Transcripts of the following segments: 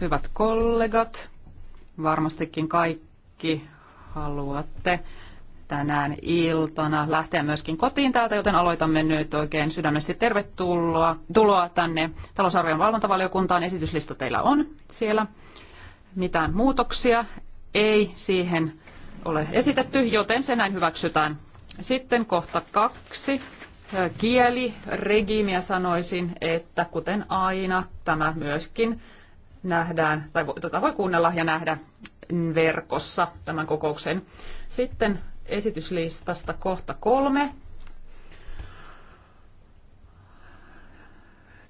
Hyvät kollegat, varmastikin kaikki haluatte tänään iltana lähteä myöskin kotiin täältä, joten aloitamme nyt oikein sydämesti tervetuloa tuloa tänne talousarvion valvontavaliokuntaan. Esityslista teillä on siellä. Mitään muutoksia ei siihen ole esitetty, joten se näin hyväksytään. Sitten kohta kaksi kieliregiimiä sanoisin, että kuten aina tämä myöskin nähdään, tai tätä voi kuunnella ja nähdä verkossa tämän kokouksen. Sitten esityslistasta kohta kolme.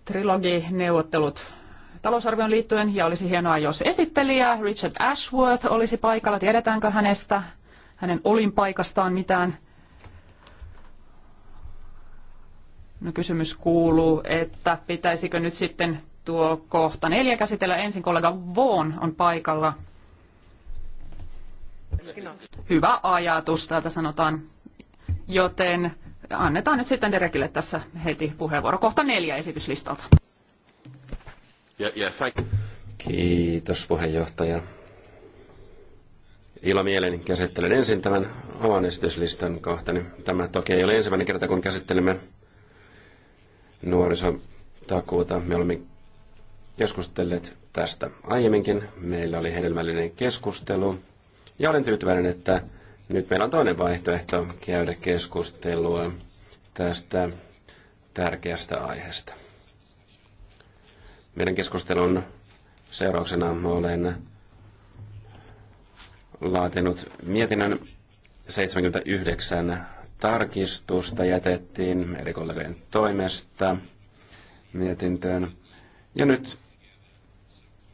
Trilogineuvottelut talousarvion liittyen, ja olisi hienoa, jos esittelijä Richard Ashworth olisi paikalla. Tiedetäänkö hänestä, hänen olinpaikastaan mitään? No kysymys kuuluu, että pitäisikö nyt sitten tuo kohta neljä käsitellä ensin. Kollega Vaughan on paikalla. Hyvä ajatus, täältä sanotaan. Joten annetaan nyt sitten Derekille tässä heti puheenvuoro. Kohta neljä esityslistalta. Kiitos puheenjohtaja. Ilomieleni käsittelen ensin tämän oman esityslistan kohtani. Niin tämä toki ei ole ensimmäinen kerta, kun käsittelemme nuorisotakuuta. Me olemme keskustelleet tästä aiemminkin. Meillä oli hedelmällinen keskustelu. Ja olen tyytyväinen, että nyt meillä on toinen vaihtoehto käydä keskustelua tästä tärkeästä aiheesta. Meidän keskustelun seurauksena olen laatinut mietinnön 79 tarkistusta jätettiin eri kollegojen toimesta mietintöön. Ja nyt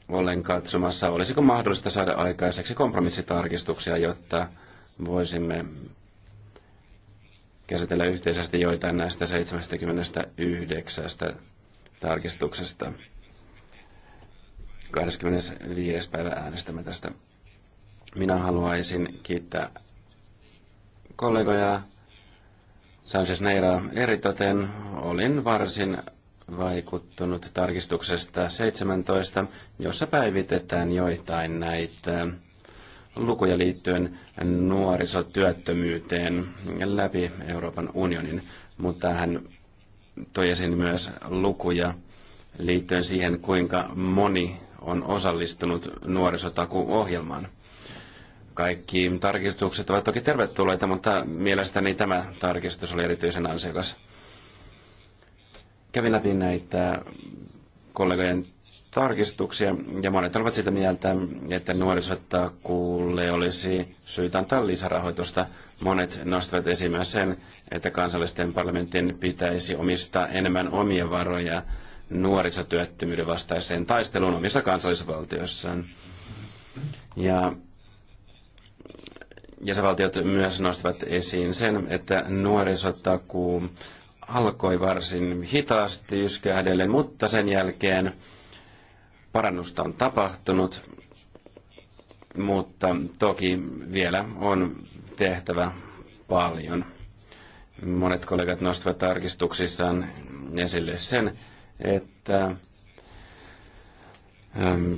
olen katsomassa, olisiko mahdollista saada aikaiseksi kompromissitarkistuksia, jotta voisimme käsitellä yhteisesti joitain näistä 79 tarkistuksesta. 25. päivä äänestämme tästä. Minä haluaisin kiittää kollegoja Sanchez Neira eritoten olin varsin vaikuttunut tarkistuksesta 17, jossa päivitetään joitain näitä lukuja liittyen nuorisotyöttömyyteen läpi Euroopan unionin, mutta hän toi esiin myös lukuja liittyen siihen, kuinka moni on osallistunut nuorisotakuohjelmaan. Kaikki tarkistukset ovat toki tervetulleita, mutta mielestäni tämä tarkistus oli erityisen ansiokas. Kävin läpi näitä kollegojen tarkistuksia ja monet olivat sitä mieltä, että nuorisotakuulle olisi syytä antaa lisärahoitusta. Monet nostavat esiin myös sen, että kansallisten parlamenttien pitäisi omistaa enemmän omia varoja nuorisotyöttömyyden vastaiseen taisteluun omissa kansallisvaltioissaan. Ja jäsenvaltiot myös nostivat esiin sen, että nuorisotakuu alkoi varsin hitaasti yskähdellen, mutta sen jälkeen parannusta on tapahtunut, mutta toki vielä on tehtävä paljon. Monet kollegat nostivat tarkistuksissaan esille sen, että ähm,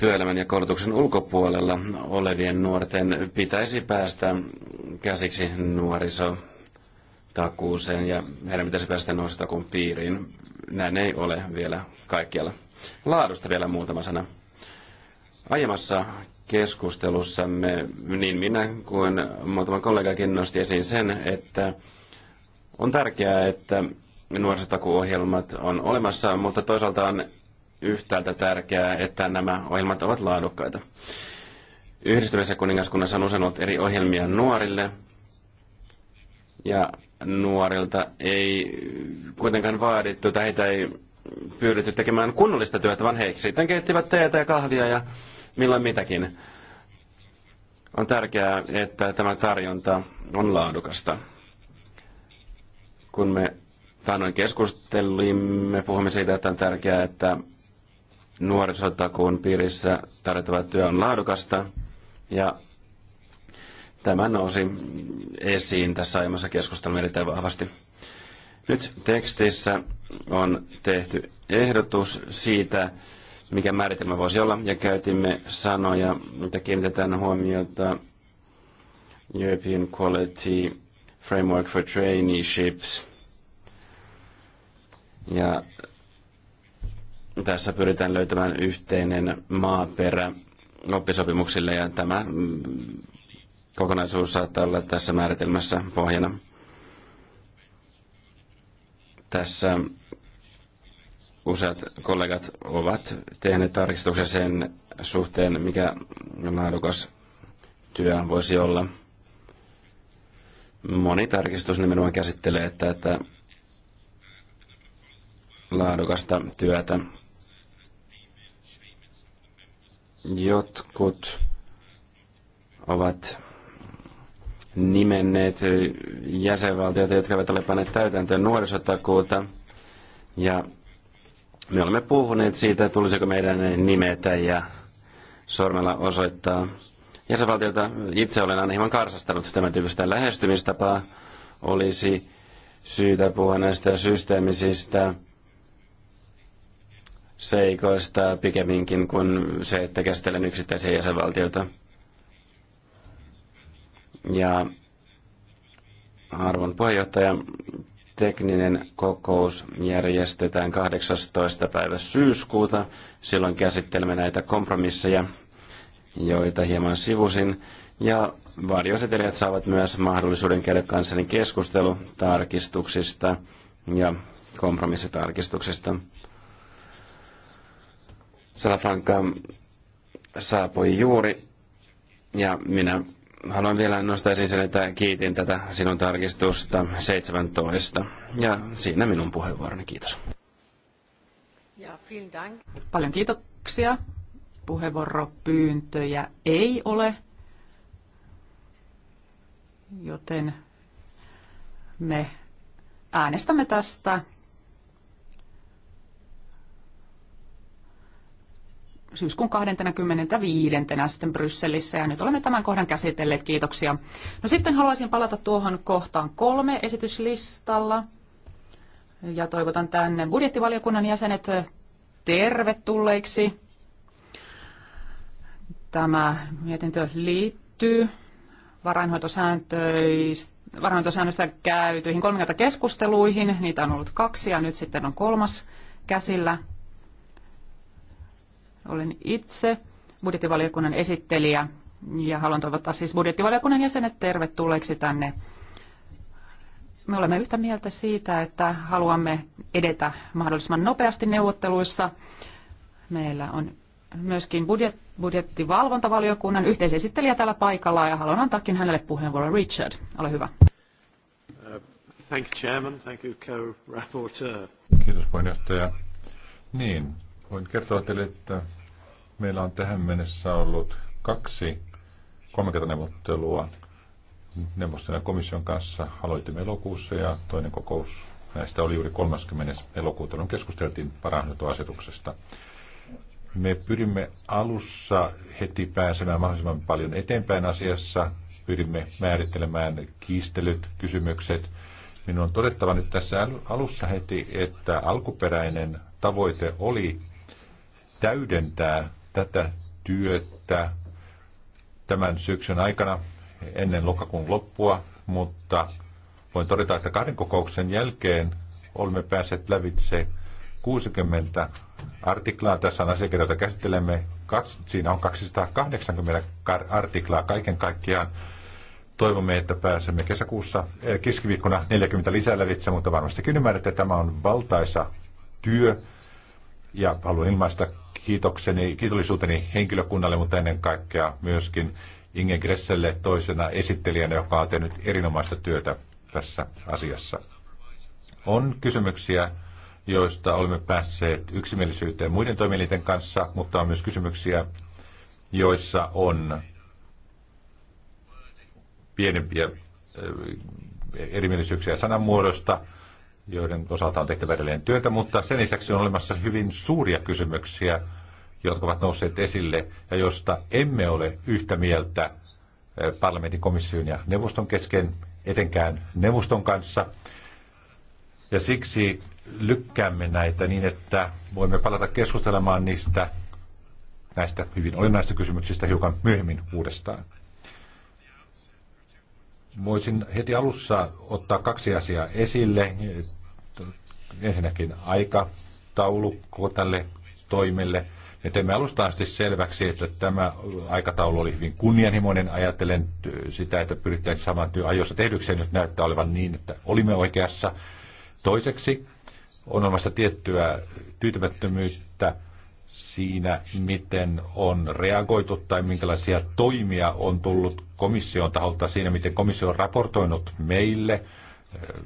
työelämän ja koulutuksen ulkopuolella olevien nuorten pitäisi päästä käsiksi nuorisotakuuseen ja heidän pitäisi päästä nuorisotakuun piiriin. Näin ei ole vielä kaikkialla. Laadusta vielä muutama sana. Aiemmassa keskustelussamme niin minä kuin muutama kollegakin nosti esiin sen, että on tärkeää, että nuorisotakuohjelmat on olemassa, mutta toisaalta on yhtäältä tärkeää, että nämä ohjelmat ovat laadukkaita. Yhdistyneessä kuningaskunnassa on usein ollut eri ohjelmia nuorille, ja nuorilta ei kuitenkaan vaadittu, tai heitä ei pyydetty tekemään kunnollista työtä, vaan he sitten keittivät teetä ja kahvia ja milloin mitäkin. On tärkeää, että tämä tarjonta on laadukasta. Kun me tänään keskustelimme, puhumme siitä, että on tärkeää, että nuorisotakuun piirissä tarjottava työ on laadukasta ja tämä nousi esiin tässä aiemmassa keskustelussa erittäin vahvasti. Nyt tekstissä on tehty ehdotus siitä, mikä määritelmä voisi olla, ja käytimme sanoja, mitä kiinnitetään huomiota European Quality Framework for Traineeships. Ja tässä pyritään löytämään yhteinen maaperä oppisopimuksille ja tämä mm, kokonaisuus saattaa olla tässä määritelmässä pohjana. Tässä useat kollegat ovat tehneet tarkistuksen sen suhteen, mikä laadukas työ voisi olla. Moni tarkistus nimenomaan käsittelee että laadukasta työtä. Jotkut ovat nimenneet jäsenvaltioita, jotka eivät ole panneet täytäntöön nuorisotakuuta. Ja me olemme puhuneet siitä, tulisiko meidän nimetä ja sormella osoittaa jäsenvaltiota. Itse olen aina hieman karsastanut tämän tyyppistä lähestymistapaa. Olisi syytä puhua näistä systeemisistä seikoista pikemminkin kuin se, että käsitellen yksittäisiä jäsenvaltioita. Ja arvon puheenjohtaja, tekninen kokous järjestetään 18. päivä syyskuuta. Silloin käsittelemme näitä kompromisseja, joita hieman sivusin. Ja varjosetelijät saavat myös mahdollisuuden käydä kanssani keskustelu tarkistuksista ja kompromissitarkistuksista. Salafranca saapui juuri ja minä haluan vielä nostaa esiin sen, että kiitin tätä sinun tarkistusta 17. Ja siinä minun puheenvuoroni. Kiitos. Ja, dank. Paljon kiitoksia. Puheenvuoropyyntöjä ei ole, joten me äänestämme tästä syyskuun 25. sitten Brysselissä ja nyt olemme tämän kohdan käsitelleet. Kiitoksia. No sitten haluaisin palata tuohon kohtaan kolme esityslistalla ja toivotan tänne budjettivaliokunnan jäsenet tervetulleiksi. Tämä mietintö liittyy varainhoitosäännöstä käytyihin 30 keskusteluihin. Niitä on ollut kaksi ja nyt sitten on kolmas käsillä. Olen itse budjettivaliokunnan esittelijä ja haluan toivottaa siis budjettivaliokunnan jäsenet tervetulleeksi tänne. Me olemme yhtä mieltä siitä, että haluamme edetä mahdollisimman nopeasti neuvotteluissa. Meillä on myöskin budjet, budjettivalvontavaliokunnan yhteisesittelijä täällä paikalla ja haluan antaakin hänelle puheenvuoron. Richard, ole hyvä. Thank you, Chairman. Thank you, co-rapporteur. Kiitos puheenjohtaja. Niin, voin kertoa teille, että Meillä on tähän mennessä ollut kaksi kolmekertaneuvottelua neuvoston ja komission kanssa. Aloitimme elokuussa ja toinen kokous näistä oli juuri 30. elokuuta, jolloin keskusteltiin parannetuasetuksesta. Me pyrimme alussa heti pääsemään mahdollisimman paljon eteenpäin asiassa. Pyrimme määrittelemään kiistelyt, kysymykset. Minun on todettava nyt tässä alussa heti, että alkuperäinen tavoite oli täydentää tätä työtä tämän syksyn aikana ennen lokakuun loppua, mutta voin todeta, että kahden kokouksen jälkeen olemme päässeet lävitse 60 artiklaa. Tässä on asiakirja, jota käsittelemme. Siinä on 280 artiklaa kaiken kaikkiaan. Toivomme, että pääsemme kesäkuussa, eh, keskiviikkona 40 lisää lävitse, mutta varmastikin ymmärrätte, että tämä on valtaisa työ. Ja haluan ilmaista kiitokseni, kiitollisuuteni henkilökunnalle, mutta ennen kaikkea myöskin Inge Gresselle toisena esittelijänä, joka on tehnyt erinomaista työtä tässä asiassa. On kysymyksiä, joista olemme päässeet yksimielisyyteen muiden toimielinten kanssa, mutta on myös kysymyksiä, joissa on pienempiä erimielisyyksiä sanamuodosta joiden osalta on tehtävä edelleen työtä, mutta sen lisäksi on olemassa hyvin suuria kysymyksiä, jotka ovat nousseet esille ja joista emme ole yhtä mieltä eh, parlamentin, komission ja neuvoston kesken, etenkään neuvoston kanssa. Ja siksi lykkäämme näitä niin, että voimme palata keskustelemaan niistä näistä hyvin olennaisista kysymyksistä hiukan myöhemmin uudestaan. Voisin heti alussa ottaa kaksi asiaa esille. Ensinnäkin aikataulukko tälle toimelle. Me teemme alusta asti selväksi, että tämä aikataulu oli hyvin kunnianhimoinen. Ajattelen sitä, että pyritään saman työn ajoissa tehdykseen nyt näyttää olevan niin, että olimme oikeassa. Toiseksi on olemassa tiettyä tyytymättömyyttä siinä, miten on reagoitu tai minkälaisia toimia on tullut komission taholta siinä, miten komissio on raportoinut meille, eh,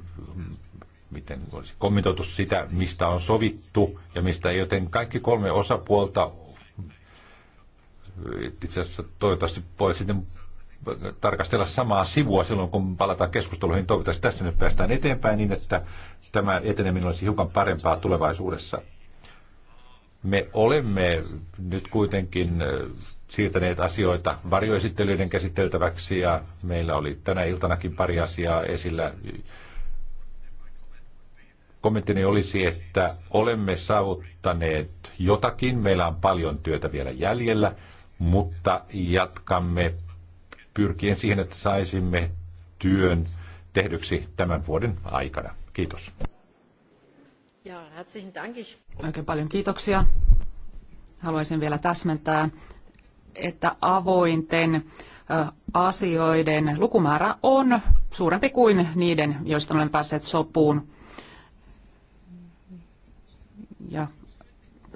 miten olisi kommentoitu sitä, mistä on sovittu ja mistä ei, joten kaikki kolme osapuolta eh, itse asiassa toivottavasti voi sitten tarkastella samaa sivua silloin, kun palataan keskusteluihin. Toivottavasti tässä nyt päästään eteenpäin niin, että tämä eteneminen olisi hiukan parempaa tulevaisuudessa. Me olemme nyt kuitenkin siirtäneet asioita varjoesittelyiden käsiteltäväksi ja meillä oli tänä iltanakin pari asiaa esillä. Kommenttini olisi, että olemme saavuttaneet jotakin. Meillä on paljon työtä vielä jäljellä, mutta jatkamme pyrkien siihen, että saisimme työn tehdyksi tämän vuoden aikana. Kiitos. Joo, herzlichen Dank. Oikein paljon kiitoksia. Haluaisin vielä täsmentää, että avointen asioiden lukumäärä on suurempi kuin niiden, joista olemme päässeet sopuun. Ja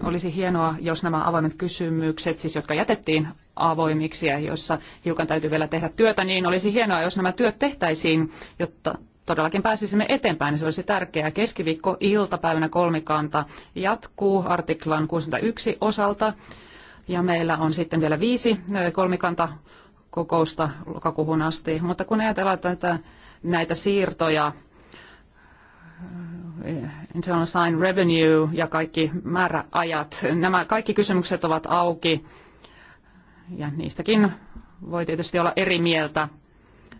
olisi hienoa, jos nämä avoimet kysymykset, siis jotka jätettiin avoimiksi ja joissa hiukan täytyy vielä tehdä työtä, niin olisi hienoa, jos nämä työt tehtäisiin, jotta todellakin pääsisimme eteenpäin, niin se olisi tärkeää. Keskiviikko iltapäivänä kolmikanta jatkuu artiklan 61 osalta. Ja meillä on sitten vielä viisi kolmikanta kokousta lokakuuhun asti. Mutta kun ajatellaan tätä, näitä siirtoja, internal sign revenue ja kaikki määräajat, nämä kaikki kysymykset ovat auki ja niistäkin voi tietysti olla eri mieltä.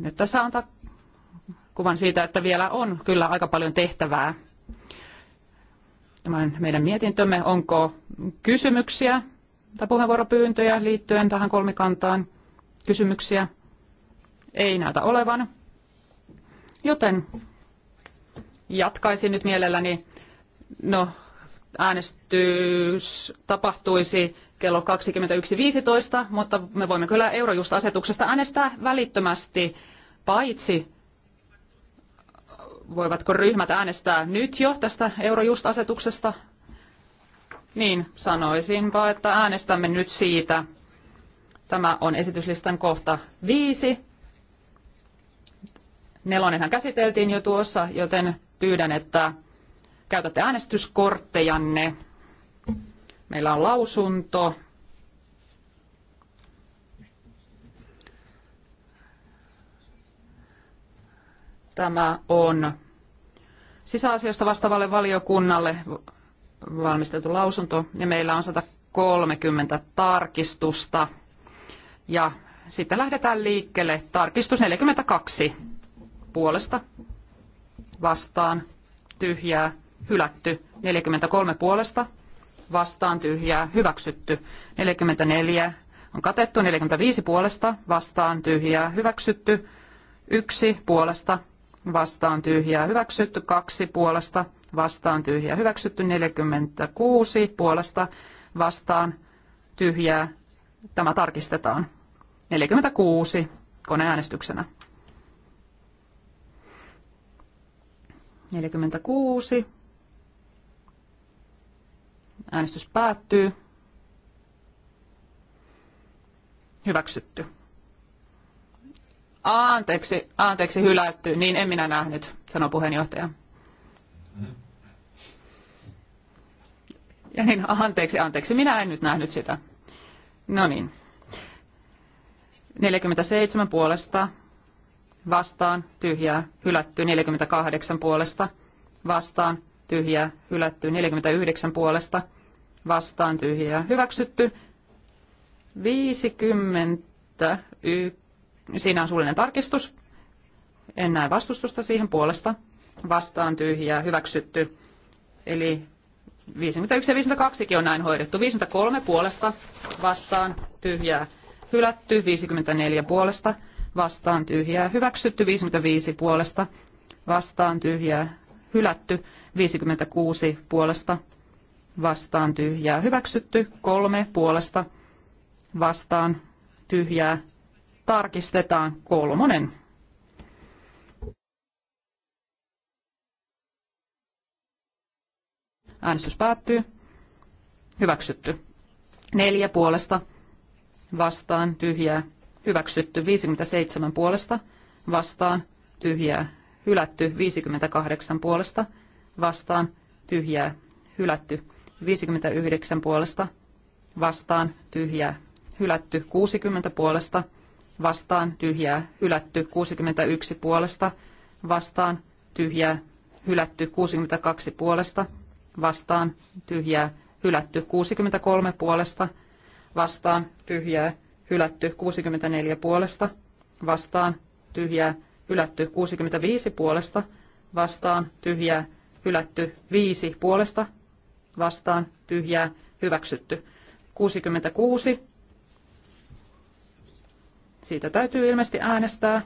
Nyt tässä antaa kuvan siitä, että vielä on kyllä aika paljon tehtävää. Tämän meidän mietintömme, onko kysymyksiä tai puheenvuoropyyntöjä liittyen tähän kolmikantaan? Kysymyksiä ei näytä olevan. Joten jatkaisin nyt mielelläni. No, äänestys tapahtuisi kello 21.15, mutta me voimme kyllä Eurojust-asetuksesta äänestää välittömästi, paitsi voivatko ryhmät äänestää nyt jo tästä Eurojust-asetuksesta? Niin, sanoisinpa, että äänestämme nyt siitä. Tämä on esityslistan kohta viisi. Nelonenhan käsiteltiin jo tuossa, joten pyydän, että käytätte äänestyskorttejanne. Meillä on lausunto. Tämä on sisäasioista vastaavalle valiokunnalle valmisteltu lausunto ja meillä on 130 tarkistusta ja sitten lähdetään liikkeelle. Tarkistus 42 puolesta vastaan tyhjää hylätty 43 puolesta vastaan tyhjää hyväksytty. 44 on katettu, 45 puolesta vastaan tyhjää hyväksytty, 1 puolesta vastaan tyhjää hyväksytty, 2 puolesta vastaan tyhjää hyväksytty, 46 puolesta vastaan tyhjää. Tämä tarkistetaan. 46 koneäänestyksenä. 46 Äänestys päättyy. Hyväksytty. Anteeksi, anteeksi, hylätty. Niin en minä nähnyt, sanoi puheenjohtaja. Ja niin, anteeksi, anteeksi, minä en nyt nähnyt sitä. No niin. 47 puolesta, vastaan, tyhjää, hylätty. 48 puolesta, vastaan, tyhjää, hylätty. 49 puolesta, vastaan tyhjää hyväksytty. 50, y, siinä on suullinen tarkistus. En näe vastustusta siihen puolesta. Vastaan tyhjää hyväksytty. Eli 51 ja 52 on näin hoidettu. 53 puolesta vastaan tyhjää hylätty. 54 puolesta vastaan tyhjää hyväksytty. 55 puolesta vastaan tyhjää hylätty. 56 puolesta vastaan tyhjää hyväksytty, kolme puolesta vastaan tyhjää tarkistetaan kolmonen. Äänestys päättyy. Hyväksytty. Neljä puolesta vastaan tyhjää. Hyväksytty 57 puolesta vastaan tyhjää. Hylätty 58 puolesta vastaan tyhjää. Hylätty 59 puolesta vastaan tyhjää hylätty 60 puolesta vastaan tyhjää hylätty 61 puolesta vastaan tyhjää hylätty 62 puolesta vastaan tyhjää hylätty 63 puolesta vastaan tyhjää hylätty 64 puolesta vastaan tyhjää hylätty 65 puolesta vastaan tyhjää hylätty 5 puolesta vastaan tyhjää hyväksytty. 66. Siitä täytyy ilmeisesti äänestää.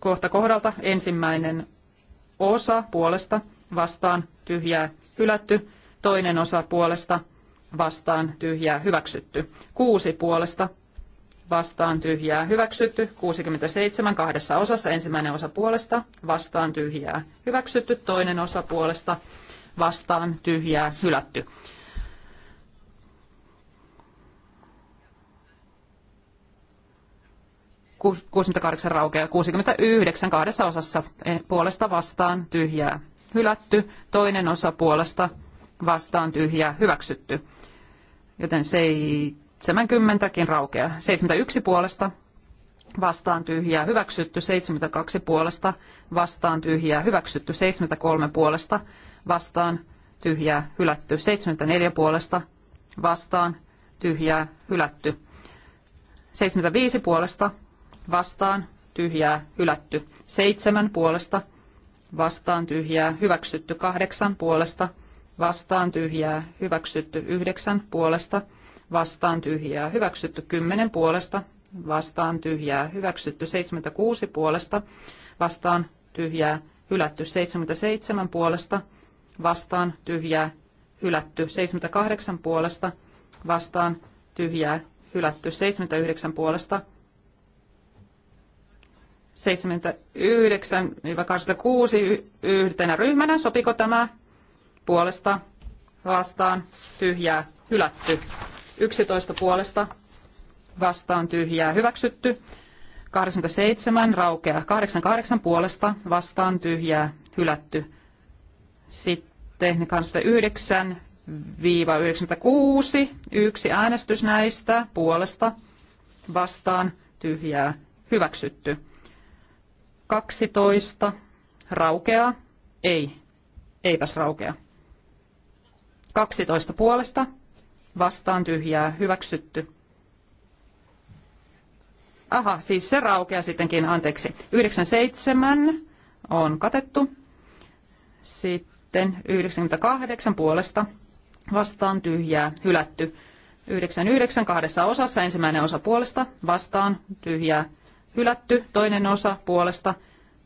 Kohta kohdalta ensimmäinen osa puolesta vastaan tyhjää hylätty, toinen osa puolesta vastaan tyhjää hyväksytty, kuusi puolesta vastaan tyhjää hyväksytty, 67 kahdessa osassa ensimmäinen osa puolesta vastaan tyhjää hyväksytty, toinen osa puolesta vastaan tyhjää hylätty. Ku, 68 raukeaa, 69 kahdessa osassa e- puolesta vastaan tyhjää hylätty, toinen osa puolesta vastaan tyhjää hyväksytty. Joten se ei 70kin raukea. 71 puolesta vastaan tyhjää hyväksytty, 72 puolesta vastaan tyhjää hyväksytty, 73 puolesta vastaan tyhjää hylätty, 74 puolesta vastaan tyhjää hylätty, 75 puolesta vastaan tyhjää hylätty, 7 puolesta vastaan tyhjää hyväksytty, 8 puolesta vastaan tyhjää hyväksytty, 9 puolesta vastaan, tyhjää, vastaan tyhjää hyväksytty 10 puolesta, vastaan tyhjää hyväksytty 76 puolesta, vastaan tyhjää hylätty 77 puolesta, vastaan tyhjää hylätty 78 puolesta, vastaan tyhjää hylätty 79 puolesta, 79-86 yhtenä ryhmänä. Sopiko tämä puolesta vastaan tyhjää hylätty? 11 puolesta vastaan tyhjää hyväksytty. 87 raukeaa 88 puolesta vastaan tyhjää hylätty. Sitten 89 96 yksi äänestys näistä puolesta vastaan tyhjää hyväksytty. 12 raukeaa. Ei. Eipäs raukea. 12 puolesta vastaan tyhjää hyväksytty. Aha, siis se raukeaa sittenkin, anteeksi. 97 on katettu. Sitten 98 puolesta vastaan tyhjää hylätty. 99 kahdessa osassa, ensimmäinen osa puolesta vastaan tyhjää hylätty, toinen osa puolesta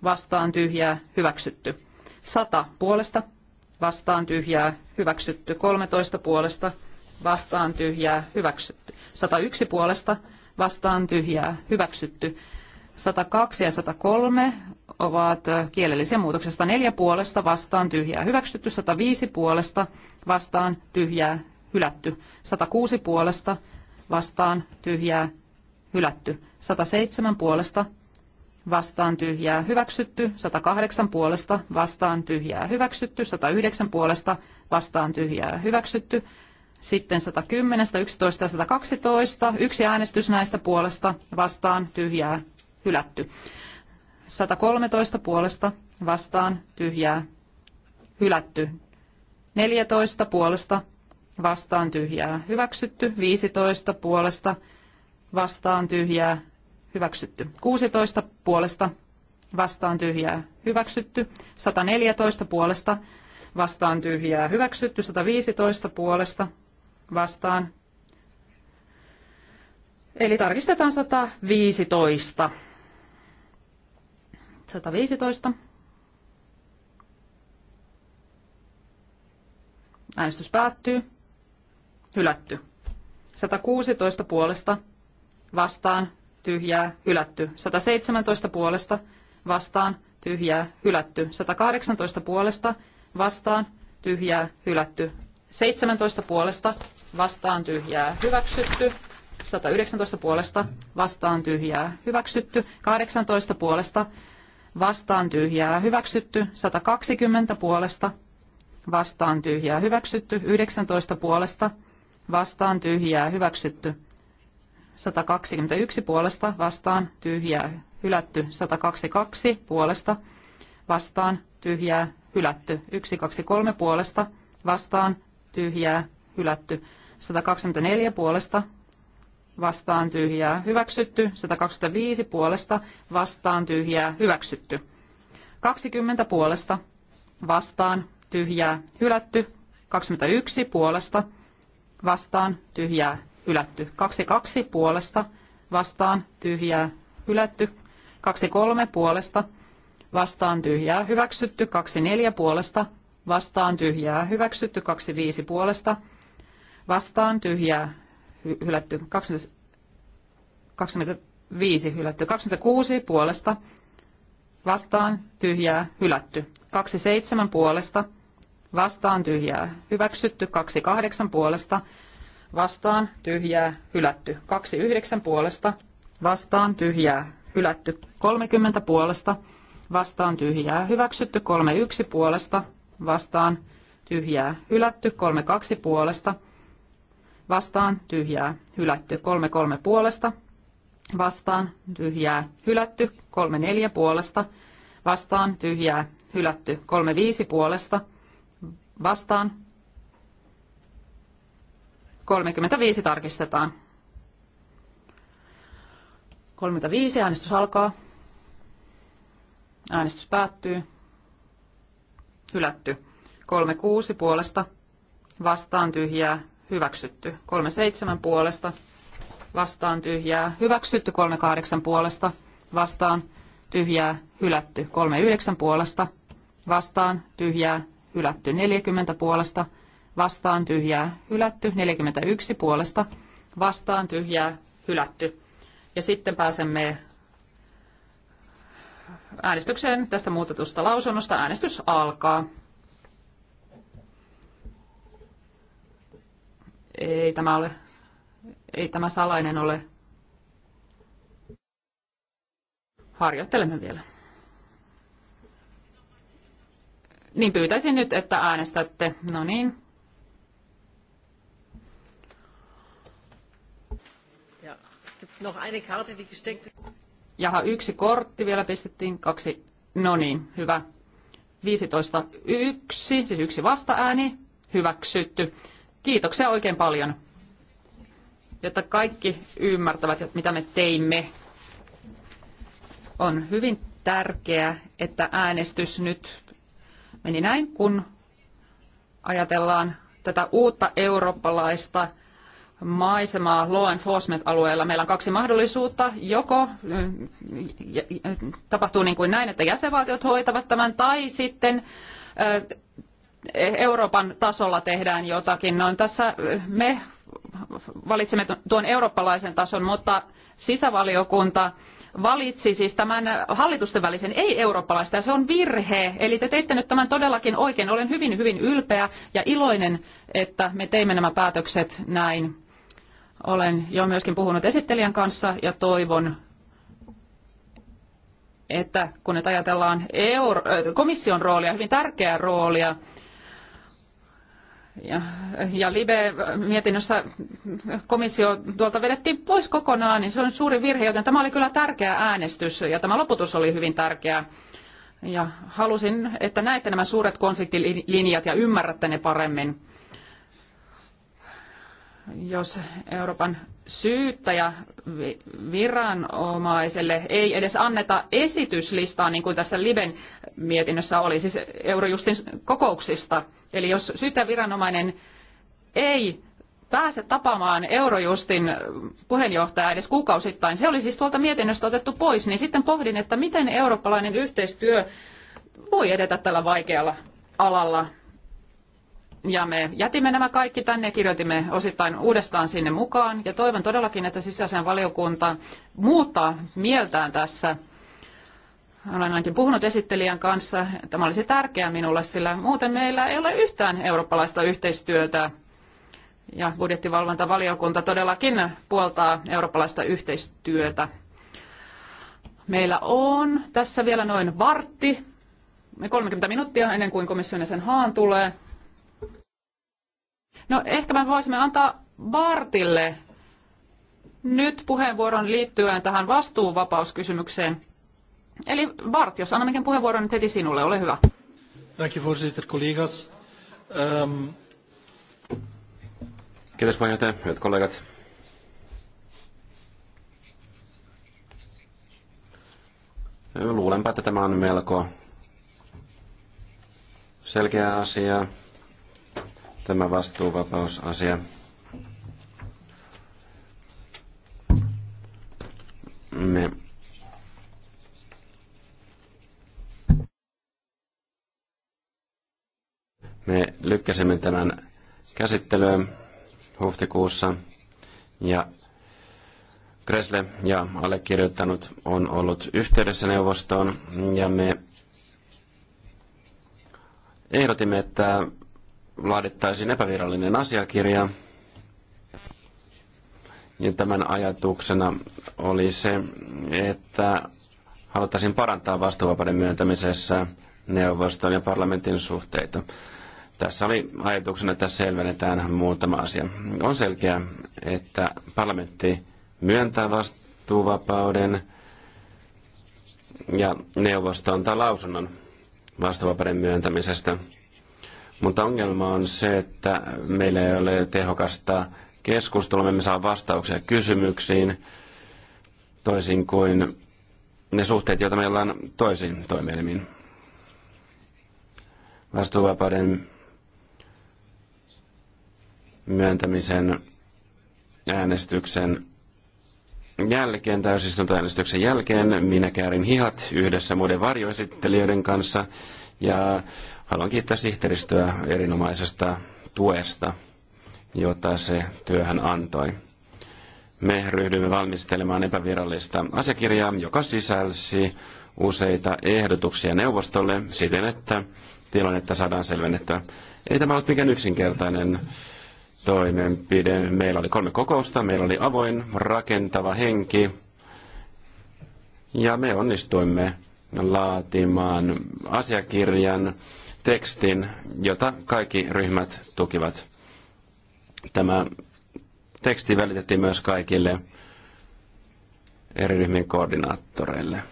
vastaan tyhjää hyväksytty. 100 puolesta vastaan tyhjää hyväksytty, 13 puolesta vastaan tyhjää hyväksytty. 101 puolesta vastaan tyhjää hyväksytty. 102 ja 103 ovat kielellisiä muutoksia. 104 puolesta vastaan tyhjää hyväksytty. 105 puolesta vastaan tyhjää hylätty. 106 puolesta vastaan tyhjää hylätty. 107 puolesta vastaan tyhjää hyväksytty, 108 puolesta vastaan tyhjää hyväksytty, 109 puolesta vastaan tyhjää hyväksytty, sitten 110, 111 ja 112. Yksi äänestys näistä puolesta vastaan tyhjää hylätty. 113 puolesta vastaan tyhjää hylätty. 14 puolesta vastaan tyhjää hyväksytty. 15 puolesta vastaan tyhjää hyväksytty. 16 puolesta vastaan tyhjää hyväksytty. 114 puolesta vastaan tyhjää hyväksytty. 115 puolesta vastaan. Eli tarkistetaan 115. 115. Äänestys päättyy. Hylätty. 116 puolesta vastaan tyhjää hylätty. 117 puolesta vastaan tyhjää hylätty. 118 puolesta vastaan tyhjää hylätty. 17 puolesta vastaan tyhjää hyväksytty. 119 puolesta vastaan tyhjää hyväksytty. 18 puolesta vastaan tyhjää hyväksytty. 120 puolesta vastaan tyhjää hyväksytty. 19 puolesta vastaan tyhjää hyväksytty. 121 puolesta vastaan tyhjää hylätty. 122 puolesta vastaan tyhjää hylätty. 123 puolesta vastaan tyhjää hylätty. 124 puolesta vastaan tyhjää hyväksytty, 125 puolesta vastaan tyhjää hyväksytty, 20 puolesta vastaan tyhjää hylätty, 21 puolesta vastaan tyhjää hylätty, 22 puolesta vastaan tyhjää hylätty, 23 puolesta vastaan tyhjää hyväksytty, 24 puolesta vastaan tyhjää hyväksytty, 25 puolesta vastaan tyhjää hylätty 25 hylätty 26 puolesta vastaan tyhjää hylätty 27 puolesta vastaan tyhjää hyväksytty 28 puolesta vastaan tyhjää hylätty 29 puolesta vastaan tyhjää hylätty 30 puolesta vastaan tyhjää hyväksytty 31 puolesta vastaan tyhjää hylätty 32 puolesta vastaan tyhjää hylätty. 3-3 puolesta vastaan tyhjää hylätty. 3-4 puolesta vastaan tyhjää hylätty. 3-5 puolesta vastaan 35 tarkistetaan. 35 äänestys alkaa. Äänestys päättyy. Hylätty. 36 puolesta. Vastaan tyhjää hyväksytty. 37 puolesta vastaan tyhjää, hyväksytty. 38 puolesta vastaan tyhjää, hylätty. 39 puolesta vastaan tyhjää, hylätty. 40 puolesta vastaan tyhjää, hylätty. 41 puolesta vastaan tyhjää, hylätty. Ja sitten pääsemme äänestykseen tästä muutetusta lausunnosta. Äänestys alkaa. Ei tämä, ole, ei tämä salainen ole. Harjoittelemme vielä. Niin pyytäisin nyt, että äänestätte. No niin. Jaha, yksi kortti vielä pistettiin, kaksi, no niin, hyvä. 15.1, yksi, siis yksi vastaääni, hyväksytty. Kiitoksia oikein paljon, jotta kaikki ymmärtävät, että mitä me teimme. On hyvin tärkeää, että äänestys nyt meni näin, kun ajatellaan tätä uutta eurooppalaista maisemaa law enforcement-alueella. Meillä on kaksi mahdollisuutta. Joko mm, mm, tapahtuu niin kuin näin, että jäsenvaltiot hoitavat tämän, tai sitten Euroopan tasolla tehdään jotakin. No, tässä me valitsemme tuon eurooppalaisen tason, mutta sisävaliokunta valitsi siis tämän hallitusten välisen ei-eurooppalaista, ja se on virhe. Eli te teitte nyt tämän todellakin oikein. Olen hyvin, hyvin ylpeä ja iloinen, että me teimme nämä päätökset näin. Olen jo myöskin puhunut esittelijän kanssa ja toivon, että kun nyt ajatellaan Euro- äh, komission roolia, hyvin tärkeää roolia, ja, ja Libe-mietinnössä komissio tuolta vedettiin pois kokonaan, niin se on suuri virhe, joten tämä oli kyllä tärkeä äänestys ja tämä loputus oli hyvin tärkeä. Ja halusin, että näette nämä suuret konfliktilinjat ja ymmärrätte ne paremmin jos Euroopan syyttäjä viranomaiselle ei edes anneta esityslistaa, niin kuin tässä Liben mietinnössä oli, siis Eurojustin kokouksista. Eli jos syyttäjäviranomainen ei pääse tapaamaan Eurojustin puheenjohtajaa edes kuukausittain, se oli siis tuolta mietinnöstä otettu pois, niin sitten pohdin, että miten eurooppalainen yhteistyö voi edetä tällä vaikealla alalla ja me jätimme nämä kaikki tänne ja kirjoitimme osittain uudestaan sinne mukaan. Ja toivon todellakin, että sisäisen valiokunta muuttaa mieltään tässä. Olen ainakin puhunut esittelijän kanssa. Tämä olisi tärkeää minulle, sillä muuten meillä ei ole yhtään eurooppalaista yhteistyötä. Ja budjettivalvontavaliokunta todellakin puoltaa eurooppalaista yhteistyötä. Meillä on tässä vielä noin vartti, 30 minuuttia ennen kuin komission sen haan tulee. No ehkä me voisimme antaa Bartille nyt puheenvuoron liittyen tähän vastuuvapauskysymykseen. Eli Bart, jos annamme puheenvuoron nyt heti sinulle, ole hyvä. Dank je voorzitter, collega's. Um... Kiitos puheenjohtaja, hyvät kollegat. Luulenpa, että tämä on melko selkeä asia tämä vastuuvapausasia. Me Me lykkäsimme tämän käsittelyä huhtikuussa ja Kresle ja allekirjoittanut on ollut yhteydessä neuvostoon ja me ehdotimme, että laadittaisiin epävirallinen asiakirja. Ja tämän ajatuksena oli se, että haluttaisiin parantaa vastuuvapauden myöntämisessä neuvoston ja parlamentin suhteita. Tässä oli ajatuksena, että selvennetään muutama asia. On selkeää, että parlamentti myöntää vastuuvapauden ja neuvosto antaa lausunnon vastuuvapauden myöntämisestä. Mutta ongelma on se, että meillä ei ole tehokasta keskustelua, me emme saa vastauksia kysymyksiin, toisin kuin ne suhteet, joita meillä on toisiin toimielimiin. Vastuuvapauden myöntämisen äänestyksen jälkeen, täysistuntoäänestyksen jälkeen, minä käärin hihat yhdessä muiden varjoesittelijöiden kanssa ja Haluan kiittää sihteeristöä erinomaisesta tuesta, jota se työhän antoi. Me ryhdyimme valmistelemaan epävirallista asiakirjaa, joka sisälsi useita ehdotuksia neuvostolle siten, että tilannetta saadaan selvennettyä. Ei tämä ollut mikään yksinkertainen toimenpide. Meillä oli kolme kokousta, meillä oli avoin, rakentava henki ja me onnistuimme laatimaan asiakirjan, tekstin, jota kaikki ryhmät tukivat. Tämä teksti välitettiin myös kaikille eri ryhmien koordinaattoreille.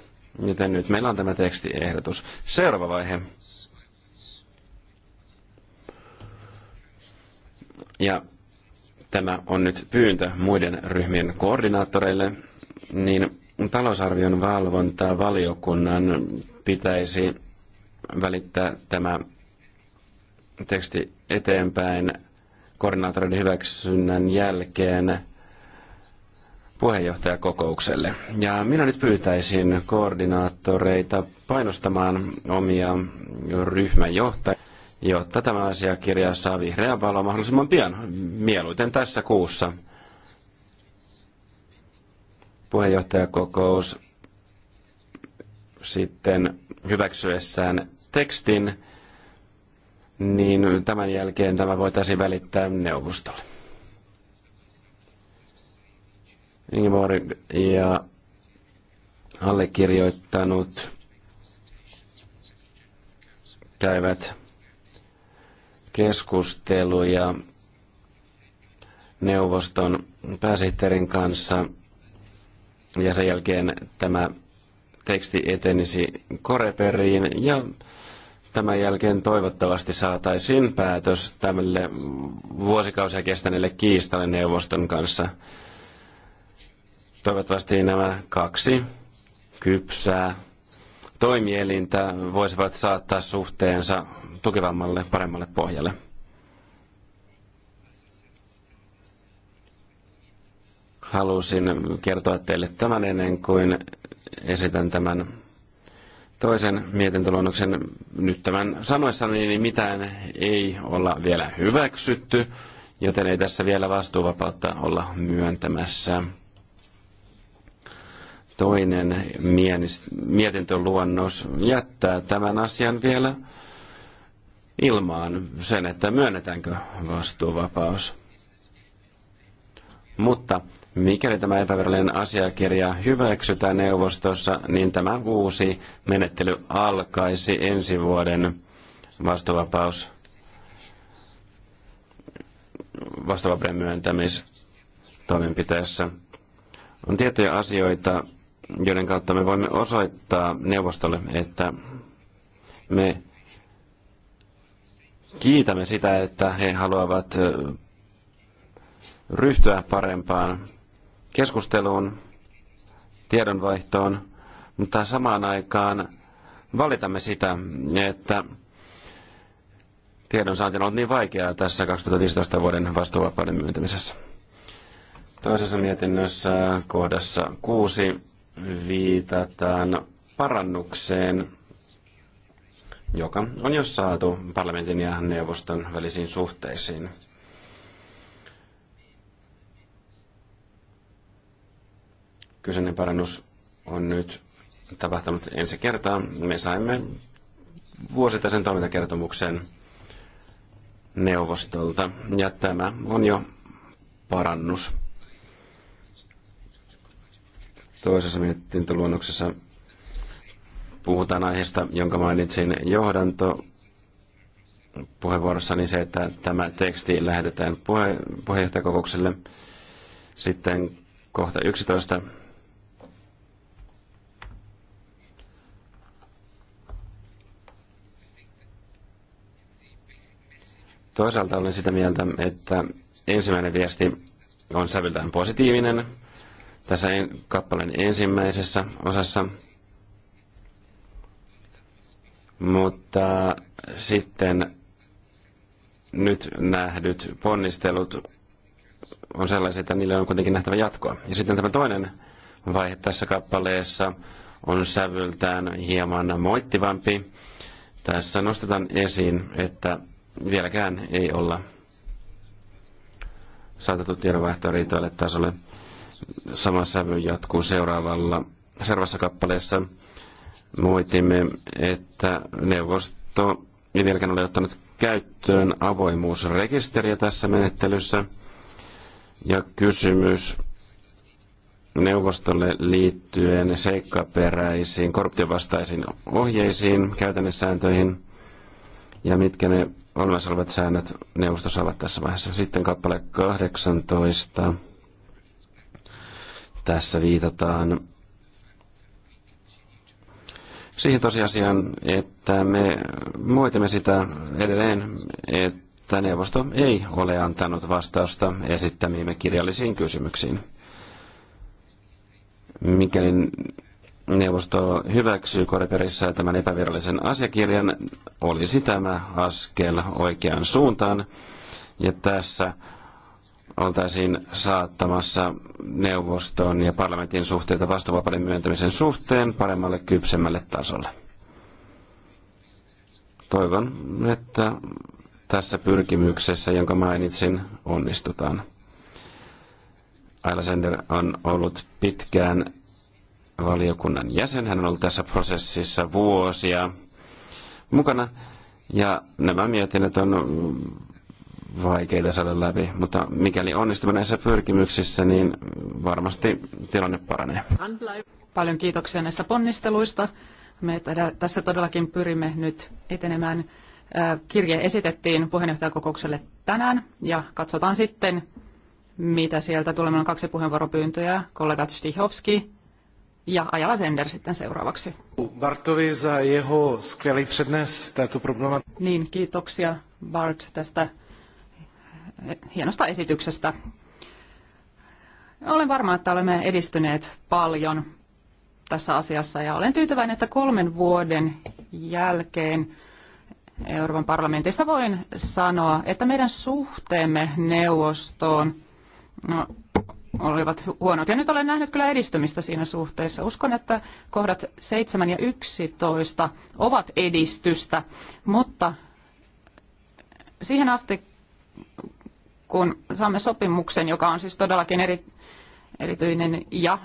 Joten nyt meillä on tämä tekstiehdotus. Seuraava vaihe. Ja tämä on nyt pyyntö muiden ryhmien koordinaattoreille, niin talousarvion valvontaa valiokunnan pitäisi välittää tämä teksti eteenpäin koordinaattorin hyväksynnän jälkeen puheenjohtajakokoukselle. Ja minä nyt pyytäisin koordinaattoreita painostamaan omia ryhmäjohtajia, jotta tämä asiakirja saa vihreän valoa mahdollisimman pian, mieluiten tässä kuussa. Puheenjohtajakokous sitten hyväksyessään tekstin, niin tämän jälkeen tämä voitaisiin välittää neuvostolle. Ingeborg ja allekirjoittanut käyvät keskusteluja neuvoston pääsihteerin kanssa ja sen jälkeen tämä teksti etenisi Koreperiin ja tämän jälkeen toivottavasti saataisiin päätös tämmölle vuosikausia kestäneelle kiistalle neuvoston kanssa. Toivottavasti nämä kaksi kypsää toimielintä voisivat saattaa suhteensa tukevammalle, paremmalle pohjalle. Halusin kertoa teille tämän ennen kuin esitän tämän toisen mietintöluonnoksen nyt tämän sanoessani, niin mitään ei olla vielä hyväksytty, joten ei tässä vielä vastuuvapautta olla myöntämässä. Toinen mietintöluonnos jättää tämän asian vielä ilmaan sen, että myönnetäänkö vastuuvapaus. Mutta Mikäli tämä epävirallinen asiakirja hyväksytään neuvostossa, niin tämä uusi menettely alkaisi ensi vuoden vastuvapaus vastavapauden myöntämistoimenpiteessä. On tiettyjä asioita, joiden kautta me voimme osoittaa neuvostolle, että me kiitämme sitä, että he haluavat ryhtyä parempaan keskusteluun, tiedonvaihtoon, mutta samaan aikaan valitamme sitä, että tiedonsaanti on ollut niin vaikeaa tässä 2015 vuoden vastuuvapauden myöntämisessä. Toisessa mietinnössä kohdassa kuusi viitataan parannukseen, joka on jo saatu parlamentin ja neuvoston välisiin suhteisiin. Kyseinen parannus on nyt tapahtunut ensi kertaa. Me saimme vuosittaisen toimintakertomuksen neuvostolta, ja tämä on jo parannus. Toisessa mietintöluonnoksessa puhutaan aiheesta, jonka mainitsin johdanto puheenvuorossani se, että tämä teksti lähetetään puhe, puheenjohtajakokoukselle. Sitten kohta 11 Toisaalta olen sitä mieltä, että ensimmäinen viesti on sävyltään positiivinen. Tässä en, kappaleen ensimmäisessä osassa mutta sitten nyt nähdyt ponnistelut on sellaisia, että niille on kuitenkin nähtävä jatkoa. Ja sitten tämä toinen vaihe tässä kappaleessa on sävyltään hieman moittivampi. Tässä nostetaan esiin, että vieläkään ei olla saatettu tiedonvaihtoa riittävälle tasolle. Sama sävy jatkuu seuraavalla, seuraavassa kappaleessa. muitimme, että neuvosto ei vieläkään ole ottanut käyttöön avoimuusrekisteriä tässä menettelyssä. Ja kysymys neuvostolle liittyen seikkaperäisiin korruptiovastaisiin ohjeisiin, käytännössääntöihin ja mitkä ne olemassa olevat säännöt neuvostossa ovat tässä vaiheessa. Sitten kappale 18. Tässä viitataan siihen tosiasiaan, että me moitimme sitä edelleen, että neuvosto ei ole antanut vastausta esittämiimme kirjallisiin kysymyksiin. Mikäli neuvosto hyväksyy Koreperissä tämän epävirallisen asiakirjan, olisi tämä askel oikeaan suuntaan. Ja tässä oltaisiin saattamassa neuvoston ja parlamentin suhteita vastuuvapauden myöntämisen suhteen paremmalle kypsemmälle tasolle. Toivon, että tässä pyrkimyksessä, jonka mainitsin, onnistutaan. Sender on ollut pitkään valiokunnan jäsen. Hän on ollut tässä prosessissa vuosia mukana ja nämä mietinnöt on vaikeita saada läpi, mutta mikäli onnistumme näissä pyrkimyksissä, niin varmasti tilanne paranee. Paljon kiitoksia näistä ponnisteluista. Me tässä todellakin pyrimme nyt etenemään. Kirje esitettiin puheenjohtajakokoukselle tänään ja katsotaan sitten, mitä sieltä tulee. Meillä on kaksi puheenvuoropyyntöjä. Kollegat Stihovski ja Ajala Sender sitten seuraavaksi. Bartovi za jeho skvělý přednes této problematiikasta. Niin, kiitoksia Bart tästä hienosta esityksestä. Olen varma, että olemme edistyneet paljon tässä asiassa ja olen tyytyväinen, että kolmen vuoden jälkeen Euroopan parlamentissa voin sanoa, että meidän suhteemme neuvostoon no, olivat huonot. Ja nyt olen nähnyt kyllä edistymistä siinä suhteessa. Uskon, että kohdat 7 ja 11 ovat edistystä, mutta siihen asti, kun saamme sopimuksen, joka on siis todellakin eri, erityinen ja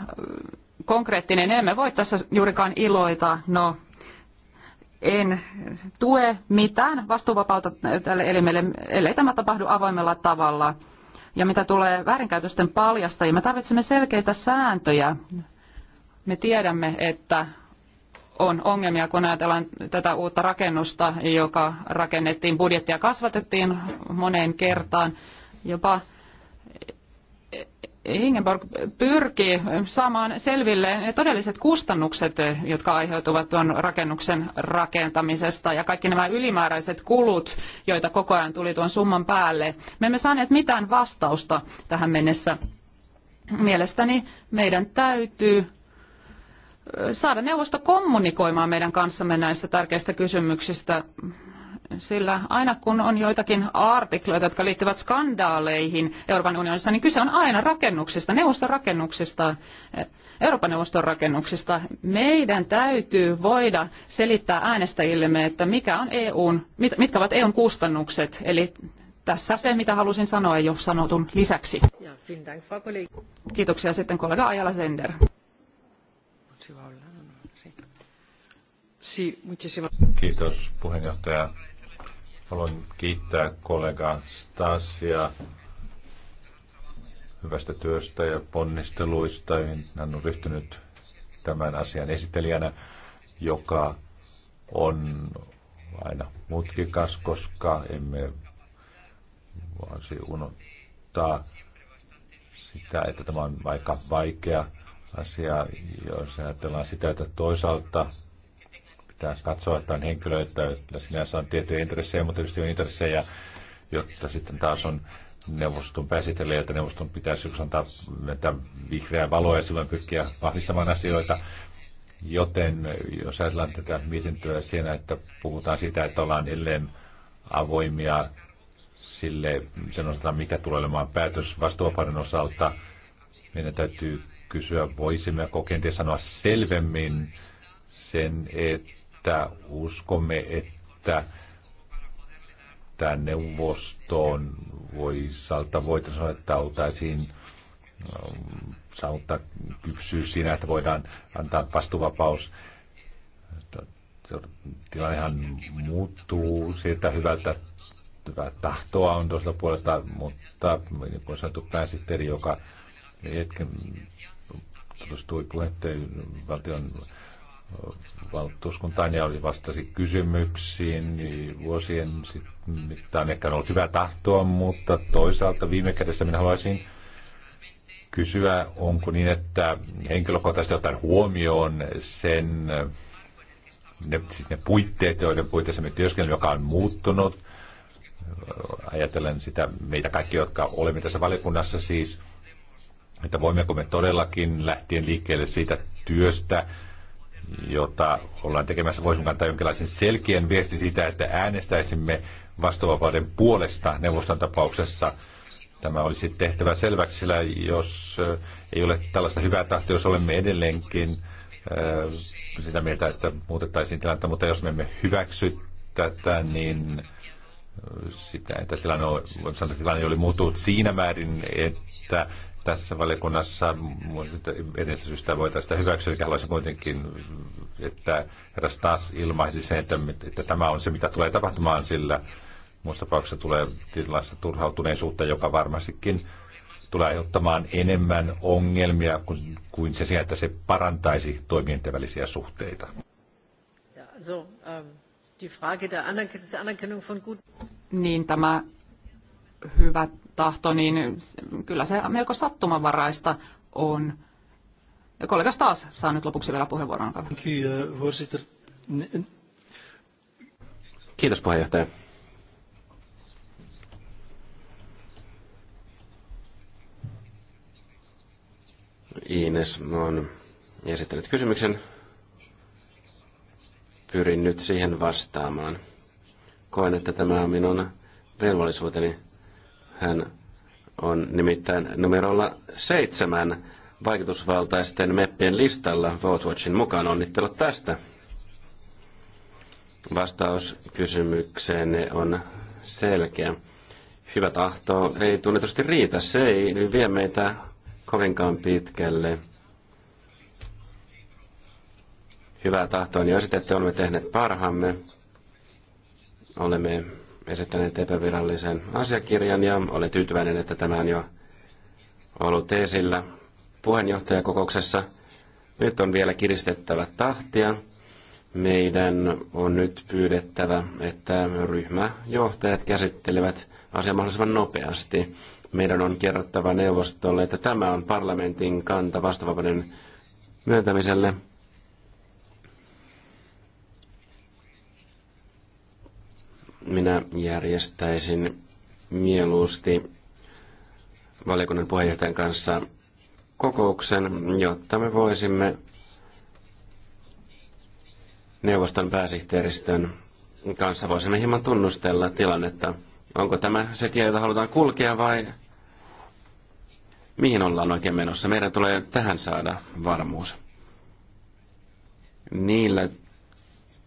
konkreettinen, emme voi tässä juurikaan iloita. No, en tue mitään vastuuvapautta tälle elimelle, ellei tämä tapahdu avoimella tavalla. Ja mitä tulee väärinkäytösten paljastajiin, me tarvitsemme selkeitä sääntöjä. Me tiedämme, että on ongelmia, kun ajatellaan tätä uutta rakennusta, joka rakennettiin, budjettia kasvatettiin moneen kertaan, jopa Ingeborg pyrki saamaan selville ne todelliset kustannukset, jotka aiheutuvat tuon rakennuksen rakentamisesta ja kaikki nämä ylimääräiset kulut, joita koko ajan tuli tuon summan päälle. Me emme saaneet mitään vastausta tähän mennessä. Mielestäni meidän täytyy saada neuvosto kommunikoimaan meidän kanssamme näistä tärkeistä kysymyksistä sillä aina kun on joitakin artikloita, jotka liittyvät skandaaleihin Euroopan unionissa, niin kyse on aina rakennuksista, neuvoston rakennuksista, Euroopan neuvoston rakennuksista. Meidän täytyy voida selittää äänestäjillemme, että mikä on EUn, mitkä ovat EUn kustannukset. Eli tässä se, mitä halusin sanoa jo sanotun lisäksi. Kiitoksia sitten kollega Ajala Sender. No, no, no, Kiitos puheenjohtaja. Haluan kiittää kollegaa Stasia hyvästä työstä ja ponnisteluista, hän on ryhtynyt tämän asian esittelijänä, joka on aina mutkikas, koska emme voisi unohtaa sitä, että tämä on aika vaikea asia, jos ajatellaan sitä, että toisaalta Pitää katsoa, että on henkilöitä, joilla sinänsä on tiettyjä intressejä, mutta tietysti on intressejä, jotta sitten taas on neuvoston pääsitelle, että neuvoston pitäisi joskus antaa vihreää valoa ja silloin pyrkiä vahvistamaan asioita. Joten jos ajatellaan tätä mietintöä siinä, että puhutaan siitä, että ollaan edelleen avoimia sille sen osalta, mikä tulee olemaan päätös vastuuvapauden osalta, meidän täytyy kysyä, voisimme kokeen sanoa selvemmin sen, että että uskomme, että tämän neuvostoon salta, voitaisiin sanoa, että oltaisiin ähm, saavuttaa kypsyys siinä, että voidaan antaa vastuvapaus. Tilannehan muuttuu siitä hyvältä hyvää tahtoa on tuossa puolelta, mutta niin kuin sanottu pääsihteeri, joka hetken tutustui puheenjohtajan valtion valtuuskuntaan ja oli vastasi kysymyksiin vuosien mittaan. Ehkä on ollut hyvää tahtoa, mutta toisaalta viime kädessä minä haluaisin kysyä, onko niin, että henkilökohtaisesti otan huomioon sen, ne, siis ne puitteet, joiden puitteissa me työskennellä, joka on muuttunut. Ajatellen sitä meitä kaikki, jotka olemme tässä valiokunnassa siis, että voimmeko me todellakin lähtien liikkeelle siitä työstä, jota ollaan tekemässä, voisin kantaa jonkinlaisen selkeän viestin siitä, että äänestäisimme vastuuvapauden puolesta neuvoston tapauksessa. Tämä olisi tehtävä selväksi, sillä jos eh, ei ole tällaista hyvää tahtoa, jos olemme edelleenkin eh, sitä mieltä, että muutettaisiin tilannetta, mutta jos me emme hyväksy tätä, niin sitä, että tilanne, on, sanoa, että tilanne oli muuttunut siinä määrin, että tässä valiokunnassa edellisestä syystä voitaisiin sitä hyväksyä, eli haluaisin kuitenkin, että eräs taas ilmaisi sen, että, että tämä on se, mitä tulee tapahtumaan sillä. Muussa tapauksessa tulee tilanteessa turhautuneisuutta, joka varmastikin tulee aiheuttamaan enemmän ongelmia kuin, kuin se sijaan, että se parantaisi toimijoiden välisiä suhteita. Ja, so, um... Niin tämä hyvä tahto, niin kyllä se melko sattumanvaraista on. Ja kollegas taas saa nyt lopuksi vielä puheenvuoron. Uh, Kiitos puheenjohtaja. Ines on esittänyt kysymyksen pyrin nyt siihen vastaamaan. Koen, että tämä on minun velvollisuuteni. Hän on nimittäin numerolla seitsemän vaikutusvaltaisten meppien listalla VoteWatchin mukaan. Onnittelut tästä. Vastaus kysymykseen on selkeä. Hyvä tahto ei tunnetusti riitä. Se ei vie meitä kovinkaan pitkälle. hyvää tahtoa on niin esitetty, olemme tehneet parhaamme. Olemme esittäneet epävirallisen asiakirjan ja olen tyytyväinen, että tämä on jo ollut esillä puheenjohtajakokouksessa. Nyt on vielä kiristettävä tahtia. Meidän on nyt pyydettävä, että ryhmäjohtajat käsittelevät asian mahdollisimman nopeasti. Meidän on kerrottava neuvostolle, että tämä on parlamentin kanta vastavapauden myöntämiselle – minä järjestäisin mieluusti valiokunnan puheenjohtajan kanssa kokouksen, jotta me voisimme neuvoston pääsihteeristön kanssa voisimme hieman tunnustella tilannetta. Onko tämä se tie, jota halutaan kulkea vai mihin ollaan oikein menossa? Meidän tulee tähän saada varmuus. Niillä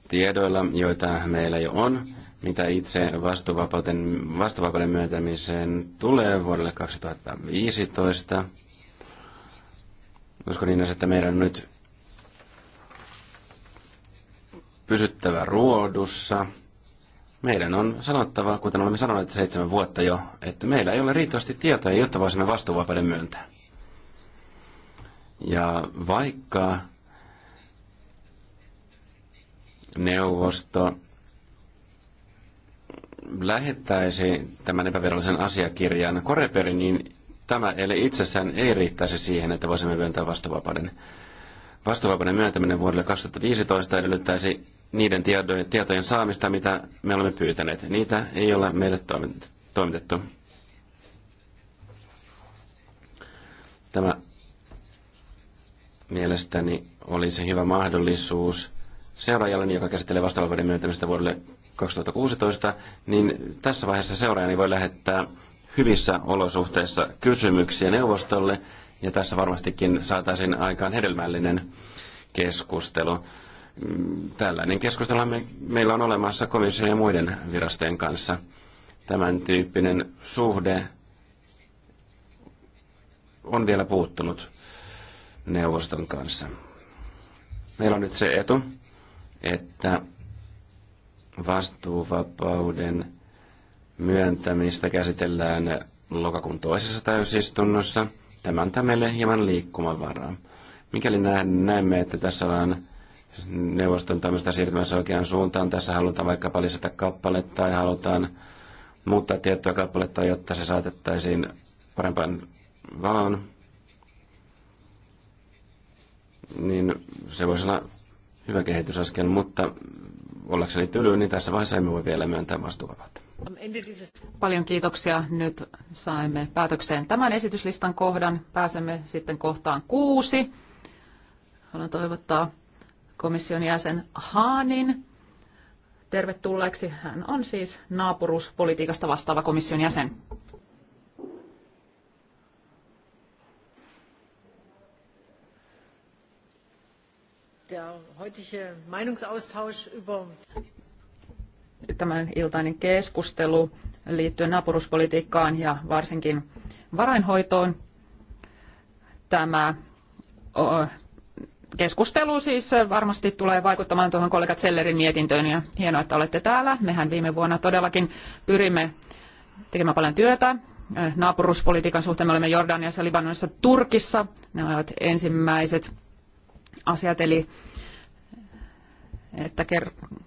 tiedoilla, joita meillä jo on, mitä itse vastuvapauden, vastuvapauden myöntämiseen tulee vuodelle 2015. Uskon niin, että meidän on nyt pysyttävä ruodussa. Meidän on sanottava, kuten olemme sanoneet seitsemän vuotta jo, että meillä ei ole riittävästi tietoja, jotta voisimme vastuuvapauden myöntää. Ja vaikka neuvosto lähettäisi tämän epävirallisen asiakirjan Koreperin, niin tämä eli itsessään ei riittäisi siihen, että voisimme myöntää vastuvapauden. Vastuvapauden myöntäminen vuodelle 2015 edellyttäisi niiden tietojen saamista, mitä me olemme pyytäneet. Niitä ei ole meille toimitettu. Tämä mielestäni olisi hyvä mahdollisuus seuraajalle, joka käsittelee vastaavauden myöntämistä vuodelle 2016, niin tässä vaiheessa seuraajani voi lähettää hyvissä olosuhteissa kysymyksiä neuvostolle, ja tässä varmastikin saataisiin aikaan hedelmällinen keskustelu. Tällainen keskustelu me, meillä on olemassa komission ja muiden virastojen kanssa. Tämän tyyppinen suhde on vielä puuttunut neuvoston kanssa. Meillä on nyt se etu, että vastuuvapauden myöntämistä käsitellään lokakuun toisessa täysistunnossa. Tämä antaa meille hieman liikkumavaraa. Mikäli näemme, että tässä ollaan neuvoston tämmöistä siirtymässä oikeaan suuntaan, tässä halutaan vaikkapa lisätä kappaletta tai halutaan muuttaa tiettyä kappaletta, jotta se saatettaisiin parempaan valoon, niin se voisi olla hyvä kehitysaskel, mutta ollakseni tyly, niin tässä vaiheessa emme voi vielä myöntää vastuuvapautta. Paljon kiitoksia. Nyt saimme päätökseen tämän esityslistan kohdan. Pääsemme sitten kohtaan kuusi. Haluan toivottaa komission jäsen Haanin tervetulleeksi. Hän on siis naapuruspolitiikasta vastaava komission jäsen. der heutige Meinungsaustausch über Tämän iltainen keskustelu liittyen naapuruspolitiikkaan ja varsinkin varainhoitoon. Tämä keskustelu siis varmasti tulee vaikuttamaan tuohon kollega Zellerin mietintöön ja hienoa, että olette täällä. Mehän viime vuonna todellakin pyrimme tekemään paljon työtä naapuruspolitiikan suhteen. Me olemme Jordaniassa, Libanonissa, Turkissa. Ne ovat ensimmäiset asiat, eli että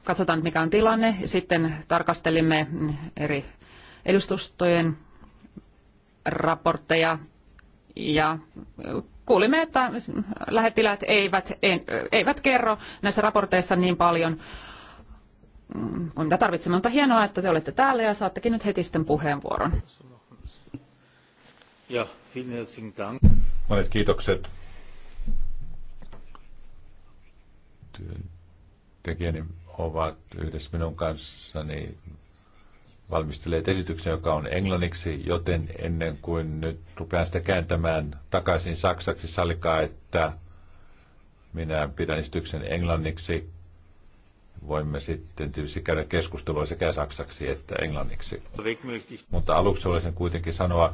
katsotaan, mikä on tilanne. Sitten tarkastelimme eri edustustojen raportteja ja kuulimme, että lähettiläät eivät, eivät kerro näissä raporteissa niin paljon kuin mitä tarvitsemme. Mutta hienoa, että te olette täällä ja saattekin nyt heti sitten puheenvuoron. Ja, vielen Monet kiitokset työntekijäni ovat yhdessä minun kanssani valmistelleet esityksen, joka on englanniksi, joten ennen kuin nyt rupean sitä kääntämään takaisin saksaksi, sallikaa, että minä pidän esityksen englanniksi. Voimme sitten tietysti käydä keskustelua sekä saksaksi että englanniksi. Mutta aluksi olisin kuitenkin sanoa,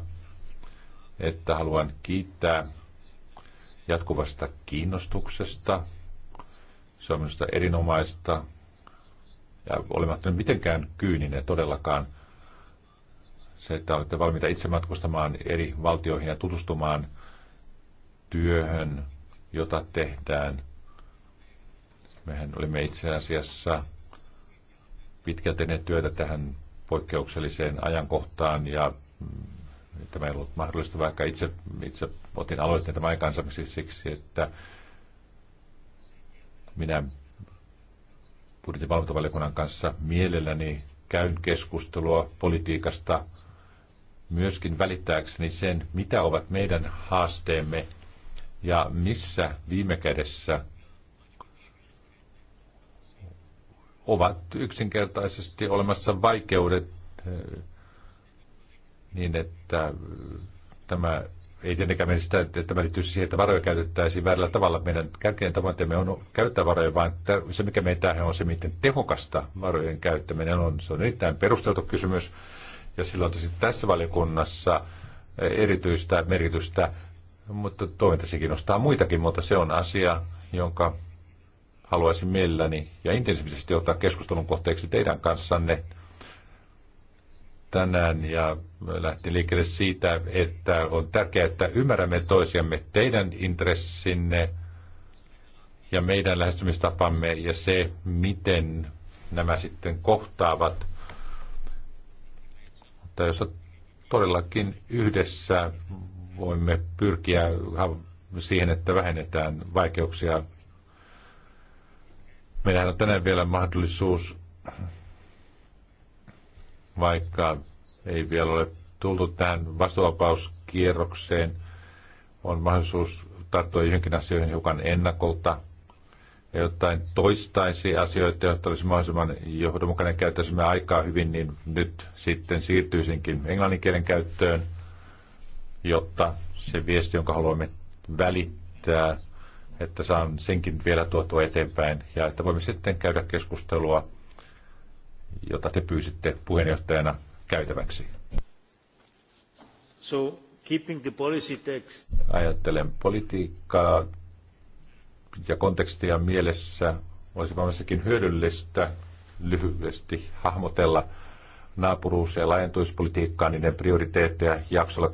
että haluan kiittää jatkuvasta kiinnostuksesta se on minusta erinomaista. Ja olematta mitenkään kyyninen todellakaan se, että olette valmiita itse matkustamaan eri valtioihin ja tutustumaan työhön, jota tehdään. Mehän olimme itse asiassa pitkälti tehneet työtä tähän poikkeukselliseen ajankohtaan ja mm, tämä ei ollut mahdollista, vaikka itse, itse otin aloitteen tämän aikaansa siksi, että minä budjetin valvontavaliokunnan kanssa mielelläni käyn keskustelua politiikasta myöskin välittääkseni sen, mitä ovat meidän haasteemme ja missä viime kädessä ovat yksinkertaisesti olemassa vaikeudet eh, niin, että eh, tämä ei tietenkään mene sitä, että tämä liittyy siihen, että varoja käytettäisiin väärällä tavalla. Meidän kärkeinen tavoitteemme on käyttää varoja, vaan se mikä meidän tähän on se, miten tehokasta varojen käyttäminen on. Se on erittäin perusteltu kysymys ja sillä on tässä valiokunnassa erityistä merkitystä, mutta toivon, se kiinnostaa muitakin, mutta se on asia, jonka haluaisin mielelläni ja intensiivisesti ottaa keskustelun kohteeksi teidän kanssanne – tänään ja lähti liikkeelle siitä, että on tärkeää, että ymmärrämme toisiamme teidän intressinne ja meidän lähestymistapamme ja se, miten nämä sitten kohtaavat. Mutta jos todellakin yhdessä voimme pyrkiä siihen, että vähennetään vaikeuksia. Meillähän on tänään vielä mahdollisuus vaikka ei vielä ole tultu tähän vastuvapauskierrokseen, on mahdollisuus tarttua johonkin asioihin hiukan ennakolta ja jotain toistaisi asioita, jotta olisi mahdollisimman johdonmukainen käyttäisimme aikaa hyvin, niin nyt sitten siirtyisinkin englannin kielen käyttöön, jotta se viesti, jonka haluamme välittää, että saan senkin vielä tuotua eteenpäin ja että voimme sitten käydä keskustelua jota te pyysitte puheenjohtajana käytäväksi. So, keeping the policy text. Ajattelen politiikkaa ja kontekstia mielessä olisi varmastikin hyödyllistä lyhyesti hahmotella naapuruus- ja laajentuispolitiikkaa, niiden prioriteetteja jaksolla 2017-2020,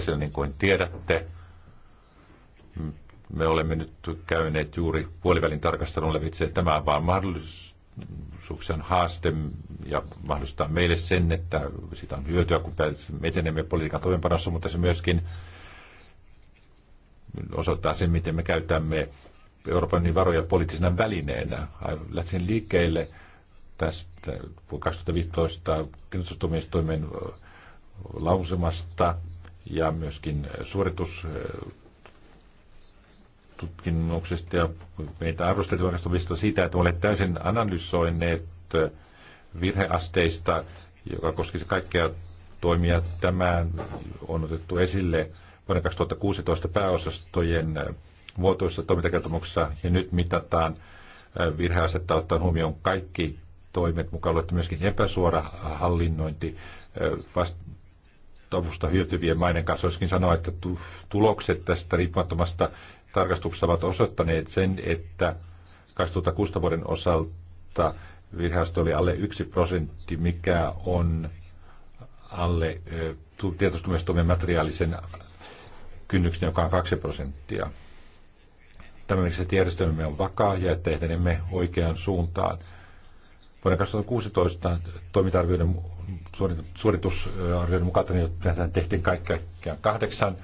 sillä niin kuin tiedätte, me olemme nyt käyneet juuri puolivälin tarkastelun lävitse. Tämä on vain mahdollisuus suksen haaste ja mahdollistaa meille sen, että sitä on hyötyä, kun etenemme politiikan toimenpanossa, mutta se myöskin osoittaa sen, miten me käytämme Euroopan niin varoja poliittisena välineenä. Lätsin liikkeelle tästä 2015 kirjastustuomioistuimen lausumasta ja myöskin suoritus tutkimuksesta ja meitä arvosteltiin oikeastaan siitä, että olet täysin analysoineet virheasteista, joka koskisi kaikkea toimia. Tämä on otettu esille vuoden 2016 pääosastojen vuotuisessa toimintakertomuksessa ja nyt mitataan virheasetta ottaen huomioon kaikki toimet, mukaan luettu myöskin epäsuora hallinnointi vastavusta hyötyvien maiden kanssa. Olisikin sanoa, että tulokset tästä riippumattomasta tarkastukset ovat osoittaneet sen, että 2006 vuoden osalta virheasto oli alle 1 prosentti, mikä on alle tietoistumistoimen materiaalisen kynnyksen, joka on 2 prosenttia. Tämä miksi että järjestelmämme on vakaa ja että etenemme oikeaan suuntaan. Vuoden 2016 toimintarvioiden suoritusarvioiden mukaan niin tehtiin kaikkiaan kahdeksan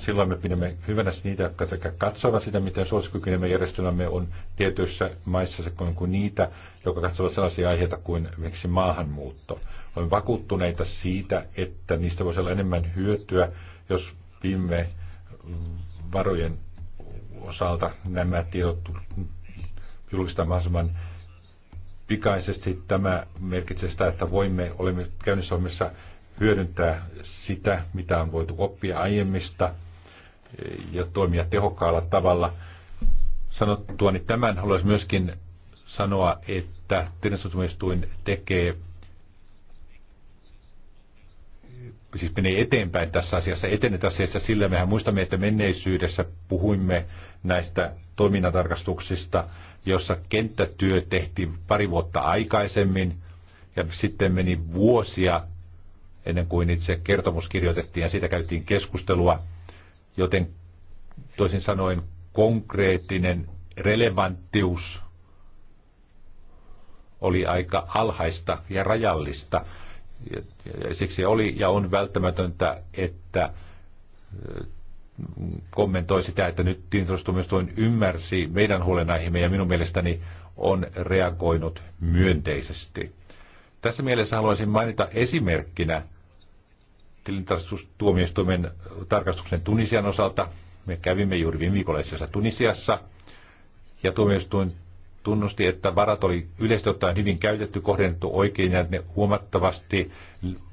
Silloin me pidämme hyvänä niitä, jotka katsovat sitä, miten suosikykyinen järjestelmämme on tietyissä maissa, kuin niitä, jotka katsovat sellaisia aiheita kuin esimerkiksi maahanmuutto. Olemme vakuuttuneita siitä, että niistä voisi olla enemmän hyötyä, jos viime varojen osalta nämä tiedot julkistetaan mahdollisimman pikaisesti. Tämä merkitsee sitä, että voimme, olemme käynnissä hyödyntää sitä, mitä on voitu oppia aiemmista ja toimia tehokkaalla tavalla. niin tämän haluaisin myöskin sanoa, että tiedonsaatumistuin tekee siis menee eteenpäin tässä asiassa, etenee tässä asiassa sillä. Mehän muistamme, että menneisyydessä puhuimme näistä toiminnantarkastuksista, jossa kenttätyö tehtiin pari vuotta aikaisemmin ja sitten meni vuosia ennen kuin itse kertomus kirjoitettiin ja siitä käytiin keskustelua joten toisin sanoen konkreettinen relevanttius oli aika alhaista ja rajallista. Ja siksi oli ja on välttämätöntä, että äh, kommentoi sitä, että nyt tilintarkastustuomioistuin ymmärsi meidän huolenaihimme ja minun mielestäni on reagoinut myönteisesti. Tässä mielessä haluaisin mainita esimerkkinä tilintarkastustuomioistuimen tarkastuksen Tunisian osalta. Me kävimme juuri viime viikolla Tunisiassa ja tuomioistuin tunnusti, että varat oli yleisesti ottaen hyvin käytetty, kohdennettu oikein ja ne huomattavasti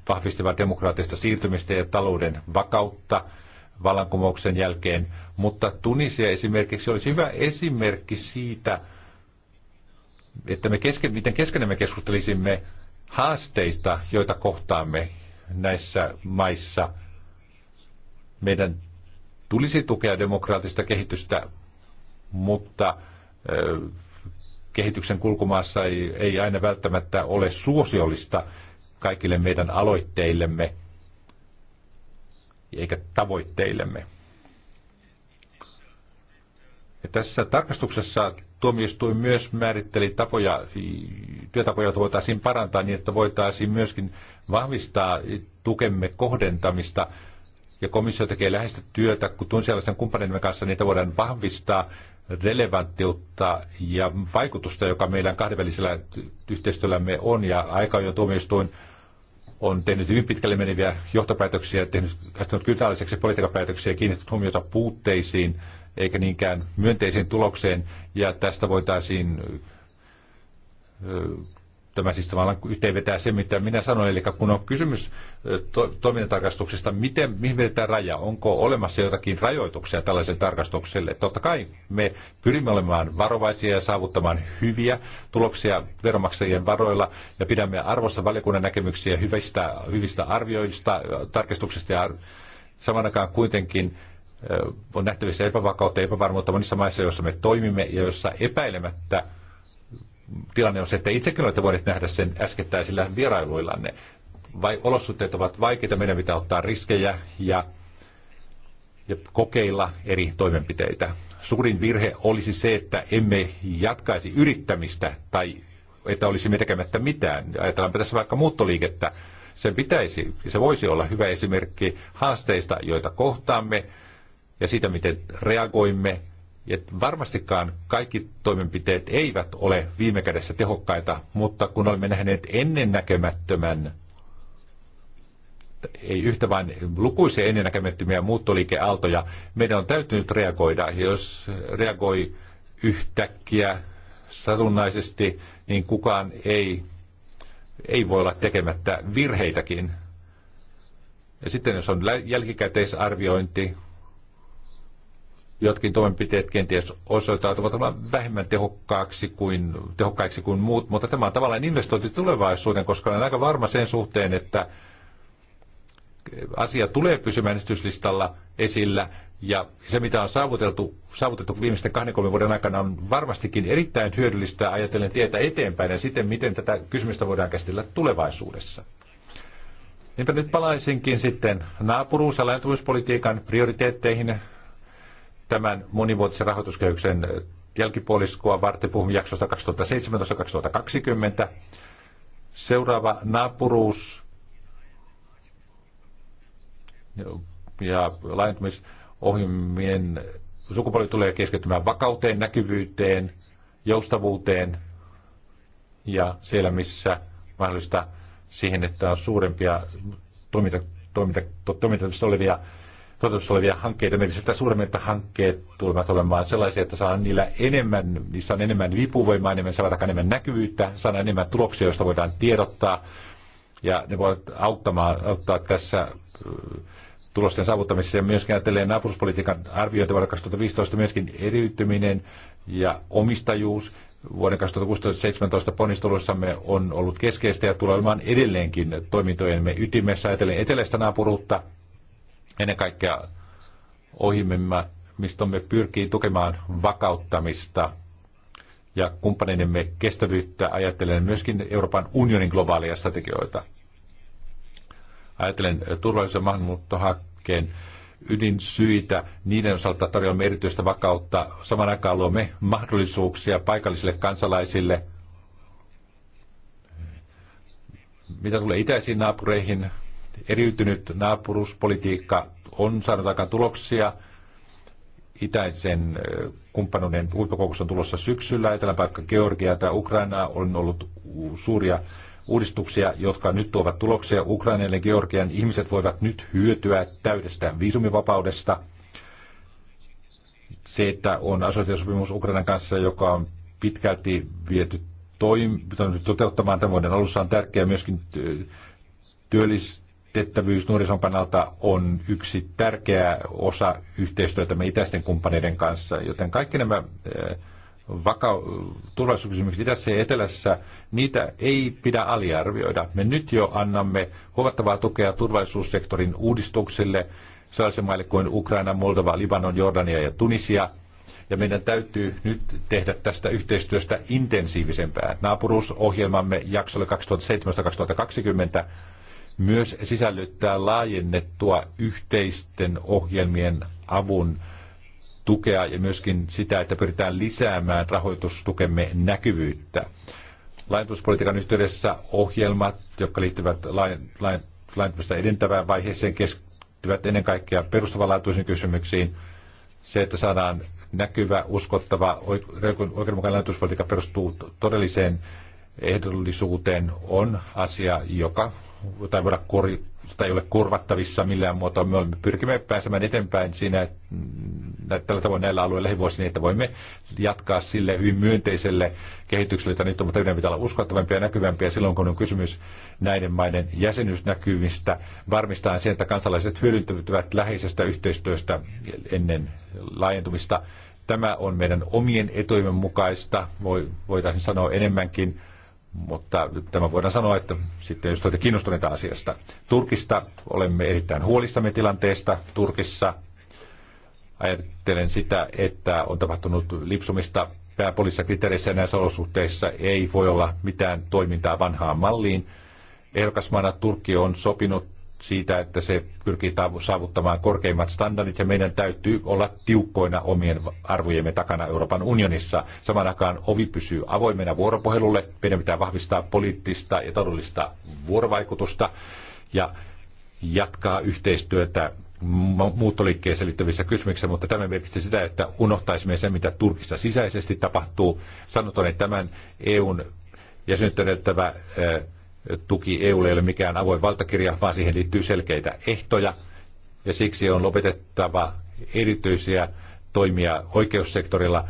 vahvistivat demokraattista siirtymistä ja talouden vakautta vallankumouksen jälkeen. Mutta Tunisia esimerkiksi olisi hyvä esimerkki siitä, että me kesken, miten keskenämme keskustelisimme haasteista, joita kohtaamme näissä maissa. Meidän tulisi tukea demokraattista kehitystä, mutta kehityksen kulkumaassa ei, ei aina välttämättä ole suosiollista kaikille meidän aloitteillemme eikä tavoitteillemme. Ja tässä tarkastuksessa tuomioistuin myös määritteli tapoja, työtapoja, joita voitaisiin parantaa niin, että voitaisiin myöskin vahvistaa tukemme kohdentamista. Ja komissio tekee läheistä työtä, kun sellaisen kumppaneiden kanssa niitä voidaan vahvistaa relevanttiutta ja vaikutusta, joka meidän kahdenvälisellä yhteistyöllämme on. Ja aika jo tuomioistuin on tehnyt hyvin pitkälle meneviä johtopäätöksiä, tehnyt, tehnyt kytäalliseksi politiikapäätöksiä ja kiinnittänyt huomiota puutteisiin – eikä niinkään myönteiseen tulokseen, ja tästä voitaisiin tämä siis tavallaan yhteenvetää se, mitä minä sanoin, eli kun on kysymys to- toimintatarkastuksesta, miten, mihin vedetään raja, onko olemassa jotakin rajoituksia tällaiselle tarkastukselle. Totta kai me pyrimme olemaan varovaisia ja saavuttamaan hyviä tuloksia veronmaksajien varoilla ja pidämme arvossa valiokunnan näkemyksiä hyvistä, hyvistä arvioista, tarkistuksista ja ar- samanakaan kuitenkin on nähtävissä epävakautta ja epävarmuutta monissa maissa, joissa me toimimme ja joissa epäilemättä tilanne on se, että itsekin olette voineet nähdä sen äskettäisillä vierailuillanne. Vai olosuhteet ovat vaikeita, meidän pitää ottaa riskejä ja, ja kokeilla eri toimenpiteitä. Suurin virhe olisi se, että emme jatkaisi yrittämistä tai että olisimme tekemättä mitään. Ajatellaanpa tässä vaikka muuttoliikettä. Sen pitäisi, se voisi olla hyvä esimerkki haasteista, joita kohtaamme, ja sitä miten reagoimme. Ja varmastikaan kaikki toimenpiteet eivät ole viime kädessä tehokkaita, mutta kun olemme nähneet ennennäkemättömän, ei yhtä vain lukuisia ennennäkemättömiä muuttoliikeaaltoja, meidän on täytynyt reagoida. Ja jos reagoi yhtäkkiä satunnaisesti, niin kukaan ei, ei voi olla tekemättä virheitäkin. Ja sitten jos on jälkikäteisarviointi, jotkin toimenpiteet kenties osoittautuvat olla vähemmän tehokkaaksi kuin, tehokkaiksi kuin muut, mutta tämä on tavallaan investointi tulevaisuuteen, koska olen aika varma sen suhteen, että asia tulee pysymään esityslistalla esillä, ja se, mitä on saavuteltu, saavutettu viimeisten kahden kolmen vuoden aikana, on varmastikin erittäin hyödyllistä ajatellen tietä eteenpäin ja siten, miten tätä kysymystä voidaan käsitellä tulevaisuudessa. Niinpä nyt palaisinkin sitten naapuruus- ja prioriteetteihin tämän monivuotisen rahoituskehyksen jälkipuoliskoa varten puhumme jaksosta 2017-2020. Seuraava naapuruus ja laajentumisohjelmien sukupolvi tulee keskittymään vakauteen, näkyvyyteen, joustavuuteen ja siellä, missä mahdollista siihen, että on suurempia toiminta, toiminta, toiminta olevia toteutussa olevia hankkeita, eli sitä suuremmin, että hankkeet tulevat olemaan sellaisia, että saa niillä enemmän, niissä on enemmän vipuvoimaa, enemmän, saadaan enemmän näkyvyyttä, saadaan enemmän tuloksia, joista voidaan tiedottaa, ja ne voivat auttamaan, auttaa tässä äh, tulosten saavuttamisessa ja myöskin ajatellen naapuruspolitiikan arviointi vuonna 2015 myöskin eriytyminen ja omistajuus vuoden 2016-2017 ponnisteluissamme on ollut keskeistä ja tulee olemaan edelleenkin toimintojemme ytimessä ajatellen eteläistä naapuruutta Ennen kaikkea mistä me pyrkii tukemaan vakauttamista ja kumppaneidemme kestävyyttä ajattelen myöskin Euroopan unionin globaalia strategioita. Ajattelen turvallisen maahanmuuttohakkeen ydinsyitä, niiden osalta tarjoamme erityistä vakautta. Saman aikaan luomme mahdollisuuksia paikallisille kansalaisille. Mitä tulee itäisiin naapureihin, Eriytynyt naapuruspolitiikka on saanut aikaan tuloksia. Itäisen kumppanuuden huippukokous on tulossa syksyllä. Eteläpaikka Georgia tai Ukraina on ollut suuria uudistuksia, jotka nyt tuovat tuloksia Ukrainalle ja Georgian. Ihmiset voivat nyt hyötyä täydestä viisumivapaudesta. Se, että on asosiaatiosopimus Ukrainan kanssa, joka on pitkälti viety toim- toteuttamaan tämän vuoden alussa, on tärkeää myöskin työllistää Jäljitettävyys nuorison kannalta on yksi tärkeä osa yhteistyötä me itäisten kumppaneiden kanssa, joten kaikki nämä eh, vaka- turvallisuuskysymykset idässä ja etelässä, niitä ei pidä aliarvioida. Me nyt jo annamme huomattavaa tukea turvallisuussektorin uudistuksille sellaisen maille kuin Ukraina, Moldova, Libanon, Jordania ja Tunisia. Ja meidän täytyy nyt tehdä tästä yhteistyöstä intensiivisempää. Naapuruusohjelmamme jaksolle 2017-2020 myös sisällyttää laajennettua yhteisten ohjelmien avun tukea ja myöskin sitä, että pyritään lisäämään rahoitustukemme näkyvyyttä. Laajentumispolitiikan yhteydessä ohjelmat, jotka liittyvät laajentumista edentävään vaiheeseen, keskittyvät ennen kaikkea perustavanlaatuisiin kysymyksiin. Se, että saadaan näkyvä, uskottava, oikeudenmukainen laajentumispolitiikka perustuu todelliseen ehdollisuuteen on asia, joka tai voida kori, tai ei ole korvattavissa millään muotoa. Me pyrkimme pääsemään eteenpäin siinä, mm, tällä tavoin näillä alueilla lähivuosina, niin että voimme jatkaa sille hyvin myönteiselle kehitykselle, jota nyt on, mutta yhden pitää olla uskottavampia ja näkyvämpiä silloin, kun on kysymys näiden maiden jäsenyysnäkyvistä. Varmistaa sen, että kansalaiset hyödyntävät läheisestä yhteistyöstä ennen laajentumista. Tämä on meidän omien etujemme mukaista, voitaisiin sanoa enemmänkin mutta tämä voidaan sanoa, että sitten jos olette kiinnostuneita asiasta. Turkista olemme erittäin huolissamme tilanteesta Turkissa. Ajattelen sitä, että on tapahtunut lipsumista pääpoliissa kriteereissä ja näissä olosuhteissa ei voi olla mitään toimintaa vanhaan malliin. Ehdokasmaana Turkki on sopinut siitä, että se pyrkii saavuttamaan korkeimmat standardit ja meidän täytyy olla tiukkoina omien arvojemme takana Euroopan unionissa. Saman aikaan ovi pysyy avoimena vuoropuhelulle. Meidän pitää vahvistaa poliittista ja taloudellista vuorovaikutusta ja jatkaa yhteistyötä muuttoliikkeeseen liittyvissä kysymyksissä, mutta tämä merkitsee sitä, että unohtaisimme sen, mitä Turkissa sisäisesti tapahtuu. Sanotaan, että tämän EUn jäsenyyttä näyttävä tuki EU ei ole mikään avoin valtakirja, vaan siihen liittyy selkeitä ehtoja. Ja siksi on lopetettava erityisiä toimia oikeussektorilla,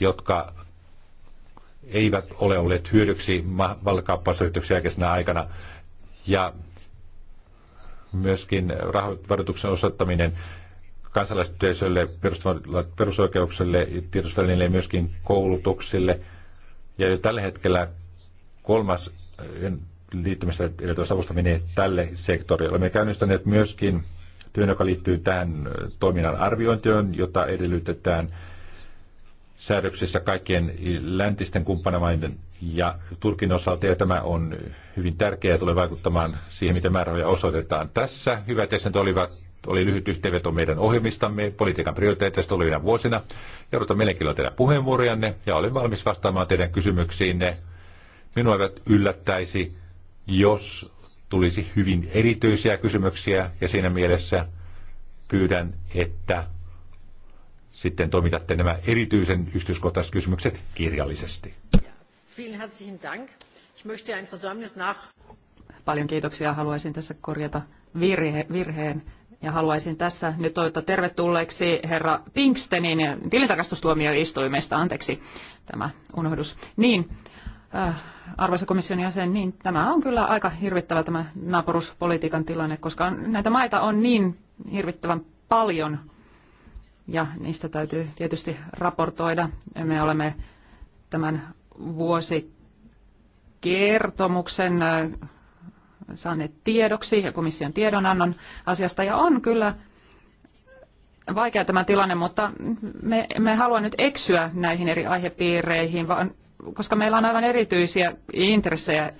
jotka eivät ole olleet hyödyksi valkauppausyrityksiä jälkeisenä aikana. Ja myöskin rahoituksen osoittaminen kansalaisyhteisölle, perusoikeuksille, tiedotusvälineille ja myöskin koulutuksille. Ja jo tällä hetkellä Kolmas liittymistä edellyttävästä menee tälle sektorille. Olemme käynnistäneet myöskin työn, joka liittyy tähän toiminnan arviointiin, jota edellytetään säädöksissä kaikkien läntisten kumppanamaiden ja Turkin osalta, ja tämä on hyvin tärkeää ja tulee vaikuttamaan siihen, miten määrärahoja osoitetaan. Tässä hyvät jäsenet olivat oli lyhyt yhteenveto meidän ohjelmistamme, politiikan prioriteeteista olevina vuosina. Ja mielenkiinnolla teidän puheenvuorojanne ja olen valmis vastaamaan teidän kysymyksiinne. Minua eivät yllättäisi, jos tulisi hyvin erityisiä kysymyksiä ja siinä mielessä pyydän, että sitten toimitatte nämä erityisen yksityiskohtaiset kysymykset kirjallisesti. Paljon kiitoksia. Haluaisin tässä korjata virhe, virheen. Ja haluaisin tässä nyt toivottaa tervetulleeksi herra Pinkstenin tilintarkastustuomioistuimesta. Anteeksi tämä unohdus. Niin, äh, arvoisa komission jäsen, niin tämä on kyllä aika hirvittävä tämä naapuruspolitiikan tilanne, koska näitä maita on niin hirvittävän paljon ja niistä täytyy tietysti raportoida. Me olemme tämän vuosikertomuksen äh, saaneet tiedoksi ja komission tiedonannon asiasta ja on kyllä vaikea tämä tilanne, mutta me emme halua nyt eksyä näihin eri aihepiireihin, vaan koska meillä on aivan erityisiä intressejä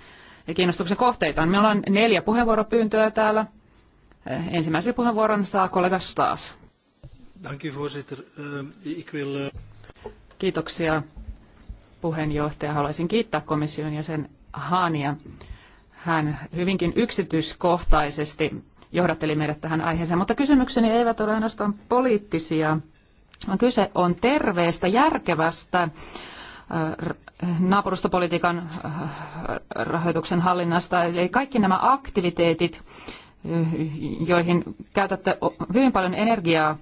ja kiinnostuksen kohteita. Meillä on neljä puheenvuoropyyntöä täällä. Ensimmäisen puheenvuoron saa kollega Staas. Eh, eh, Kiitoksia puheenjohtaja. Haluaisin kiittää komission sen Haania. Hän hyvinkin yksityiskohtaisesti johdatteli meidät tähän aiheeseen, mutta kysymykseni eivät ole ainoastaan poliittisia, kyse on terveestä, järkevästä eh, naapurustopolitiikan äh, rahoituksen hallinnasta. Eli kaikki nämä aktiviteetit, äh, joihin käytätte hyvin paljon energiaa,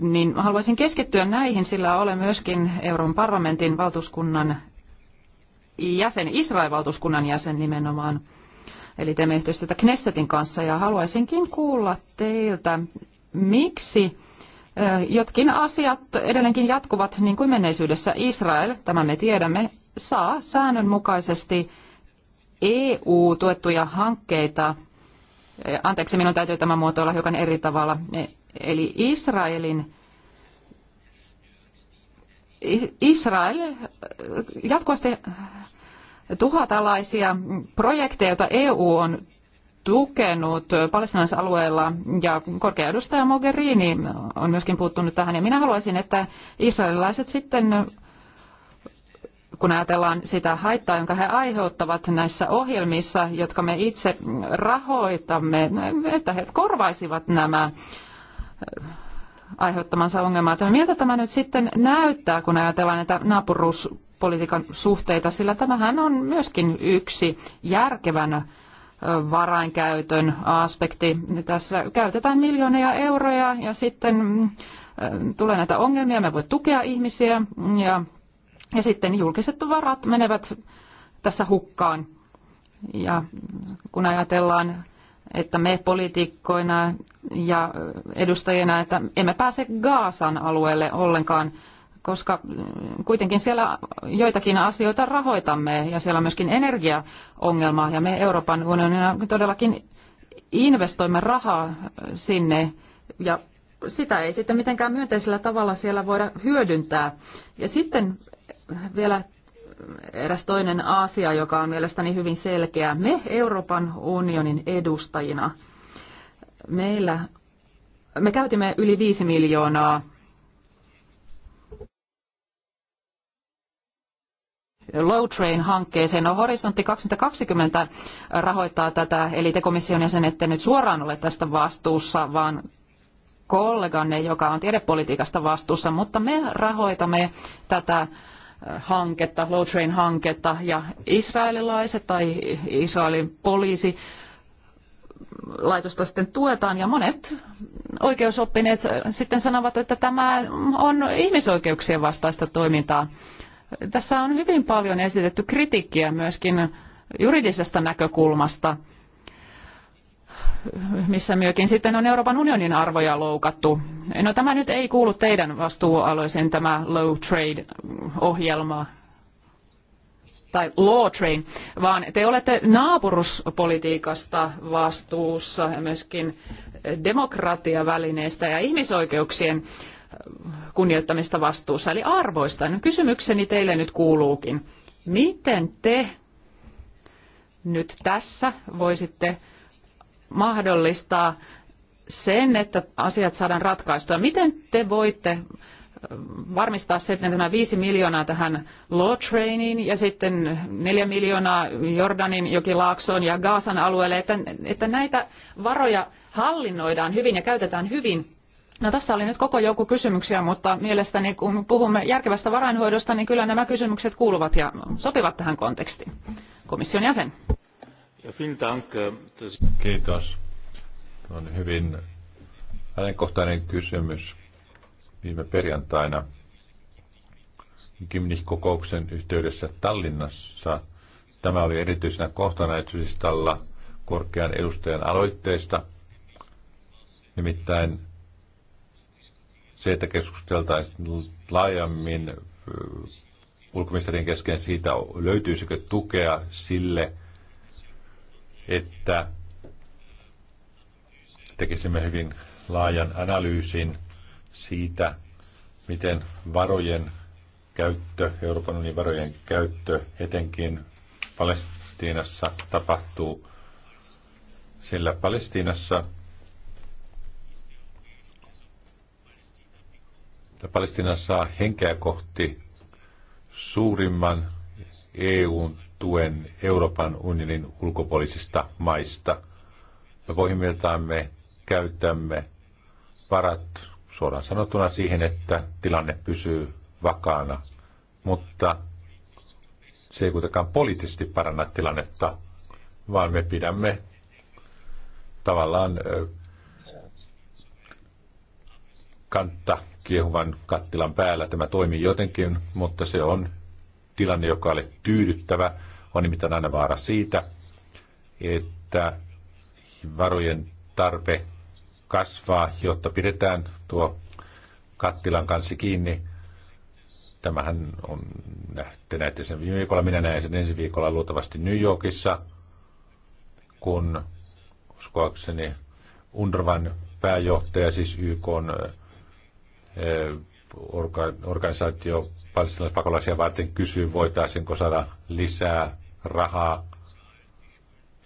niin haluaisin keskittyä näihin, sillä olen myöskin Euroopan parlamentin valtuuskunnan jäsen, Israelin valtuuskunnan jäsen nimenomaan. Eli teemme yhteistyötä Knessetin kanssa ja haluaisinkin kuulla teiltä, miksi Jotkin asiat edelleenkin jatkuvat niin kuin menneisyydessä. Israel, tämä me tiedämme, saa säännönmukaisesti EU-tuettuja hankkeita. Anteeksi, minun täytyy tämä muotoilla hiukan eri tavalla. E, eli Israelin Israel jatkuvasti tuhoaa tällaisia projekteja, joita EU on tukenut palestinaisalueella ja korkea edustaja Mogherini on myöskin puuttunut tähän. Ja minä haluaisin, että israelilaiset sitten, kun ajatellaan sitä haittaa, jonka he aiheuttavat näissä ohjelmissa, jotka me itse rahoitamme, että he korvaisivat nämä aiheuttamansa ongelmaa. Tämä, miltä tämä nyt sitten näyttää, kun ajatellaan näitä naapuruuspolitiikan suhteita, sillä tämähän on myöskin yksi järkevän varainkäytön aspekti. Tässä käytetään miljoonia euroja ja sitten äh, tulee näitä ongelmia, me voi tukea ihmisiä ja, ja sitten julkiset varat menevät tässä hukkaan. Ja kun ajatellaan, että me poliitikkoina ja edustajina, että emme pääse Gaasan alueelle ollenkaan, koska kuitenkin siellä joitakin asioita rahoitamme ja siellä on myöskin energiaongelma ja me Euroopan unionina todellakin investoimme rahaa sinne ja sitä ei sitten mitenkään myönteisellä tavalla siellä voida hyödyntää. Ja sitten vielä eräs toinen asia, joka on mielestäni hyvin selkeä. Me Euroopan unionin edustajina, meillä, me käytimme yli 5 miljoonaa Low Train-hankkeeseen. No, Horisontti 2020 rahoittaa tätä, eli te komission jäsen ette nyt suoraan ole tästä vastuussa, vaan kolleganne, joka on tiedepolitiikasta vastuussa, mutta me rahoitamme tätä äh, hanketta, Low Train-hanketta, ja israelilaiset tai Israelin poliisi laitosta sitten tuetaan ja monet oikeusoppineet sitten sanovat, että tämä on ihmisoikeuksien vastaista toimintaa. Tässä on hyvin paljon esitetty kritiikkiä myöskin juridisesta näkökulmasta, missä myöskin sitten on Euroopan unionin arvoja loukattu. No tämä nyt ei kuulu teidän vastuualueeseen tämä low trade-ohjelma tai law train, vaan te olette naapuruspolitiikasta vastuussa ja myöskin demokratiavälineistä ja ihmisoikeuksien kunnioittamista vastuussa, eli arvoista. No, kysymykseni teille nyt kuuluukin. Miten te nyt tässä voisitte mahdollistaa sen, että asiat saadaan ratkaistua? Miten te voitte varmistaa se, että nämä viisi miljoonaa tähän Law Trainiin ja sitten neljä miljoonaa Jordanin jokilaaksoon ja Gaasan alueelle, että, että näitä varoja hallinnoidaan hyvin ja käytetään hyvin No tässä oli nyt koko joukko kysymyksiä, mutta mielestäni kun puhumme järkevästä varainhoidosta, niin kyllä nämä kysymykset kuuluvat ja sopivat tähän kontekstiin. Komission jäsen. Äh, Kiitos. On hyvin ajankohtainen kysymys. Viime perjantaina Gimnich-kokouksen yhteydessä Tallinnassa tämä oli erityisenä kohtana etusistalla korkean edustajan aloitteesta. Nimittäin se, että keskusteltaisiin laajemmin ulkoministerien kesken siitä, löytyisikö tukea sille, että tekisimme hyvin laajan analyysin siitä, miten varojen käyttö, Euroopan unionin varojen käyttö, etenkin Palestiinassa tapahtuu, sillä Palestiinassa että Palestina saa henkeä kohti suurimman eu tuen Euroopan unionin ulkopuolisista maista. Me pohjimmiltaan me käytämme varat suoraan sanottuna siihen, että tilanne pysyy vakaana, mutta se ei kuitenkaan poliittisesti paranna tilannetta, vaan me pidämme tavallaan kantaa kiehuvan kattilan päällä. Tämä toimii jotenkin, mutta se on tilanne, joka oli tyydyttävä. On nimittäin aina vaara siitä, että varojen tarpe kasvaa, jotta pidetään tuo kattilan kanssa kiinni. Tämähän on nähty, näette sen viime viikolla, minä näen sen ensi viikolla luultavasti New Yorkissa, kun uskoakseni UNRWAn pääjohtaja, siis YK on Eh, orga, organisaatio palestinaispakolaisia varten kysyy, voitaisiinko saada lisää rahaa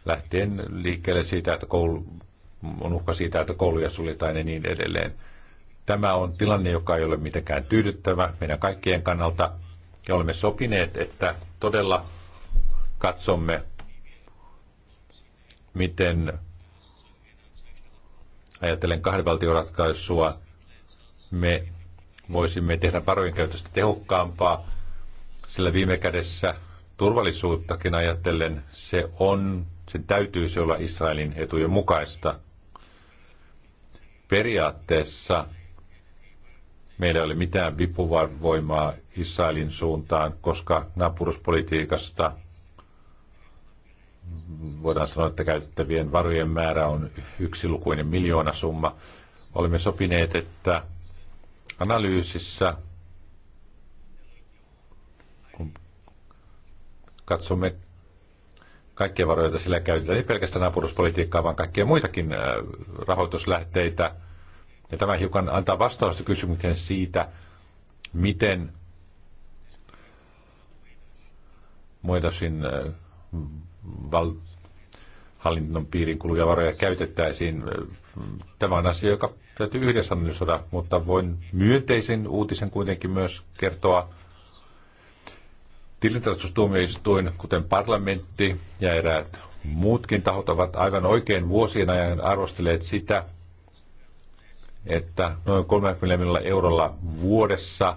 lähtien liikkeelle siitä, että koulu, on uhka siitä, että kouluja suljetaan ja niin edelleen. Tämä on tilanne, joka ei ole mitenkään tyydyttävä meidän kaikkien kannalta. Ja olemme sopineet, että todella katsomme, miten ajatellen valtioratkaisua me voisimme tehdä varojen käytöstä tehokkaampaa, sillä viime kädessä turvallisuuttakin ajatellen se on, sen täytyisi olla Israelin etujen mukaista. Periaatteessa meillä ei ole mitään vipuvoimaa Israelin suuntaan, koska naapuruspolitiikasta voidaan sanoa, että käytettävien varojen määrä on yksilukuinen summa, Olemme sopineet, että analyysissä, kun katsomme kaikkia varoja, joita sillä käytetään, ei pelkästään naapuruspolitiikkaa, vaan kaikkia muitakin äh, rahoituslähteitä. Ja tämä hiukan antaa vastausta kysymykseen siitä, miten Moedasin äh, val- hallinnon piirin kuluja varoja käytettäisiin. Äh, tämä on asia, joka täytyy yhdessä analysoida, mutta voin myönteisen uutisen kuitenkin myös kertoa. Tilintarkastustuomioistuin, kuten parlamentti ja eräät muutkin tahot ovat aivan oikein vuosien ajan arvostelleet sitä, että noin 30 miljoonalla eurolla vuodessa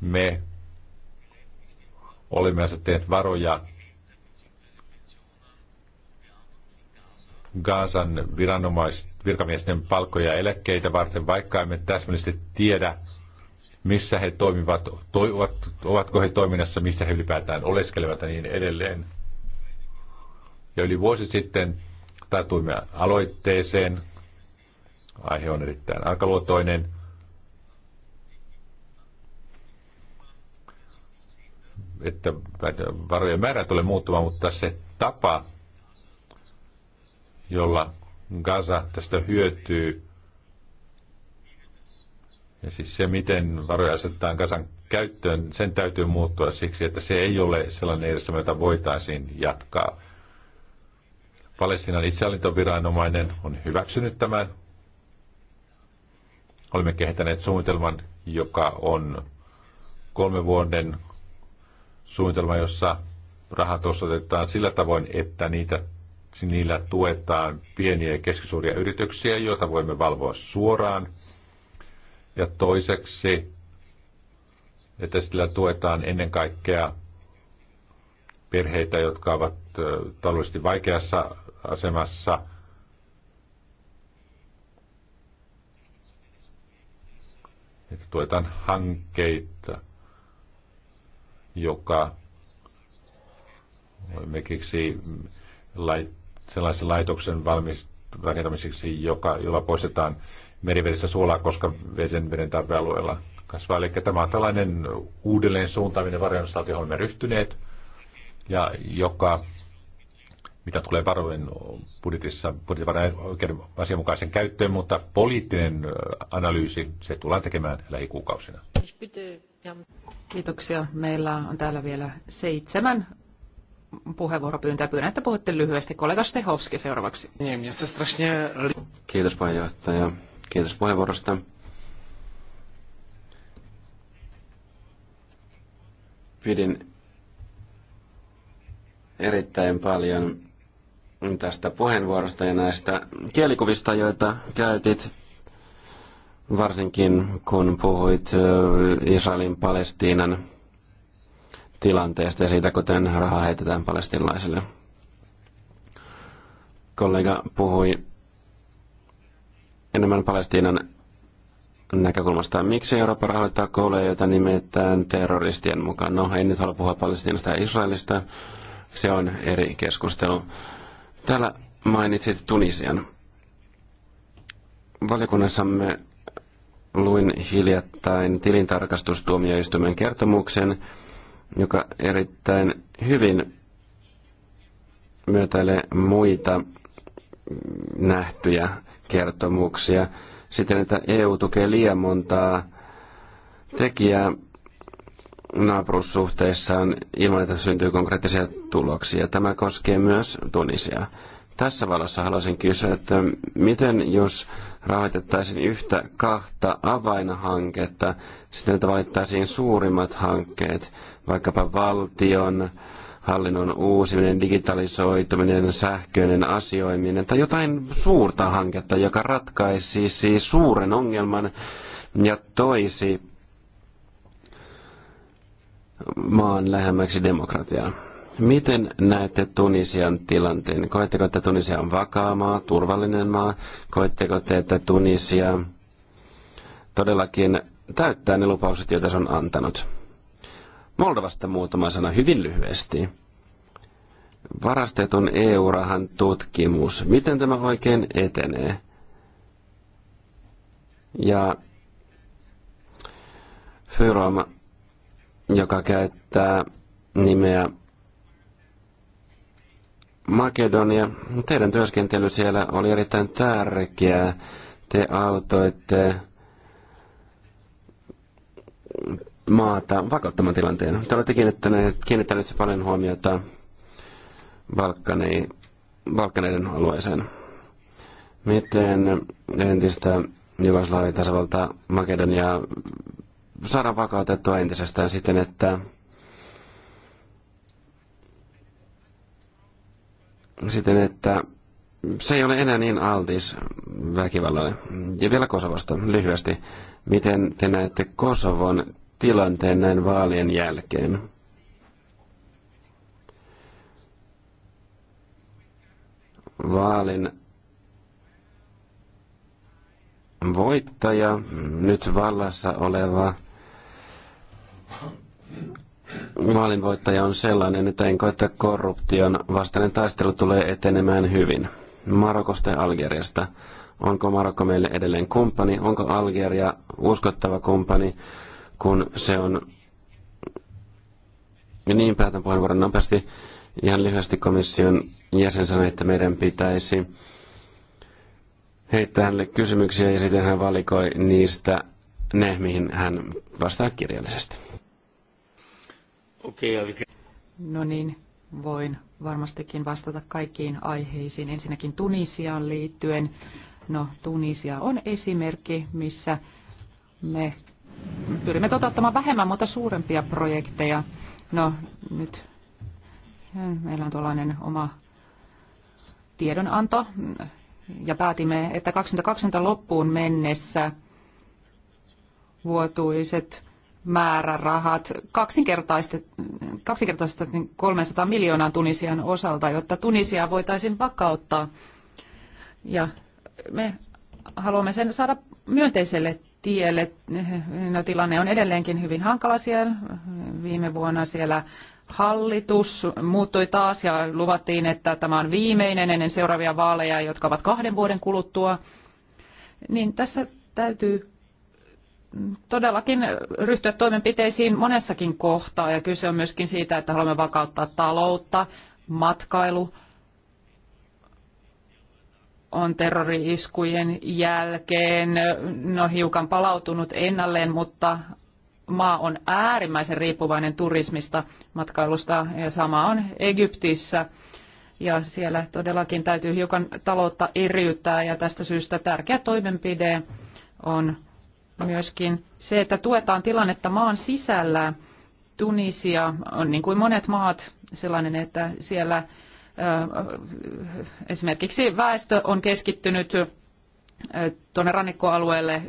me olimme asettaneet varoja Gaasan viranomaisten virkamiesten palkkoja ja eläkkeitä varten, vaikka emme täsmällisesti tiedä, missä he toimivat, ovat, ovatko he toiminnassa, missä he ylipäätään oleskelevat ja niin edelleen. Ja yli vuosi sitten tartuimme aloitteeseen. Aihe on erittäin arkaluotoinen. Että varojen määrä tulee muuttumaan, mutta se tapa, jolla Gaza tästä hyötyy. Ja siis se, miten varoja asetetaan Gazan käyttöön, sen täytyy muuttua siksi, että se ei ole sellainen edessä, jota voitaisiin jatkaa. Palestinan itsehallintoviranomainen on hyväksynyt tämän. Olemme kehittäneet suunnitelman, joka on kolmen vuoden suunnitelma, jossa rahat osoitetaan sillä tavoin, että niitä Niillä tuetaan pieniä ja keskisuuria yrityksiä, joita voimme valvoa suoraan. Ja toiseksi, että sillä tuetaan ennen kaikkea perheitä, jotka ovat taloudellisesti vaikeassa asemassa. Että tuetaan hankkeita, joka mekiksi lait, sellaisen laitoksen valmis rakentamiseksi, joka, jolla poistetaan merivedessä suolaa, koska vesen veden tarvealueella kasvaa. Eli tämä on tällainen uudelleen suuntaaminen varjoinnista, johon olemme ryhtyneet, ja joka, mitä tulee varojen budjetissa, budjetin oikein asianmukaisen käyttöön, mutta poliittinen analyysi, se tullaan tekemään lähikuukausina. Kiitoksia. Meillä on täällä vielä seitsemän puheenvuoropyyntöä. Pyydän, että puhutte lyhyesti. Kollega Stehovski seuraavaksi. Kiitos puheenjohtaja. Kiitos puheenvuorosta. Pidin erittäin paljon tästä puheenvuorosta ja näistä kielikuvista, joita käytit, varsinkin kun puhuit Israelin Palestiinan tilanteesta ja siitä, kuten rahaa heitetään palestinaisille. Kollega puhui enemmän Palestiinan näkökulmasta. Miksi Eurooppa rahoittaa kouluja, joita nimetään terroristien mukaan? No, en nyt halua puhua Palestiinasta ja Israelista. Se on eri keskustelu. Täällä mainitsit Tunisian. Valiokunnassamme luin hiljattain tilintarkastustuomioistuimen kertomuksen, joka erittäin hyvin myötäilee muita nähtyjä kertomuksia siten, että EU tukee liian montaa tekijää naapurussuhteissaan ilman, että syntyy konkreettisia tuloksia. Tämä koskee myös Tunisiaa. Tässä valossa haluaisin kysyä, että miten jos rahoitettaisiin yhtä kahta avainhanketta, sitten että valittaisiin suurimmat hankkeet, vaikkapa valtion, hallinnon uusiminen, digitalisoituminen, sähköinen asioiminen tai jotain suurta hanketta, joka ratkaisisi suuren ongelman ja toisi maan lähemmäksi demokratiaa. Miten näette Tunisian tilanteen? Koetteko, että Tunisia on vakaa maa, turvallinen maa? Koetteko te, että Tunisia todellakin täyttää ne lupaukset, joita se on antanut? Moldovasta muutama sana hyvin lyhyesti. Varastetun EU-rahan tutkimus. Miten tämä oikein etenee? Ja Fyrom, joka käyttää nimeä Makedonia, teidän työskentely siellä oli erittäin tärkeää. Te autoitte maata vakauttamaan tilanteen. Te olette kiinnittäneet, kiinnittäneet paljon huomiota Balkani, Balkaneiden alueeseen. Miten entistä Jugoslavia tasavalta Makedonia saadaan vakautettua entisestään siten, että siten, että se ei ole enää niin altis väkivallalle. Ja vielä Kosovasta lyhyesti. Miten te näette Kosovon tilanteen näin vaalien jälkeen? Vaalin voittaja, nyt vallassa oleva maalinvoittaja on sellainen, että en koeta korruption vastainen taistelu tulee etenemään hyvin. Marokosta ja Algeriasta. Onko Marokko meille edelleen kumppani? Onko Algeria uskottava kumppani, kun se on... Ja niin päätän puheenvuoron nopeasti. Ihan lyhyesti komission jäsen sanoi, että meidän pitäisi heittää hänelle kysymyksiä ja sitten hän valikoi niistä ne, mihin hän vastaa kirjallisesti. Okay, can... No niin, voin varmastikin vastata kaikkiin aiheisiin. Ensinnäkin Tunisiaan liittyen. No, Tunisia on esimerkki, missä me pyrimme toteuttamaan vähemmän, mutta suurempia projekteja. No, nyt eh, meillä on tuollainen oma tiedonanto ja päätimme, että 2020 loppuun mennessä vuotuiset määrärahat kaksinkertaisesti 300 miljoonaa Tunisian osalta, jotta Tunisia voitaisiin vakauttaa. Ja me haluamme sen saada myönteiselle tielle. No, tilanne on edelleenkin hyvin hankala siellä. Viime vuonna siellä hallitus muuttui taas ja luvattiin, että tämä on viimeinen ennen seuraavia vaaleja, jotka ovat kahden vuoden kuluttua. Niin tässä täytyy todellakin ryhtyä toimenpiteisiin monessakin kohtaa ja kyse on myöskin siitä, että haluamme vakauttaa taloutta, matkailu, on terrori-iskujen jälkeen no hiukan palautunut ennalleen, mutta maa on äärimmäisen riippuvainen turismista, matkailusta ja sama on Egyptissä. Ja siellä todellakin täytyy hiukan taloutta eriyttää ja tästä syystä tärkeä toimenpide on myöskin se, että tuetaan tilannetta maan sisällä. Tunisia on niin kuin monet maat sellainen, että siellä esimerkiksi väestö on keskittynyt tuonne rannikkoalueelle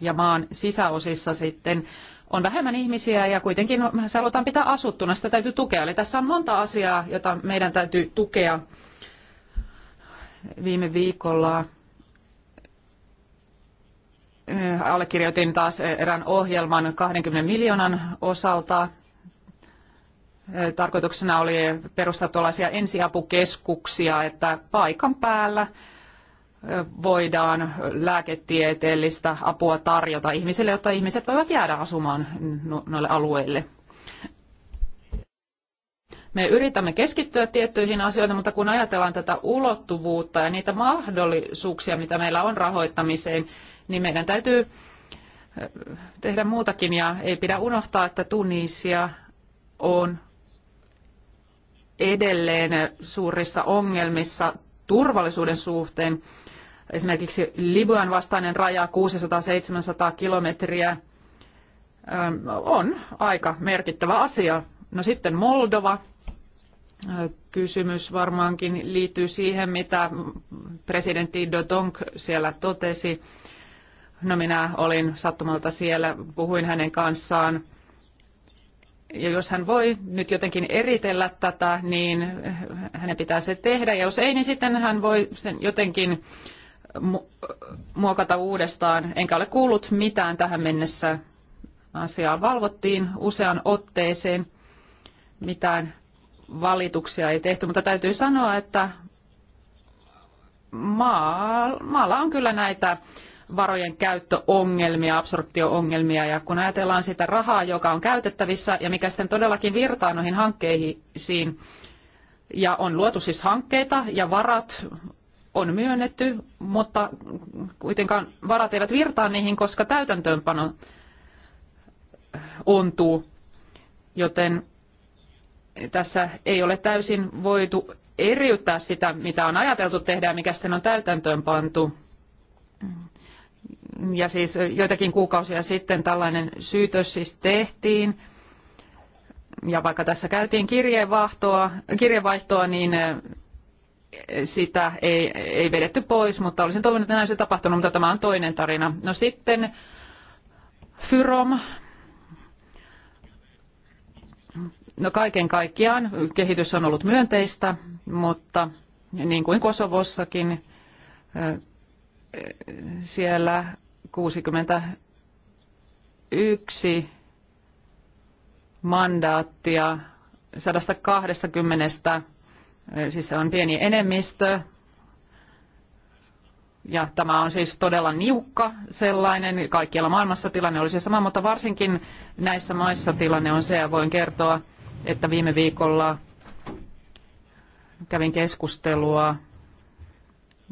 ja maan sisäosissa sitten on vähemmän ihmisiä ja kuitenkin se halutaan pitää asuttuna, sitä täytyy tukea. Eli tässä on monta asiaa, jota meidän täytyy tukea. Viime viikolla Äh, allekirjoitin taas erään ohjelman 20 miljoonan osalta. Äh, tarkoituksena oli perustaa tuollaisia ensiapukeskuksia, että paikan päällä äh, voidaan lääketieteellistä apua tarjota ihmisille, jotta ihmiset voivat jäädä asumaan noille alueille. Me yritämme keskittyä tiettyihin asioihin, mutta kun ajatellaan tätä ulottuvuutta ja niitä mahdollisuuksia, mitä meillä on rahoittamiseen, niin meidän täytyy tehdä muutakin ja ei pidä unohtaa, että Tunisia on edelleen suurissa ongelmissa turvallisuuden suhteen. Esimerkiksi Libyan vastainen raja 600-700 kilometriä on aika merkittävä asia. No sitten Moldova. Kysymys varmaankin liittyy siihen, mitä presidentti Dodonk siellä totesi No minä olin sattumalta siellä, puhuin hänen kanssaan. Ja jos hän voi nyt jotenkin eritellä tätä, niin hänen pitää se tehdä. Ja jos ei, niin sitten hän voi sen jotenkin muokata uudestaan. Enkä ole kuullut mitään tähän mennessä. Asiaa valvottiin usean otteeseen. Mitään valituksia ei tehty, mutta täytyy sanoa, että maalla on kyllä näitä varojen käyttöongelmia, ongelmia absorptio-ongelmia. Ja kun ajatellaan sitä rahaa, joka on käytettävissä ja mikä sitten todellakin virtaa noihin hankkeisiin, ja on luotu siis hankkeita ja varat on myönnetty, mutta kuitenkaan varat eivät virtaa niihin, koska täytäntöönpano ontuu. Joten tässä ei ole täysin voitu eriyttää sitä, mitä on ajateltu tehdä ja mikä sitten on täytäntöön pantu ja siis joitakin kuukausia sitten tällainen syytös siis tehtiin. Ja vaikka tässä käytiin kirjeenvaihtoa, kirjeenvaihtoa niin eh, sitä ei, ei vedetty pois, mutta olisin toivonut, että näin se tapahtunut, mutta tämä on toinen tarina. No sitten Fyrom. No kaiken kaikkiaan kehitys on ollut myönteistä, mutta niin kuin Kosovossakin eh, eh, siellä 61 mandaattia 120, siis se on pieni enemmistö, ja tämä on siis todella niukka sellainen. Kaikkialla maailmassa tilanne olisi sama, mutta varsinkin näissä maissa tilanne on se, ja voin kertoa, että viime viikolla kävin keskustelua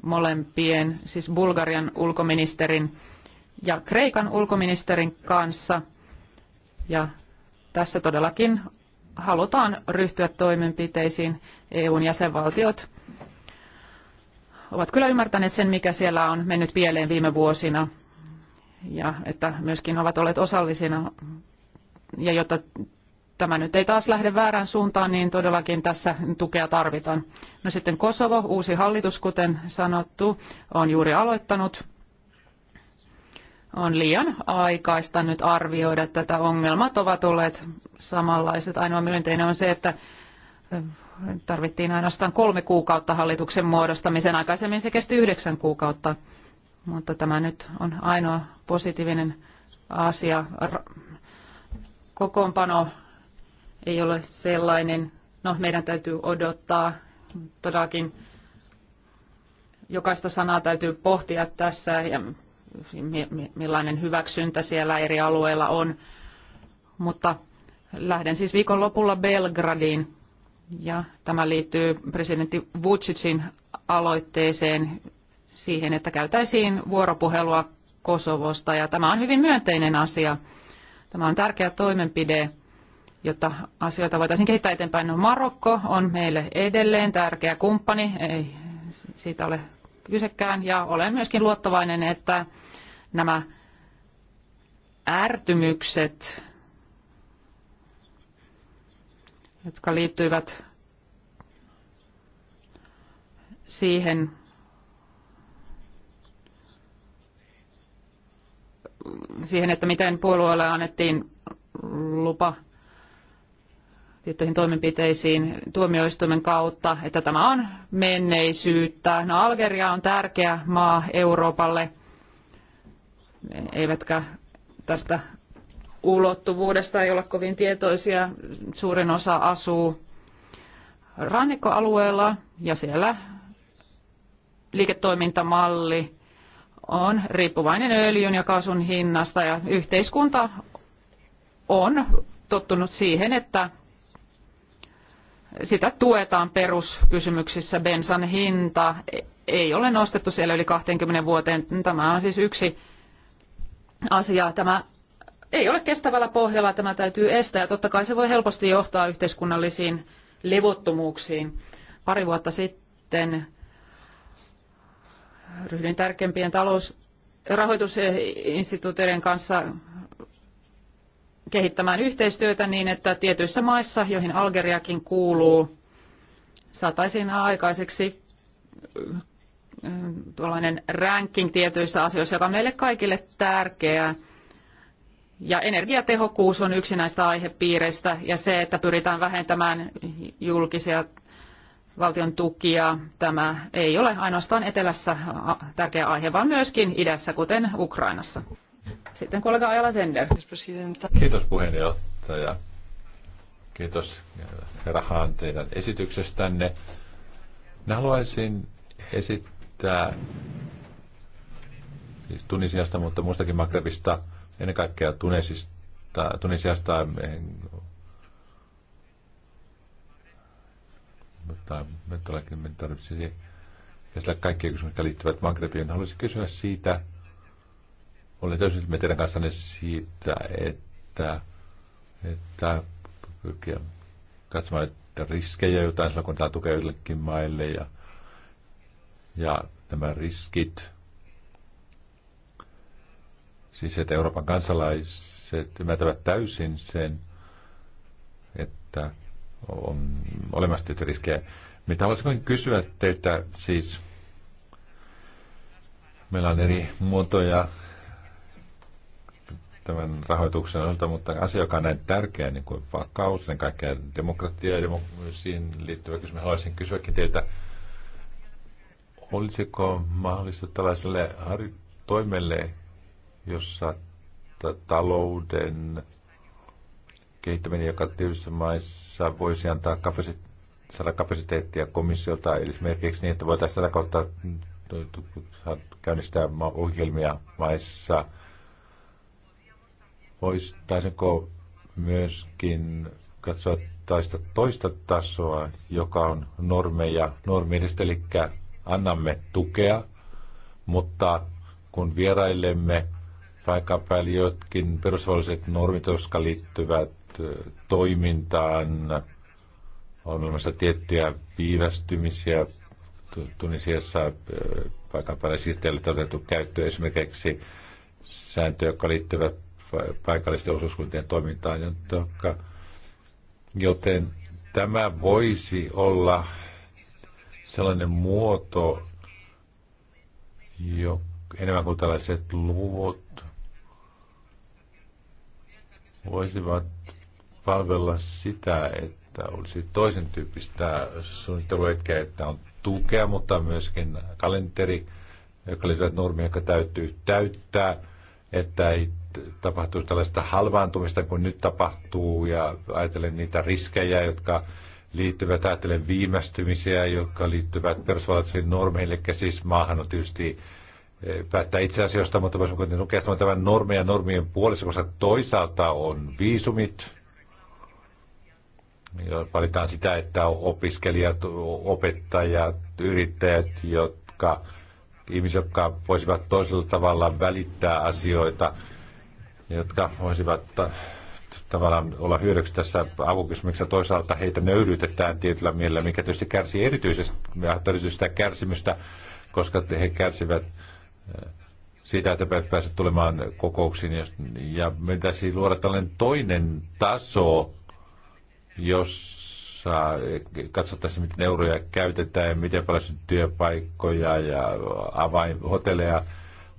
molempien, siis Bulgarian ulkoministerin ja Kreikan ulkoministerin kanssa. Ja tässä todellakin halutaan ryhtyä toimenpiteisiin. EUn jäsenvaltiot ovat kyllä ymmärtäneet sen, mikä siellä on mennyt pieleen viime vuosina ja että myöskin ovat olleet osallisina. Ja jotta tämä nyt ei taas lähde väärään suuntaan, niin todellakin tässä tukea tarvitaan. No sitten Kosovo, uusi hallitus, kuten sanottu, on juuri aloittanut on liian aikaista nyt arvioida tätä. Ongelmat ovat olleet samanlaiset. Ainoa myönteinen on se, että tarvittiin ainoastaan kolme kuukautta hallituksen muodostamiseen. Aikaisemmin se kesti yhdeksän kuukautta, mutta tämä nyt on ainoa positiivinen asia. Kokoonpano ei ole sellainen. No, meidän täytyy odottaa todellakin jokaista sanaa täytyy pohtia tässä ja millainen hyväksyntä siellä eri alueilla on. Mutta lähden siis viikon lopulla Belgradiin ja tämä liittyy presidentti Vucicin aloitteeseen siihen, että käytäisiin vuoropuhelua Kosovosta ja tämä on hyvin myönteinen asia. Tämä on tärkeä toimenpide, jotta asioita voitaisiin kehittää eteenpäin. No, Marokko on meille edelleen tärkeä kumppani, ei siitä ole kysekään ja olen myöskin luottavainen, että nämä ärtymykset, jotka liittyivät siihen siihen, että miten puolueelle annettiin lupa tiettyihin toimenpiteisiin tuomioistuimen kautta, että tämä on menneisyyttä. No Algeria on tärkeä maa Euroopalle, eivätkä tästä ulottuvuudesta ei olla kovin tietoisia. Suurin osa asuu rannikkoalueella ja siellä liiketoimintamalli on riippuvainen öljyn ja kaasun hinnasta ja yhteiskunta on tottunut siihen, että sitä tuetaan peruskysymyksissä. Bensan hinta ei ole nostettu siellä yli 20 vuoteen. Tämä on siis yksi asia. Tämä ei ole kestävällä pohjalla, tämä täytyy estää. Totta kai se voi helposti johtaa yhteiskunnallisiin levottomuuksiin. Pari vuotta sitten ryhdyin tärkeimpien talous- rahoitusinstituutioiden kanssa kehittämään yhteistyötä niin, että tietyissä maissa, joihin Algeriakin kuuluu, saataisiin aikaiseksi tuollainen ranking tietyissä asioissa, joka on meille kaikille tärkeää. Ja energiatehokkuus on yksi näistä aihepiireistä ja se, että pyritään vähentämään julkisia valtion tukia. Tämä ei ole ainoastaan etelässä tärkeä aihe, vaan myöskin idässä, kuten Ukrainassa. Sitten kollega Ajala Sender. Kiitos puheenjohtaja. Kiitos herra Haan teidän esityksestänne. Minä haluaisin esittää siis Tunisiasta, mutta muustakin Magrebista, ennen kaikkea Tunesista, Tunisiasta, eh, mutta me todellakin me tarvitsisi, ja sillä kaikki jotka liittyvät Magrebiin, haluaisin kysyä siitä, olen täysin me teidän kanssanne siitä, että, että pyrkiä katsomaan että riskejä jotain silloin, kun tämä tukee jollekin maille ja, ja nämä riskit. Siis, että Euroopan kansalaiset ymmärtävät täysin sen, että on olemassa tietysti riskejä. Mitä haluaisin kysyä teiltä siis, meillä on eri muotoja tämän rahoituksen osalta, mutta asia, joka on näin tärkeä, niin kuin vakaus, niin kaikkea demokratia ja demok- siihen liittyvä kysymys, haluaisin kysyäkin teiltä, olisiko mahdollista tällaiselle toimelle, jossa talouden kehittäminen, joka tietyissä maissa voisi antaa kapasite- saada kapasiteettia komissiolta, eli esimerkiksi niin, että voitaisiin tätä kautta käynnistää ohjelmia maissa, voisitko myöskin katsoa taista toista tasoa, joka on normeja, normidest, eli annamme tukea, mutta kun vierailemme paikan päälle jotkin perusvalliset normit, jotka liittyvät toimintaan, on olemassa tiettyjä viivästymisiä. Tunisiassa paikan päälle siirteellä toteutettu käyttö esimerkiksi sääntöjä, jotka liittyvät paikallisten osuuskuntien toimintaan, joten tämä voisi olla sellainen muoto, jo enemmän kuin tällaiset luvut voisivat palvella sitä, että olisi toisen tyyppistä suunnitteluhetkeä, että on tukea, mutta myöskin kalenteri, joka lisää normia, joka täytyy täyttää että ei tapahtuisi tällaista halvaantumista kuin nyt tapahtuu ja ajatellen niitä riskejä, jotka liittyvät, ajatellen viimästymisiä, jotka liittyvät perusvaltaisiin normeihin, eli siis maahan on tietysti eh, päättää itse asiasta, mutta voisin kuitenkin lukea tämän normeja ja normien puolessa, koska toisaalta on viisumit, valitaan sitä, että opiskelijat, opettajat, yrittäjät, jotka ihmisiä, jotka voisivat toisella tavalla välittää asioita, jotka voisivat tavallaan olla hyödyksi tässä avukysymyksessä. Toisaalta heitä nöyryytetään tietyllä mielellä, mikä tietysti kärsii erityisesti, erityisesti kärsimystä, koska he kärsivät eh, siitä, että pääse tulemaan kokouksiin. Ja, meidän me pitäisi luoda tällainen toinen taso, jos jossa katsottaisiin, miten euroja käytetään ja miten paljon työpaikkoja ja avainhotelleja,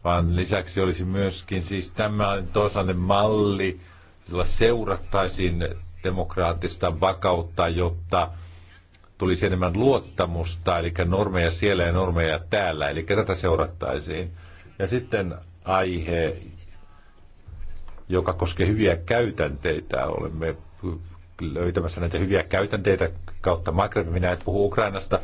vaan lisäksi olisi myöskin siis tämä toisenlainen malli, jolla seurattaisiin demokraattista vakautta, jotta tulisi enemmän luottamusta, eli normeja siellä ja normeja täällä, eli tätä seurattaisiin. Ja sitten aihe, joka koskee hyviä käytänteitä. Olemme löytämässä näitä hyviä käytänteitä kautta Magrebin, minä en puhu Ukrainasta,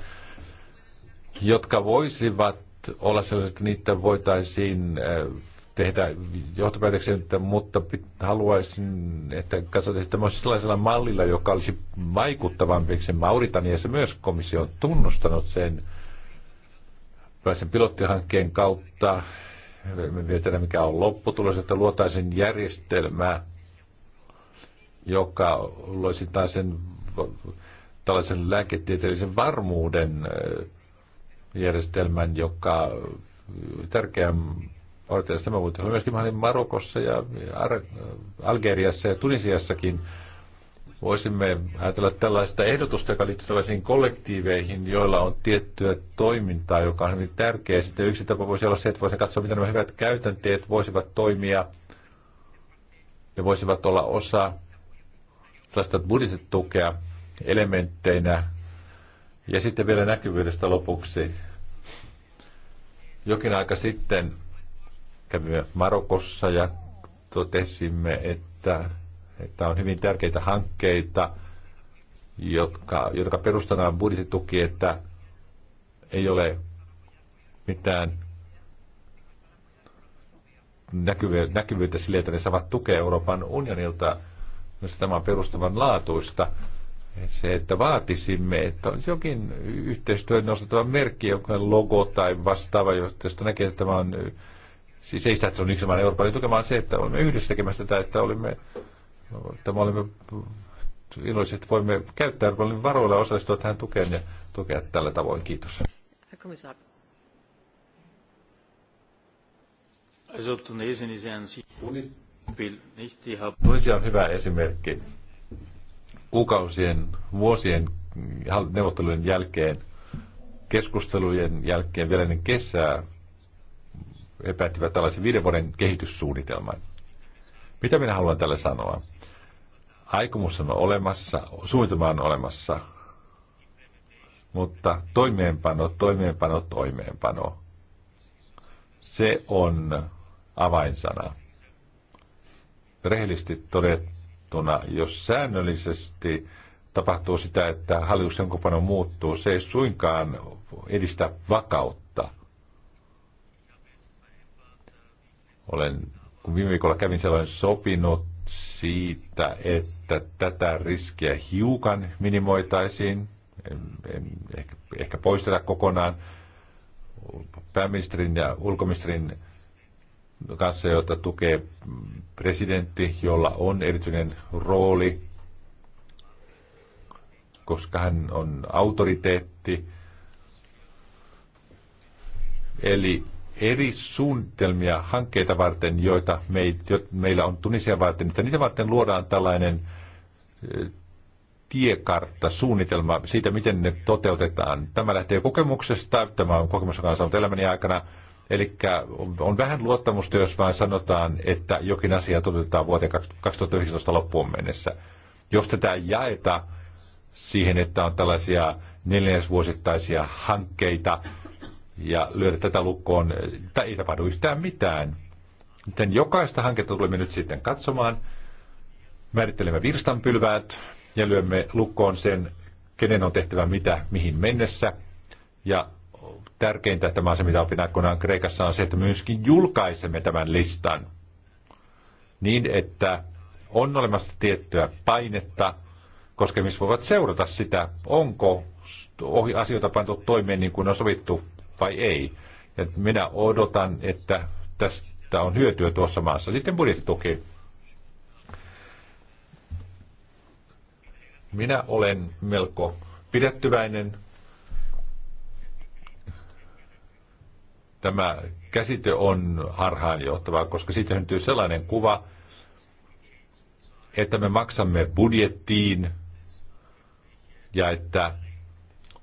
jotka voisivat olla sellaiset, että niitä voitaisiin äh, tehdä johtopäätöksiä, mutta haluaisin, että katsotaan, että sellaisella mallilla, joka olisi vaikuttavampi, se Mauritaniassa myös komissio on tunnustanut sen sen pilottihankkeen kautta, me tiedä mikä on lopputulos, että luotaisin järjestelmää, joka loisi taas sen tällaisen lääketieteellisen varmuuden järjestelmän, joka tärkeä Oikeastaan tämä voisi olla myöskin mahdollinen Marokossa ja Algeriassa ja Tunisiassakin. Voisimme ajatella tällaista ehdotusta, joka liittyy tällaisiin kollektiiveihin, joilla on tiettyä toimintaa, joka on hyvin tärkeää. Sitten yksi tapa voisi olla se, että voisi katsoa, miten nämä hyvät käytänteet voisivat toimia ja voisivat olla osa tällaista budjettitukea elementteinä. Ja sitten vielä näkyvyydestä lopuksi. Jokin aika sitten kävimme Marokossa ja totesimme, että, että on hyvin tärkeitä hankkeita, jotka, jotka perustana on budjettituki, että ei ole mitään näkyvyyttä sille, että ne saavat tukea Euroopan unionilta. Minusta tämä on perustavanlaatuista. Se, että vaatisimme, että olisi jokin yhteistyön nostettava merkki, jokin logo tai vastaava, josta näkee, että tämä on, siis ei sitä, että se on yksimainen Euroopan liitto, vaan se, että olemme yhdessä tekemässä tätä, että olemme, että me olemme iloisia, että voimme käyttää Euroopan varoilla ja osallistua tähän tukeen ja tukea tällä tavoin. Kiitos. Also Tunisia on hyvä esimerkki. Kuukausien, vuosien neuvottelujen jälkeen, keskustelujen jälkeen vielä ennen kesää he päättivät tällaisen viiden vuoden kehityssuunnitelman. Mitä minä haluan tällä sanoa? Aikomus on olemassa, suunnitelma on olemassa, mutta toimeenpano, toimeenpano, toimeenpano. Se on avainsana rehellisesti todettuna, jos säännöllisesti tapahtuu sitä, että hallituksen kokoonpano muuttuu, se ei suinkaan edistä vakautta. Olen, kun viime viikolla kävin siellä, olen sopinut siitä, että tätä riskiä hiukan minimoitaisiin, en, en, ehkä, ehkä poisteta kokonaan. Pääministerin ja ulkoministerin kanssa, jota tukee presidentti, jolla on erityinen rooli, koska hän on autoriteetti. Eli eri suunnitelmia hankkeita varten, joita me, jo, meillä on Tunisia varten, että niitä varten luodaan tällainen eh, tiekartta, suunnitelma siitä, miten ne toteutetaan. Tämä lähtee kokemuksesta, tämä on kokemus, joka on saanut elämäni aikana, Eli on vähän luottamusta, jos vain sanotaan, että jokin asia toteutetaan vuoteen 2019 loppuun mennessä. Jos tätä ei jaeta siihen, että on tällaisia neljäsvuosittaisia hankkeita ja lyödä tätä lukkoon, tai ei tapahdu yhtään mitään. Joten niin jokaista hanketta tulemme nyt sitten katsomaan. Määrittelemme virstanpylväät ja lyömme lukkoon sen, kenen on tehtävä mitä, mihin mennessä. Ja tärkeintä, tämä se, mitä opin aikoinaan Kreikassa, on se, että myöskin julkaisemme tämän listan niin, että on olemassa tiettyä painetta, koska missä voivat seurata sitä, onko ohi asioita pantu toimeen niin kuin on sovittu vai ei. Ja minä odotan, että tästä on hyötyä tuossa maassa. Sitten budjettituki. Minä olen melko pidettyväinen. Tämä käsite on harhaanjohtava, koska siitä syntyy sellainen kuva, että me maksamme budjettiin ja että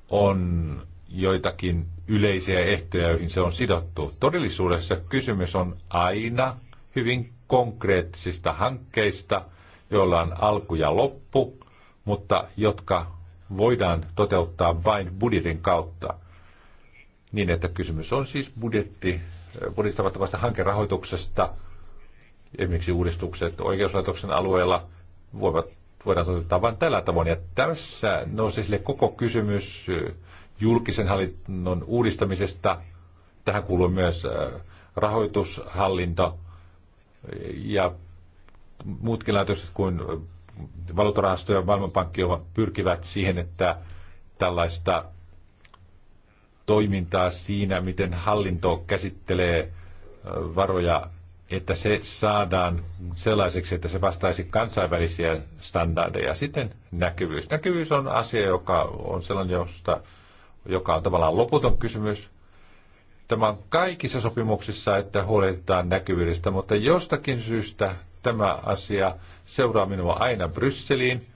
on joitakin yleisiä ehtoja, joihin se on sidottu. Todellisuudessa kysymys on aina hyvin konkreettisista hankkeista, joilla on alku ja loppu, mutta jotka voidaan toteuttaa vain budjetin kautta niin, että kysymys on siis budjetti, äh, budjettavattavasta hankerahoituksesta. Esimerkiksi uudistukset oikeuslaitoksen alueella voivat, voidaan toteuttaa vain tällä tavoin. Ja tässä nousi sille koko kysymys äh, julkisen hallinnon uudistamisesta. Tähän kuuluu myös äh, rahoitushallinto ja muutkin laitokset kuin valuutarahasto ja maailmanpankki pyrkivät siihen, että tällaista toimintaa siinä, miten hallinto käsittelee varoja, että se saadaan sellaiseksi, että se vastaisi kansainvälisiä standardeja. Sitten näkyvyys. Näkyvyys on asia, joka on sellainen, josta, joka on tavallaan loputon kysymys. Tämä on kaikissa sopimuksissa, että huolehditaan näkyvyydestä, mutta jostakin syystä tämä asia seuraa minua aina Brysseliin –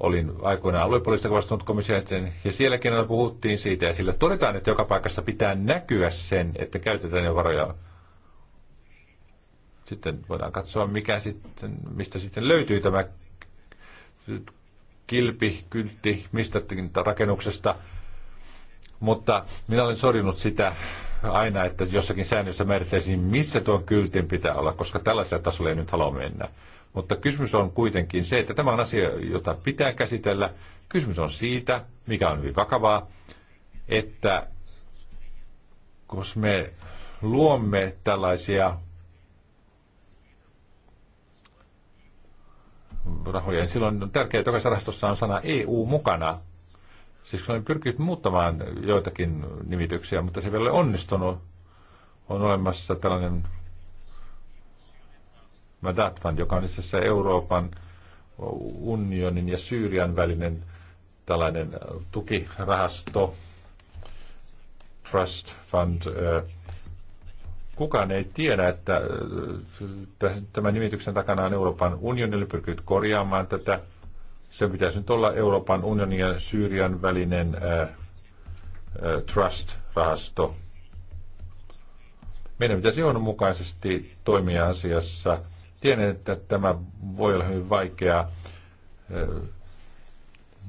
Olin aikoinaan aluepolitiikasta vastannut komissioiden ja sielläkin puhuttiin siitä ja sillä todetaan, että joka paikassa pitää näkyä sen, että käytetään jo varoja. Sitten voidaan katsoa, mikä sitten, mistä sitten löytyy tämä kilpi, kyltti, mistä rakennuksesta. Mutta minä olen sorjunut sitä aina, että jossakin säännössä määritteisiin, missä tuon kyltin pitää olla, koska tällaisella tasolla ei nyt halua mennä. Mutta kysymys on kuitenkin se, että tämä on asia, jota pitää käsitellä. Kysymys on siitä, mikä on hyvin vakavaa, että koska me luomme tällaisia rahoja, niin silloin on tärkeää, että jokaisessa rahastossa on sana EU mukana. Siis kun olen pyrkinyt muuttamaan joitakin nimityksiä, mutta se ei vielä ole onnistunut, on olemassa tällainen Madatvan, joka on itse asiassa Euroopan unionin ja Syyrian välinen tällainen äh, tukirahasto, Trust Fund. Äh, kukaan ei tiedä, että äh, tämän nimityksen takana on Euroopan unionille pyrkinyt korjaamaan tätä. Se pitäisi nyt olla Euroopan unionin ja Syyrian välinen Trust-rahasto. Meidän pitäisi johdonmukaisesti toimia asiassa – Tiedän, että tämä voi olla hyvin vaikeaa,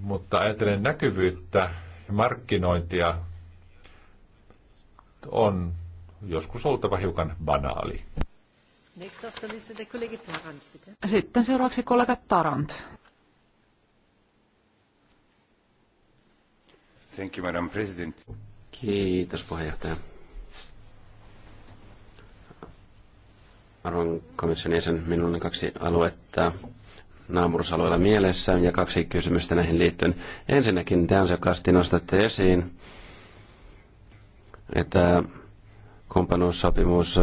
mutta ajatellen näkyvyyttä ja markkinointia on joskus oltava hiukan banaali. Sitten seuraavaksi kollega Tarant. Thank you, Madam President. Kiitos puheenjohtaja. Arvon komission jäsen, minulla on kaksi aluetta naapurusalueella mielessä ja kaksi kysymystä näihin liittyen. Ensinnäkin te ansiokkaasti nostatte esiin, että kumppanuussopimus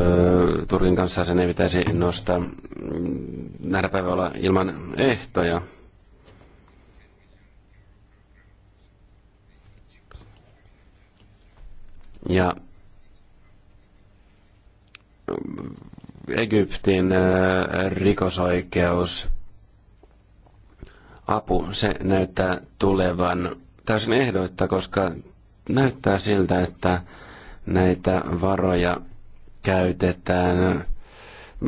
Turkin kanssa sen ei pitäisi nostaa mm, nähdä päivällä ilman ehtoja. Ja Egyptin äh, rikosoikeus apu, se näyttää tulevan täysin ehdoitta, koska näyttää siltä, että näitä varoja käytetään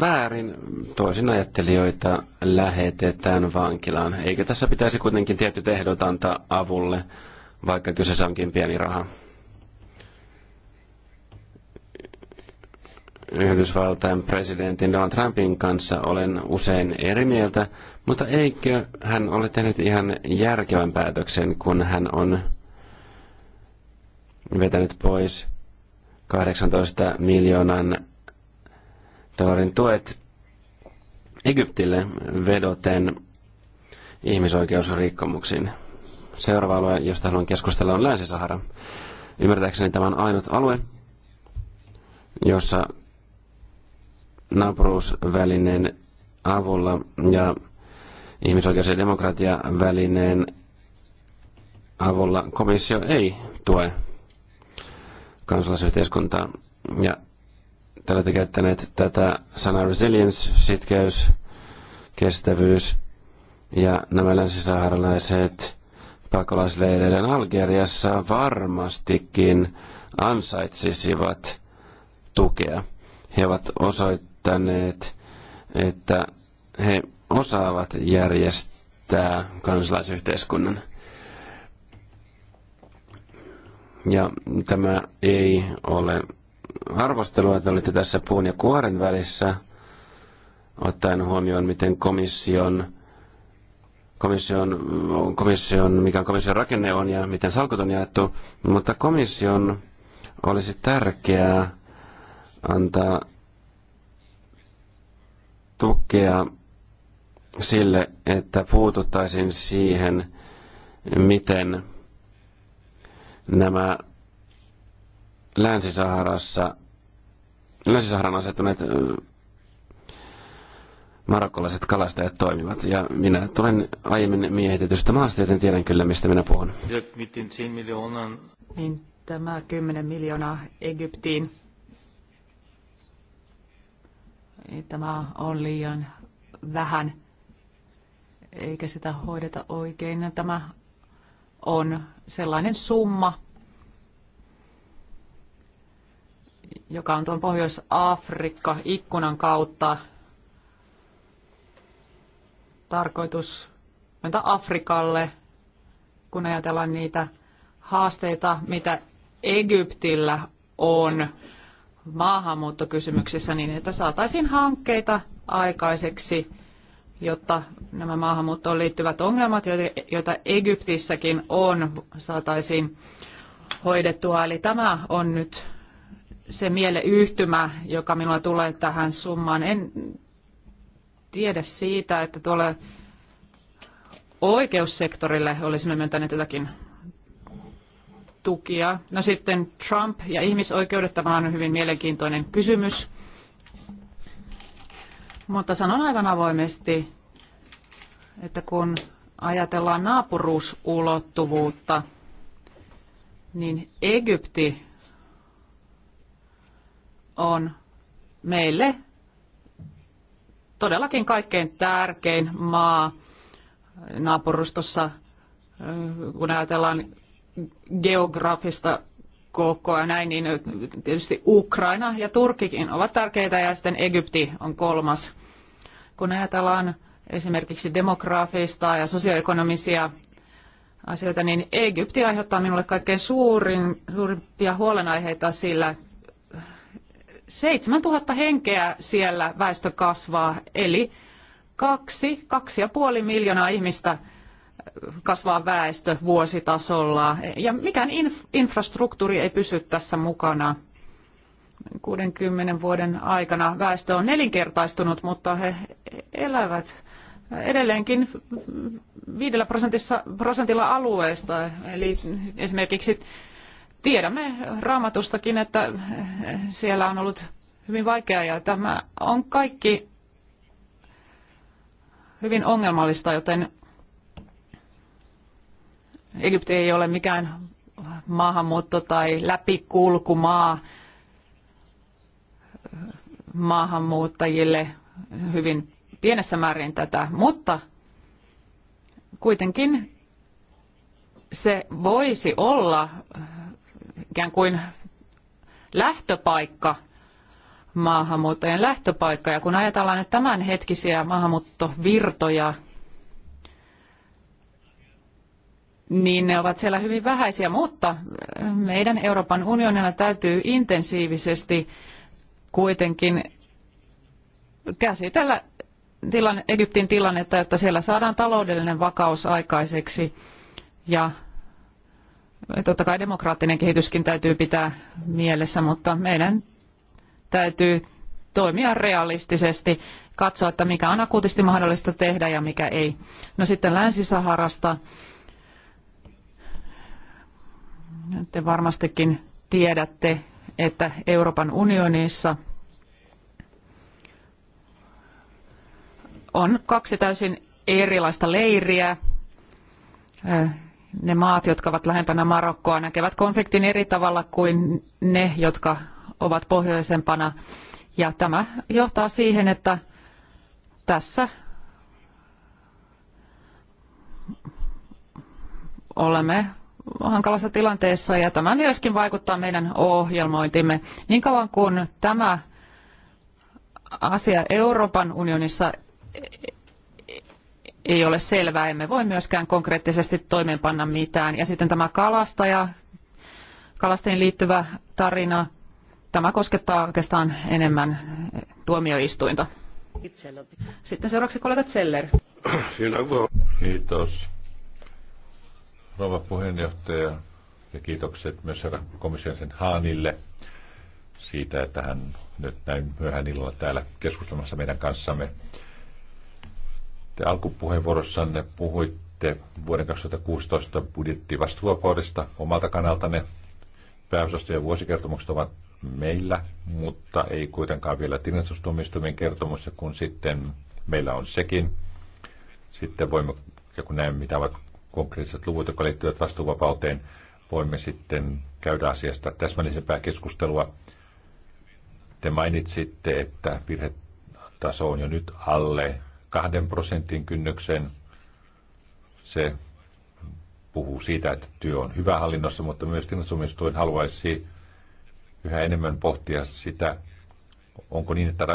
väärin. Toisin ajattelijoita lähetetään vankilaan. Eikä tässä pitäisi kuitenkin tietyt ehdot antaa avulle, vaikka kyseessä onkin pieni raha. Yhdysvaltain presidentin Donald Trumpin kanssa olen usein eri mieltä, mutta eikö hän ole tehnyt ihan järkevän päätöksen, kun hän on vetänyt pois 18 miljoonan dollarin tuet Egyptille vedoten ihmisoikeusrikkomuksiin. Seuraava alue, josta haluan keskustella, on Länsi-Sahara. Ymmärtääkseni tämä on ainut alue, jossa naapuruusvälineen avulla ja ihmisoikeus- ja demokratiavälineen avulla komissio ei tue kansalaisyhteiskuntaa. Ja te olette käyttäneet tätä sanaa resilience, sitkeys, kestävyys ja nämä länsisaharalaiset pakolaisleireiden Algeriassa varmastikin ansaitsisivat tukea. He ovat osoittaneet osoittaneet, että he osaavat järjestää kansalaisyhteiskunnan. Ja tämä ei ole arvostelua, että olitte tässä puun ja kuoren välissä, ottaen huomioon, miten komission, komission, komission mikä komission rakenne on ja miten salkut on jaettu, mutta komission olisi tärkeää antaa tukea sille, että puututtaisiin siihen, miten nämä Länsi-Saharassa, Länsi-Saharan asettuneet marokkolaiset kalastajat toimivat. Ja minä tulen aiemmin miehitetystä maasta, joten tiedän kyllä, mistä minä puhun. Niin, tämä 10 miljoonaa Egyptiin Tämä on liian vähän, eikä sitä hoideta oikein. Tämä on sellainen summa, joka on tuon Pohjois-Afrikka ikkunan kautta tarkoitus mennä Afrikalle, kun ajatellaan niitä haasteita, mitä Egyptillä on maahanmuuttokysymyksissä niin, että saataisiin hankkeita aikaiseksi, jotta nämä maahanmuuttoon liittyvät ongelmat, joita Egyptissäkin on, saataisiin hoidettua. Eli tämä on nyt se mieleyhtymä, joka minulla tulee tähän summaan. En tiedä siitä, että tuolle oikeussektorille olisimme myöntäneet jotakin tukia. No sitten Trump ja ihmisoikeudet, tämä on hyvin mielenkiintoinen kysymys. Mutta sanon aivan avoimesti, että kun ajatellaan naapuruusulottuvuutta, niin Egypti on meille todellakin kaikkein tärkein maa naapurustossa, kun ajatellaan geografista kokoa näin, niin tietysti Ukraina ja Turkikin ovat tärkeitä ja sitten Egypti on kolmas. Kun ajatellaan esimerkiksi demograafista ja sosioekonomisia asioita, niin Egypti aiheuttaa minulle kaikkein suurin, suurimpia huolenaiheita, sillä 7000 henkeä siellä väestö kasvaa, eli kaksi, kaksi ja puoli miljoonaa ihmistä – kasvaa väestö vuositasolla ja mikään inf- infrastruktuuri ei pysy tässä mukana. 60 vuoden aikana väestö on nelinkertaistunut, mutta he elävät edelleenkin viidellä prosentilla alueesta. Eli esimerkiksi tiedämme raamatustakin, että siellä on ollut hyvin vaikeaa ja tämä on kaikki hyvin ongelmallista, joten Egypti ei ole mikään maahanmuutto- tai läpikulkumaa maahanmuuttajille hyvin pienessä määrin tätä, mutta kuitenkin se voisi olla ikään kuin lähtöpaikka, maahanmuuttajien lähtöpaikka. Ja kun ajatellaan nyt tämänhetkisiä maahanmuuttovirtoja, niin ne ovat siellä hyvin vähäisiä, mutta äh, meidän Euroopan unionina täytyy intensiivisesti kuitenkin käsitellä tilanne, Egyptin tilannetta, jotta siellä saadaan taloudellinen vakaus aikaiseksi ja äh, totta kai demokraattinen kehityskin täytyy pitää mielessä, mutta meidän täytyy toimia realistisesti, katsoa, että mikä on akuutisti mahdollista tehdä ja mikä ei. No sitten Länsi-Saharasta te varmastikin tiedätte, että Euroopan unionissa on kaksi täysin erilaista leiriä. Ne maat, jotka ovat lähempänä Marokkoa, näkevät konfliktin eri tavalla kuin ne, jotka ovat pohjoisempana. Ja tämä johtaa siihen, että tässä olemme hankalassa tilanteessa ja tämä myöskin vaikuttaa meidän ohjelmointimme. Niin kauan kuin tämä asia Euroopan unionissa ei ole selvää, emme voi myöskään konkreettisesti toimeenpanna mitään. Ja sitten tämä kalastaja, kalastajien liittyvä tarina, tämä koskettaa oikeastaan enemmän tuomioistuinta. Sitten seuraavaksi kollega Zeller. Kiitos rouva puheenjohtaja ja kiitokset myös herra komission sen Haanille siitä, että hän nyt näin myöhään illalla täällä keskustelmassa meidän kanssamme. Te alkupuheenvuorossanne puhuitte vuoden 2016 budjettivastuuvapaudesta omalta kannaltanne. ja vuosikertomukset ovat meillä, mutta ei kuitenkaan vielä tilastustuomistumien kertomus, kun sitten meillä on sekin, sitten voimme, ja kun näemme, mitä ovat konkreettiset luvut, jotka liittyvät vastuuvapauteen. Voimme sitten käydä asiasta täsmällisempää keskustelua. Te mainitsitte, että virhetaso on jo nyt alle kahden prosentin kynnyksen. Se puhuu siitä, että työ on hyvä hallinnossa, mutta myös tilastumistuin haluaisi yhä enemmän pohtia sitä, onko niin, että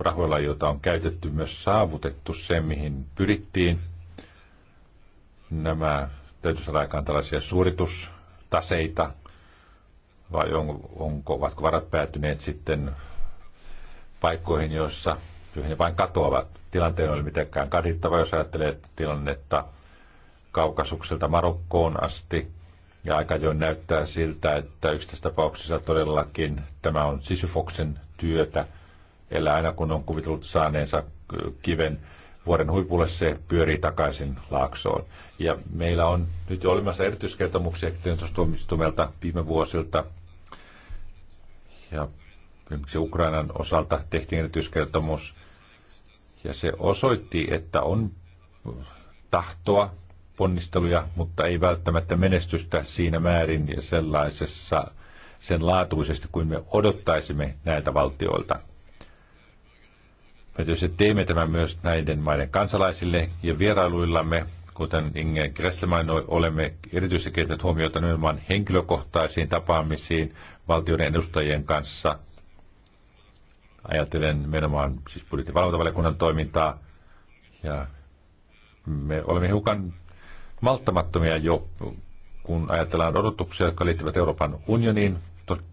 rahoilla, joita on käytetty, myös saavutettu se, mihin pyrittiin – nämä täytyy saada aikaan tällaisia suoritustaseita, vai onko, onko, ovatko varat päätyneet sitten paikkoihin, joissa ne vain katoavat. Tilanteen oli mitenkään kadittava, jos ajattelee tilannetta kaukasukselta Marokkoon asti. Ja aika jo näyttää siltä, että yksittäisessä tapauksessa todellakin tämä on Sisyfoksen työtä. Eli aina kun on kuvitellut saaneensa kiven vuoden huipulle se pyörii takaisin laaksoon. Ja meillä on nyt jo olemassa erityiskertomuksia kertomuksia viime vuosilta. Ja esimerkiksi Ukrainan osalta tehtiin erityiskertomus. Ja se osoitti, että on tahtoa, ponnisteluja, mutta ei välttämättä menestystä siinä määrin ja sellaisessa sen laatuisesti kuin me odottaisimme näiltä valtioilta. Me tietysti teemme tämän myös näiden maiden kansalaisille ja vierailuillamme, kuten Inge Gresselman, olemme erityisesti kiinnittäneet huomiota nimenomaan henkilökohtaisiin tapaamisiin valtioiden edustajien kanssa. Ajattelen nimenomaan siis budjettivalvontavaliokunnan toimintaa ja me olemme hiukan malttamattomia jo, kun ajatellaan odotuksia, jotka liittyvät Euroopan unioniin.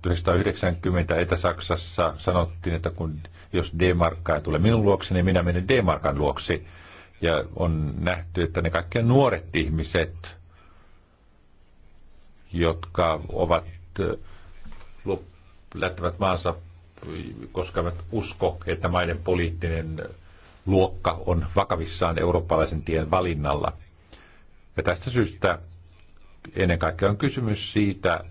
1990 Etä-Saksassa sanottiin, että kun, jos d ei tulee minun luokseni, niin minä menen D-markan luoksi. Ja on nähty, että ne kaikki nuoret ihmiset, jotka ovat lähtevät maansa, koska eivät usko, että maiden poliittinen luokka on vakavissaan eurooppalaisen tien valinnalla. Ja tästä syystä ennen kaikkea on kysymys siitä,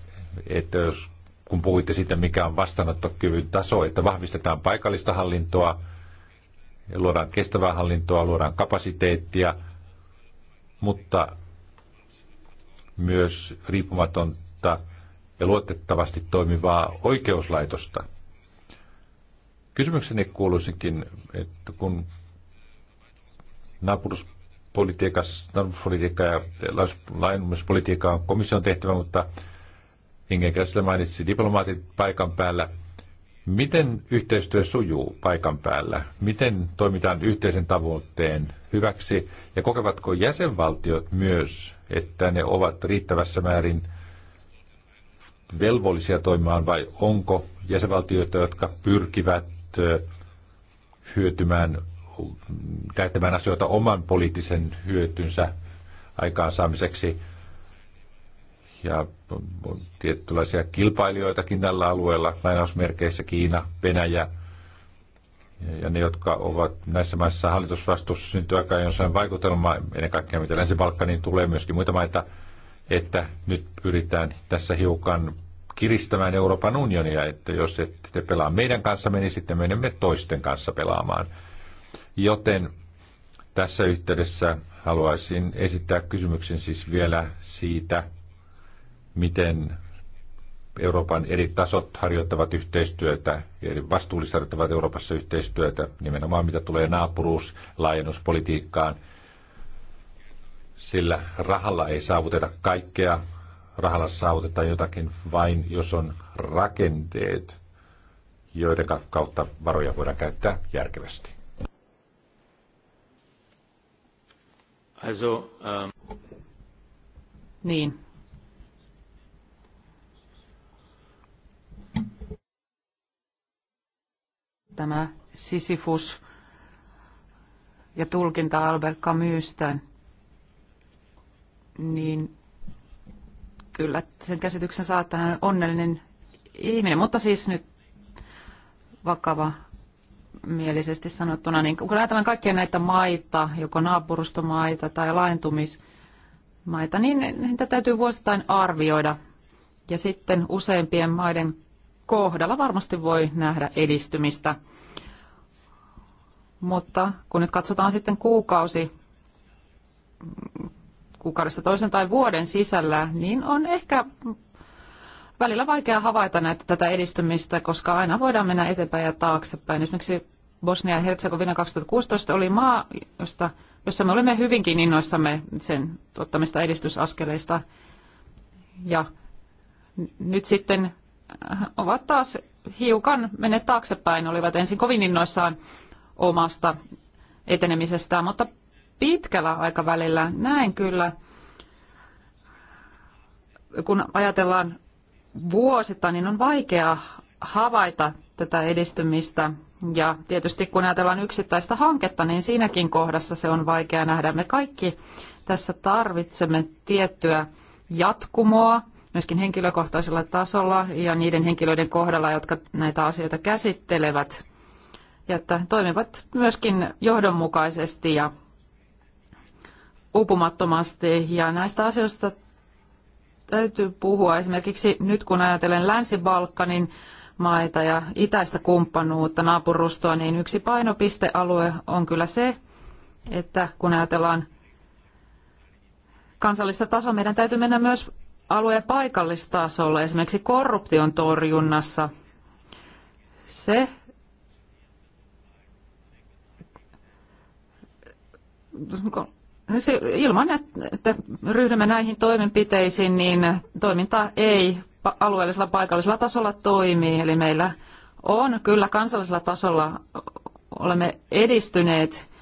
että jos kun puhuitte siitä, mikä on vastaanottokyvyn taso, että vahvistetaan paikallista hallintoa, luodaan kestävää hallintoa, luodaan kapasiteettia, mutta myös riippumatonta ja luotettavasti toimivaa oikeuslaitosta. Kysymykseni kuuluisinkin, että kun naapuruspolitiikka ja laajennumispolitiikka on komission tehtävä, mutta Inge sillä mainitsi diplomaatit paikan päällä. Miten yhteistyö sujuu paikan päällä? Miten toimitaan yhteisen tavoitteen hyväksi? Ja kokevatko jäsenvaltiot myös, että ne ovat riittävässä määrin velvollisia toimimaan vai onko jäsenvaltioita, jotka pyrkivät hyötymään, käyttämään asioita oman poliittisen hyötynsä aikaansaamiseksi – ja on kilpailijoitakin tällä alueella, lainausmerkeissä Kiina, Venäjä, ja ne, jotka ovat näissä maissa hallitusvastuussa, syntyy aika jossain vaikutelma, ennen kaikkea mitä länsi niin tulee, myöskin muita maita, että nyt pyritään tässä hiukan kiristämään Euroopan unionia, että jos ette pelaa meidän kanssa niin sitten menemme toisten kanssa pelaamaan. Joten tässä yhteydessä haluaisin esittää kysymyksen siis vielä siitä, miten Euroopan eri tasot harjoittavat yhteistyötä, eri vastuullista harjoittavat Euroopassa yhteistyötä, nimenomaan mitä tulee naapuruus, laajennuspolitiikkaan. Sillä rahalla ei saavuteta kaikkea, rahalla saavutetaan jotakin vain, jos on rakenteet, joiden kautta varoja voidaan käyttää järkevästi. Also, um... Niin, tämä Sisyfus ja tulkinta Albert Camusta, niin kyllä sen käsityksen saa on onnellinen ihminen, mutta siis nyt vakava mielisesti sanottuna, niin kun ajatellaan kaikkia näitä maita, joko naapurustomaita tai laintumismaita, niin niitä täytyy vuosittain arvioida. Ja sitten useimpien maiden kohdalla varmasti voi nähdä edistymistä. Mutta kun nyt katsotaan sitten kuukausi, kuukaudesta toisen tai vuoden sisällä, niin on ehkä välillä vaikea havaita näitä, tätä edistymistä, koska aina voidaan mennä eteenpäin ja taaksepäin. Esimerkiksi Bosnia ja Herzegovina 2016 oli maa, josta, jossa me olimme hyvinkin innoissamme sen tuottamista edistysaskeleista. Ja nyt sitten ovat taas hiukan menneet taaksepäin, olivat ensin kovin innoissaan omasta etenemisestään, mutta pitkällä aikavälillä näen kyllä, kun ajatellaan vuosittain, niin on vaikea havaita tätä edistymistä. Ja tietysti kun ajatellaan yksittäistä hanketta, niin siinäkin kohdassa se on vaikea nähdä. Me kaikki tässä tarvitsemme tiettyä jatkumoa, myöskin henkilökohtaisella tasolla ja niiden henkilöiden kohdalla, jotka näitä asioita käsittelevät, ja että toimivat myöskin johdonmukaisesti ja uupumattomasti. Ja näistä asioista täytyy puhua esimerkiksi nyt, kun ajatellen Länsi-Balkanin maita ja itäistä kumppanuutta, naapurustoa, niin yksi painopistealue on kyllä se, että kun ajatellaan kansallista tasoa, meidän täytyy mennä myös alue- ja paikallistasolla, esimerkiksi korruption torjunnassa, se ilman, että ryhdymme näihin toimenpiteisiin, niin toiminta ei alueellisella paikallisella tasolla toimi, Eli meillä on kyllä kansallisella tasolla olemme edistyneet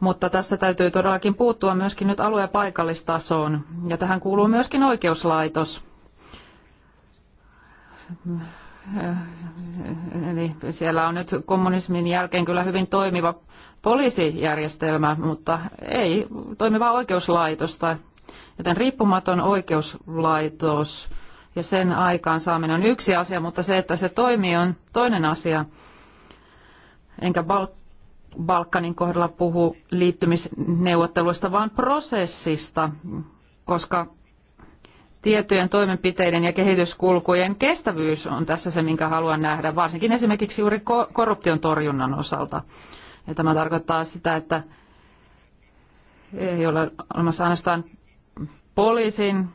mutta tässä täytyy todellakin puuttua myöskin nyt alue- ja paikallistasoon. Ja tähän kuuluu myöskin oikeuslaitos. Eli siellä on nyt kommunismin jälkeen kyllä hyvin toimiva poliisijärjestelmä, mutta ei toimivaa oikeuslaitosta. Joten riippumaton oikeuslaitos ja sen aikaansaaminen on yksi asia, mutta se, että se toimii, on toinen asia. Enkä Balk- Balkanin kohdalla puhu liittymisneuvotteluista, vaan prosessista, koska tietojen toimenpiteiden ja kehityskulkujen kestävyys on tässä se, minkä haluan nähdä, varsinkin esimerkiksi juuri korruption torjunnan osalta. Ja tämä tarkoittaa sitä, että ei ole olemassa ainoastaan poliisin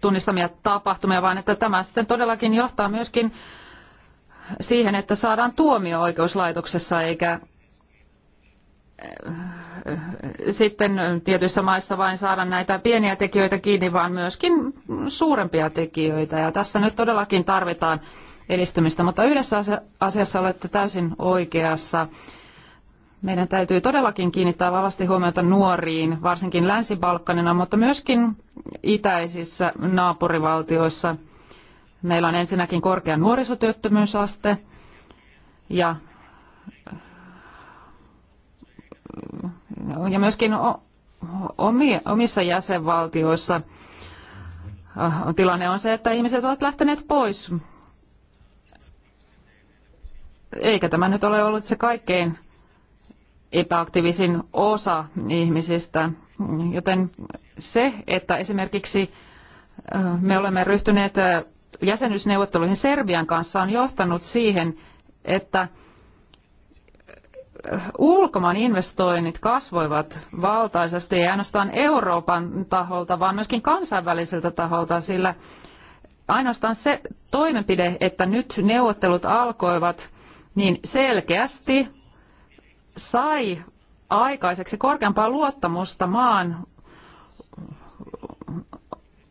tunnistamia tapahtumia, vaan että tämä sitten todellakin johtaa myöskin siihen, että saadaan tuomio oikeuslaitoksessa eikä eh, sitten tietyissä maissa vain saada näitä pieniä tekijöitä kiinni, vaan myöskin suurempia tekijöitä. Ja tässä nyt todellakin tarvitaan edistymistä, mutta yhdessä asiassa olette täysin oikeassa. Meidän täytyy todellakin kiinnittää vahvasti huomiota nuoriin, varsinkin Länsi-Balkanina, mutta myöskin itäisissä naapurivaltioissa – Meillä on ensinnäkin korkea nuorisotyöttömyysaste ja, ja myöskin omissa jäsenvaltioissa äh, tilanne on se, että ihmiset ovat lähteneet pois. Eikä tämä nyt ole ollut se kaikkein epäaktiivisin osa ihmisistä. Joten se, että esimerkiksi äh, me olemme ryhtyneet äh, jäsenyysneuvotteluihin Serbian kanssa on johtanut siihen, että ulkomaan investoinnit kasvoivat valtaisesti, ei ainoastaan Euroopan taholta, vaan myöskin kansainväliseltä taholta, sillä ainoastaan se toimenpide, että nyt neuvottelut alkoivat, niin selkeästi sai aikaiseksi korkeampaa luottamusta maan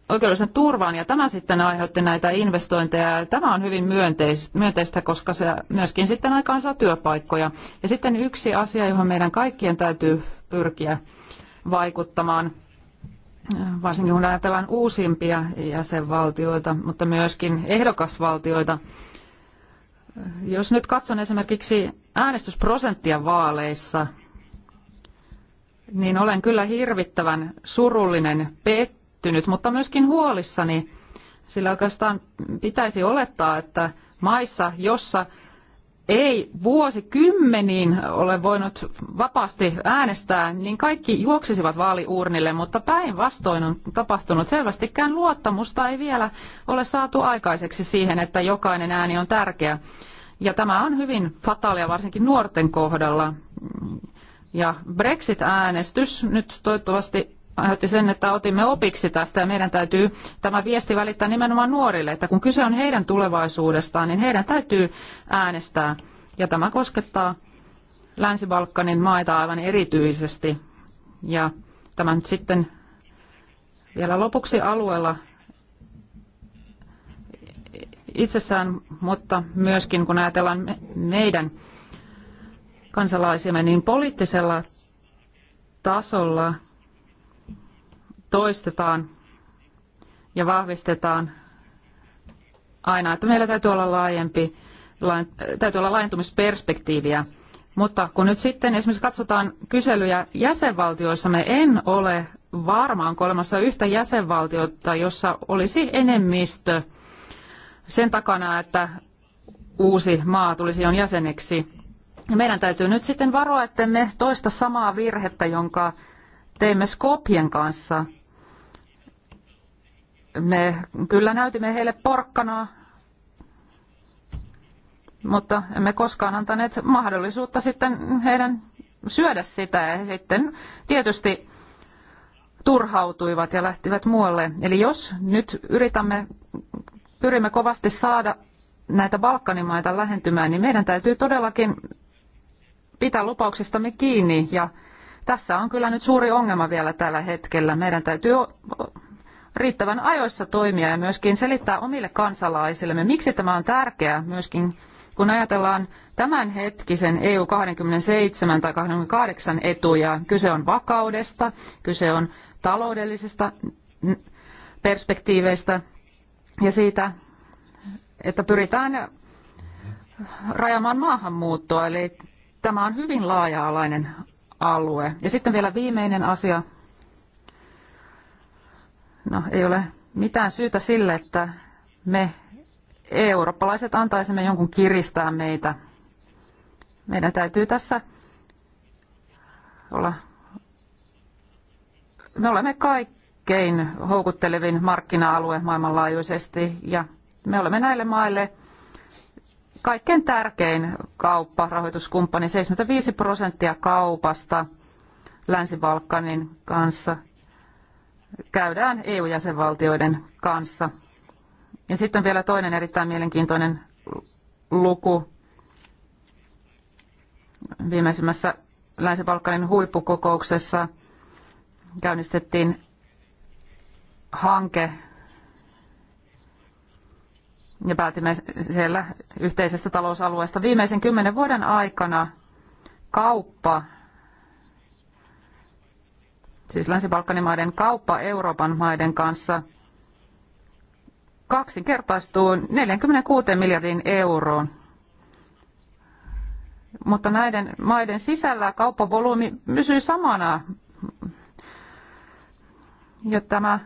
oikeudellisen turvan ja tämä sitten aiheutti näitä investointeja. Tämä on hyvin myönteistä, koska se myöskin sitten saa työpaikkoja. Ja sitten yksi asia, johon meidän kaikkien täytyy pyrkiä vaikuttamaan, varsinkin kun ajatellaan uusimpia jäsenvaltioita, mutta myöskin ehdokasvaltioita. Jos nyt katson esimerkiksi äänestysprosenttia vaaleissa, niin olen kyllä hirvittävän surullinen pettynyt pettynyt, mutta myöskin huolissani, sillä oikeastaan pitäisi olettaa, että maissa, jossa ei vuosikymmeniin ole voinut vapaasti äänestää, niin kaikki juoksisivat vaaliuurnille, mutta päinvastoin on tapahtunut selvästikään luottamusta ei vielä ole saatu aikaiseksi siihen, että jokainen ääni on tärkeä. Ja tämä on hyvin fataalia varsinkin nuorten kohdalla. Ja Brexit-äänestys nyt toivottavasti aiheutti sen, että otimme opiksi tästä ja meidän täytyy tämä viesti välittää nimenomaan nuorille, että kun kyse on heidän tulevaisuudestaan, niin heidän täytyy äänestää. Ja tämä koskettaa Länsi-Balkanin maita aivan erityisesti. Ja tämä nyt sitten vielä lopuksi alueella itsessään, mutta myöskin kun ajatellaan meidän kansalaisiamme, niin poliittisella tasolla toistetaan ja vahvistetaan aina, että meillä täytyy olla laajempi, täytyy olla laajentumisperspektiiviä. Mutta kun nyt sitten esimerkiksi katsotaan kyselyjä jäsenvaltioissa, me en ole varmaan olemassa yhtä jäsenvaltiota, jossa olisi enemmistö sen takana, että uusi maa tulisi on jäseneksi. Meidän täytyy nyt sitten varoa, ettemme toista samaa virhettä, jonka teimme Skopjen kanssa – me kyllä näytimme heille porkkanaa, mutta emme koskaan antaneet mahdollisuutta sitten heidän syödä sitä ja he sitten tietysti turhautuivat ja lähtivät muualle. Eli jos nyt yritämme, pyrimme kovasti saada näitä Balkanimaita lähentymään, niin meidän täytyy todellakin pitää lupauksistamme kiinni ja tässä on kyllä nyt suuri ongelma vielä tällä hetkellä. Meidän täytyy riittävän ajoissa toimia ja myöskin selittää omille kansalaisillemme, miksi tämä on tärkeää myöskin kun ajatellaan tämänhetkisen EU 27 tai 28 etuja, kyse on vakaudesta, kyse on taloudellisista perspektiiveistä ja siitä, että pyritään rajamaan maahanmuuttoa, eli tämä on hyvin laaja-alainen alue. Ja sitten vielä viimeinen asia, No, ei ole mitään syytä sille, että me eurooppalaiset antaisimme jonkun kiristää meitä. Meidän täytyy tässä olla... Me olemme kaikkein houkuttelevin markkina-alue maailmanlaajuisesti ja me olemme näille maille kaikkein tärkein kauppa, rahoituskumppani, 75 prosenttia kaupasta Länsi-Balkanin kanssa käydään EU-jäsenvaltioiden kanssa. Ja sitten vielä toinen erittäin mielenkiintoinen luku viimeisimmässä Länsi-Balkanin huippukokouksessa käynnistettiin hanke ja päätimme siellä yhteisestä talousalueesta. Viimeisen kymmenen vuoden aikana kauppa siis Länsi-Balkanimaiden kauppa Euroopan maiden kanssa kaksinkertaistuu 46 miljardin euroon. Mutta näiden maiden sisällä kauppavolyymi pysyy samana. Ja tämä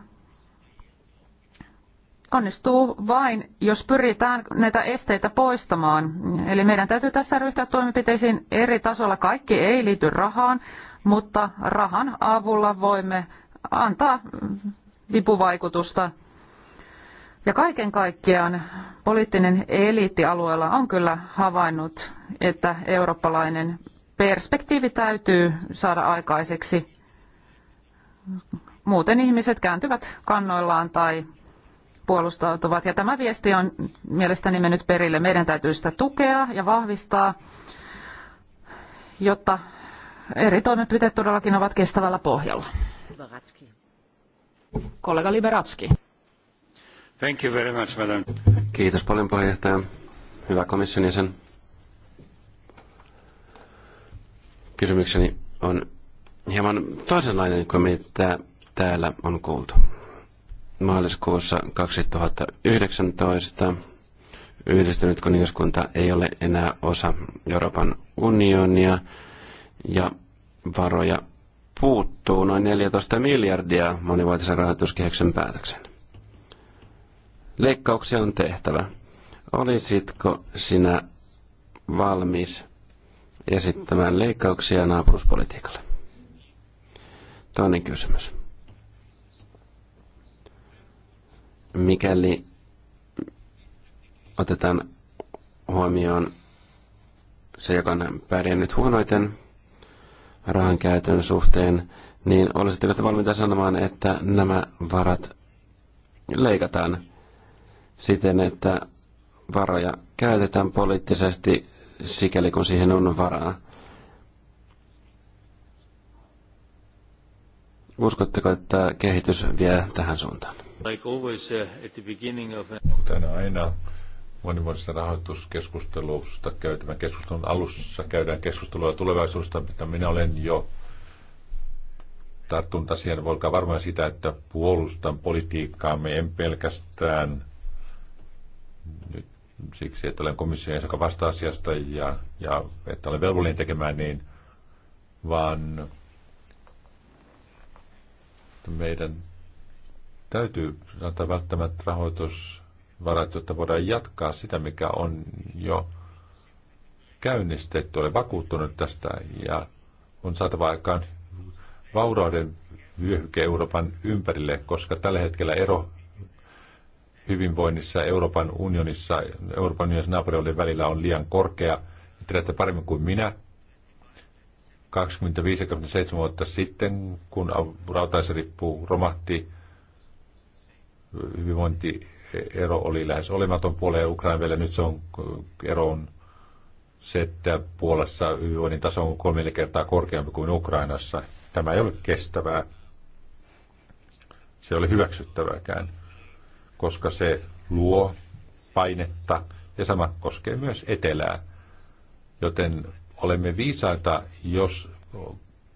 onnistuu vain, jos pyritään näitä esteitä poistamaan. Eli meidän täytyy tässä ryhtyä toimenpiteisiin eri tasolla. Kaikki ei liity rahaan, mutta rahan avulla voimme antaa vipuvaikutusta. Ja kaiken kaikkiaan poliittinen eliitti alueella on kyllä havainnut, että eurooppalainen perspektiivi täytyy saada aikaiseksi. Muuten ihmiset kääntyvät kannoillaan tai puolustautuvat. Ja tämä viesti on mielestäni mennyt perille. Meidän täytyy sitä tukea ja vahvistaa, jotta eri toimenpiteet todellakin ovat kestävällä pohjalla. Liberatski. Kollega Liberatski. Thank you very much, madam. Kiitos paljon puheenjohtaja. Hyvä komission jäsen. Kysymykseni on hieman toisenlainen kuin mitä täällä on kuultu maaliskuussa 2019 yhdistynyt kuningaskunta ei ole enää osa Euroopan unionia ja varoja puuttuu noin 14 miljardia monivuotisen rahoituskehyksen päätöksen. Leikkauksia on tehtävä. Olisitko sinä valmis esittämään leikkauksia naapuruspolitiikalle? Toinen kysymys. mikäli otetaan huomioon se, joka on pärjännyt huonoiten rahan käytön suhteen, niin olisitteko valmiita sanomaan, että nämä varat leikataan siten, että varoja käytetään poliittisesti sikäli kun siihen on varaa. Uskotteko, että kehitys vie tähän suuntaan? Uh, Kuten aina monimuotoisesta rahoituskeskustelusta käytävän keskustelun alussa käydään keskustelua tulevaisuudesta, mutta minä olen jo tarttunut asiaan, olkaa varmaan sitä, että puolustan politiikkaamme, en pelkästään nyt siksi, että olen komission joka vastaa asiasta ja, ja että olen velvollinen tekemään niin, vaan meidän täytyy antaa välttämättä rahoitusvarat, jotta voidaan jatkaa sitä, mikä on jo käynnistetty. ole vakuuttunut tästä ja on saatava aikaan vaurauden vyöhyke Euroopan ympärille, koska tällä hetkellä ero hyvinvoinnissa Euroopan unionissa, Euroopan unionissa naapureiden välillä on liian korkea. Tiedätte paremmin kuin minä. 25-27 vuotta sitten, kun rautaisrippu romahti, hyvinvointiero oli lähes olematon puoleen Ukraina vielä. Nyt se on ero on se, että Puolassa hyvinvoinnin taso on kolme kertaa korkeampi kuin Ukrainassa. Tämä ei ole kestävää. Se ei ole hyväksyttävääkään, koska se luo painetta ja sama koskee myös etelää. Joten olemme viisaita, jos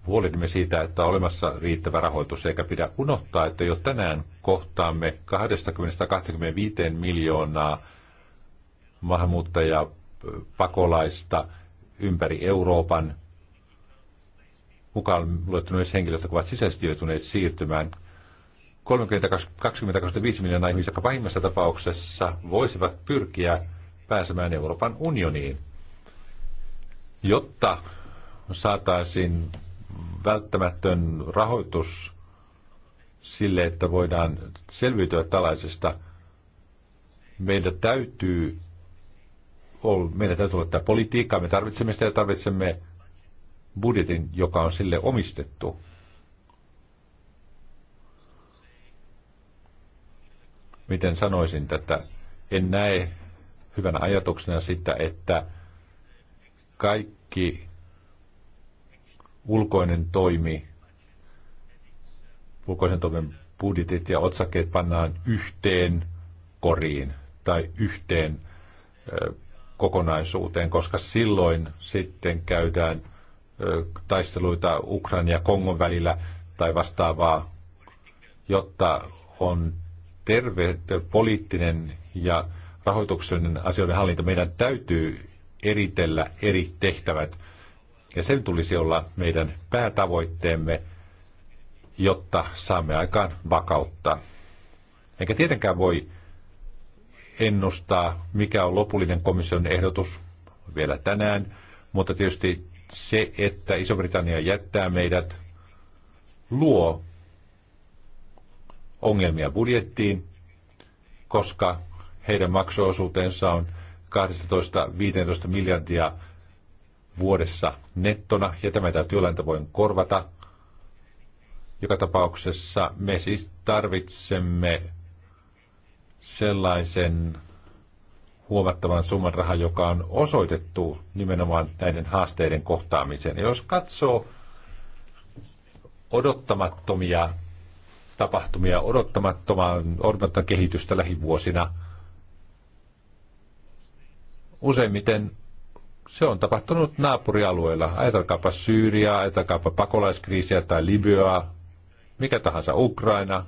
huolehdimme siitä, että on olemassa riittävä rahoitus, eikä pidä unohtaa, että jo tänään kohtaamme 20-25 miljoonaa maahanmuuttajaa pakolaista ympäri Euroopan, mukaan luettu myös henkilöt, jotka ovat sisäisesti joutuneet siirtymään 30-25 miljoonaa ihmisiä, jotka pahimmassa tapauksessa voisivat pyrkiä pääsemään Euroopan unioniin, jotta saataisiin välttämätön rahoitus sille, että voidaan selviytyä tällaisesta. Meidän täytyy meidän täytyy olla tämä politiikka, me tarvitsemme sitä ja tarvitsemme budjetin, joka on sille omistettu. Miten sanoisin tätä? En näe hyvänä ajatuksena sitä, että kaikki ulkoinen toimi, ulkoisen toimen budjetit ja otsakkeet pannaan yhteen koriin tai yhteen kokonaisuuteen, koska silloin sitten käydään taisteluita Ukrainan ja Kongon välillä tai vastaavaa, jotta on terve poliittinen ja rahoituksellinen asioiden hallinta. Meidän täytyy eritellä eri tehtävät – ja sen tulisi olla meidän päätavoitteemme, jotta saamme aikaan vakautta. Enkä tietenkään voi ennustaa, mikä on lopullinen komission ehdotus vielä tänään, mutta tietysti se, että Iso-Britannia jättää meidät, luo ongelmia budjettiin, koska heidän maksuosuutensa on 12-15 miljardia vuodessa nettona, ja tämä täytyy jollain tavoin korvata. Joka tapauksessa me siis tarvitsemme sellaisen huomattavan summan rahaa, joka on osoitettu nimenomaan näiden haasteiden kohtaamiseen. Ja jos katsoo odottamattomia tapahtumia, odottamattoman, odottamattoman kehitystä lähivuosina, useimmiten se on tapahtunut naapurialueilla. Ajatelkaapa Syyriaa, ajatelkaapa pakolaiskriisiä tai Libyaa, mikä tahansa Ukraina.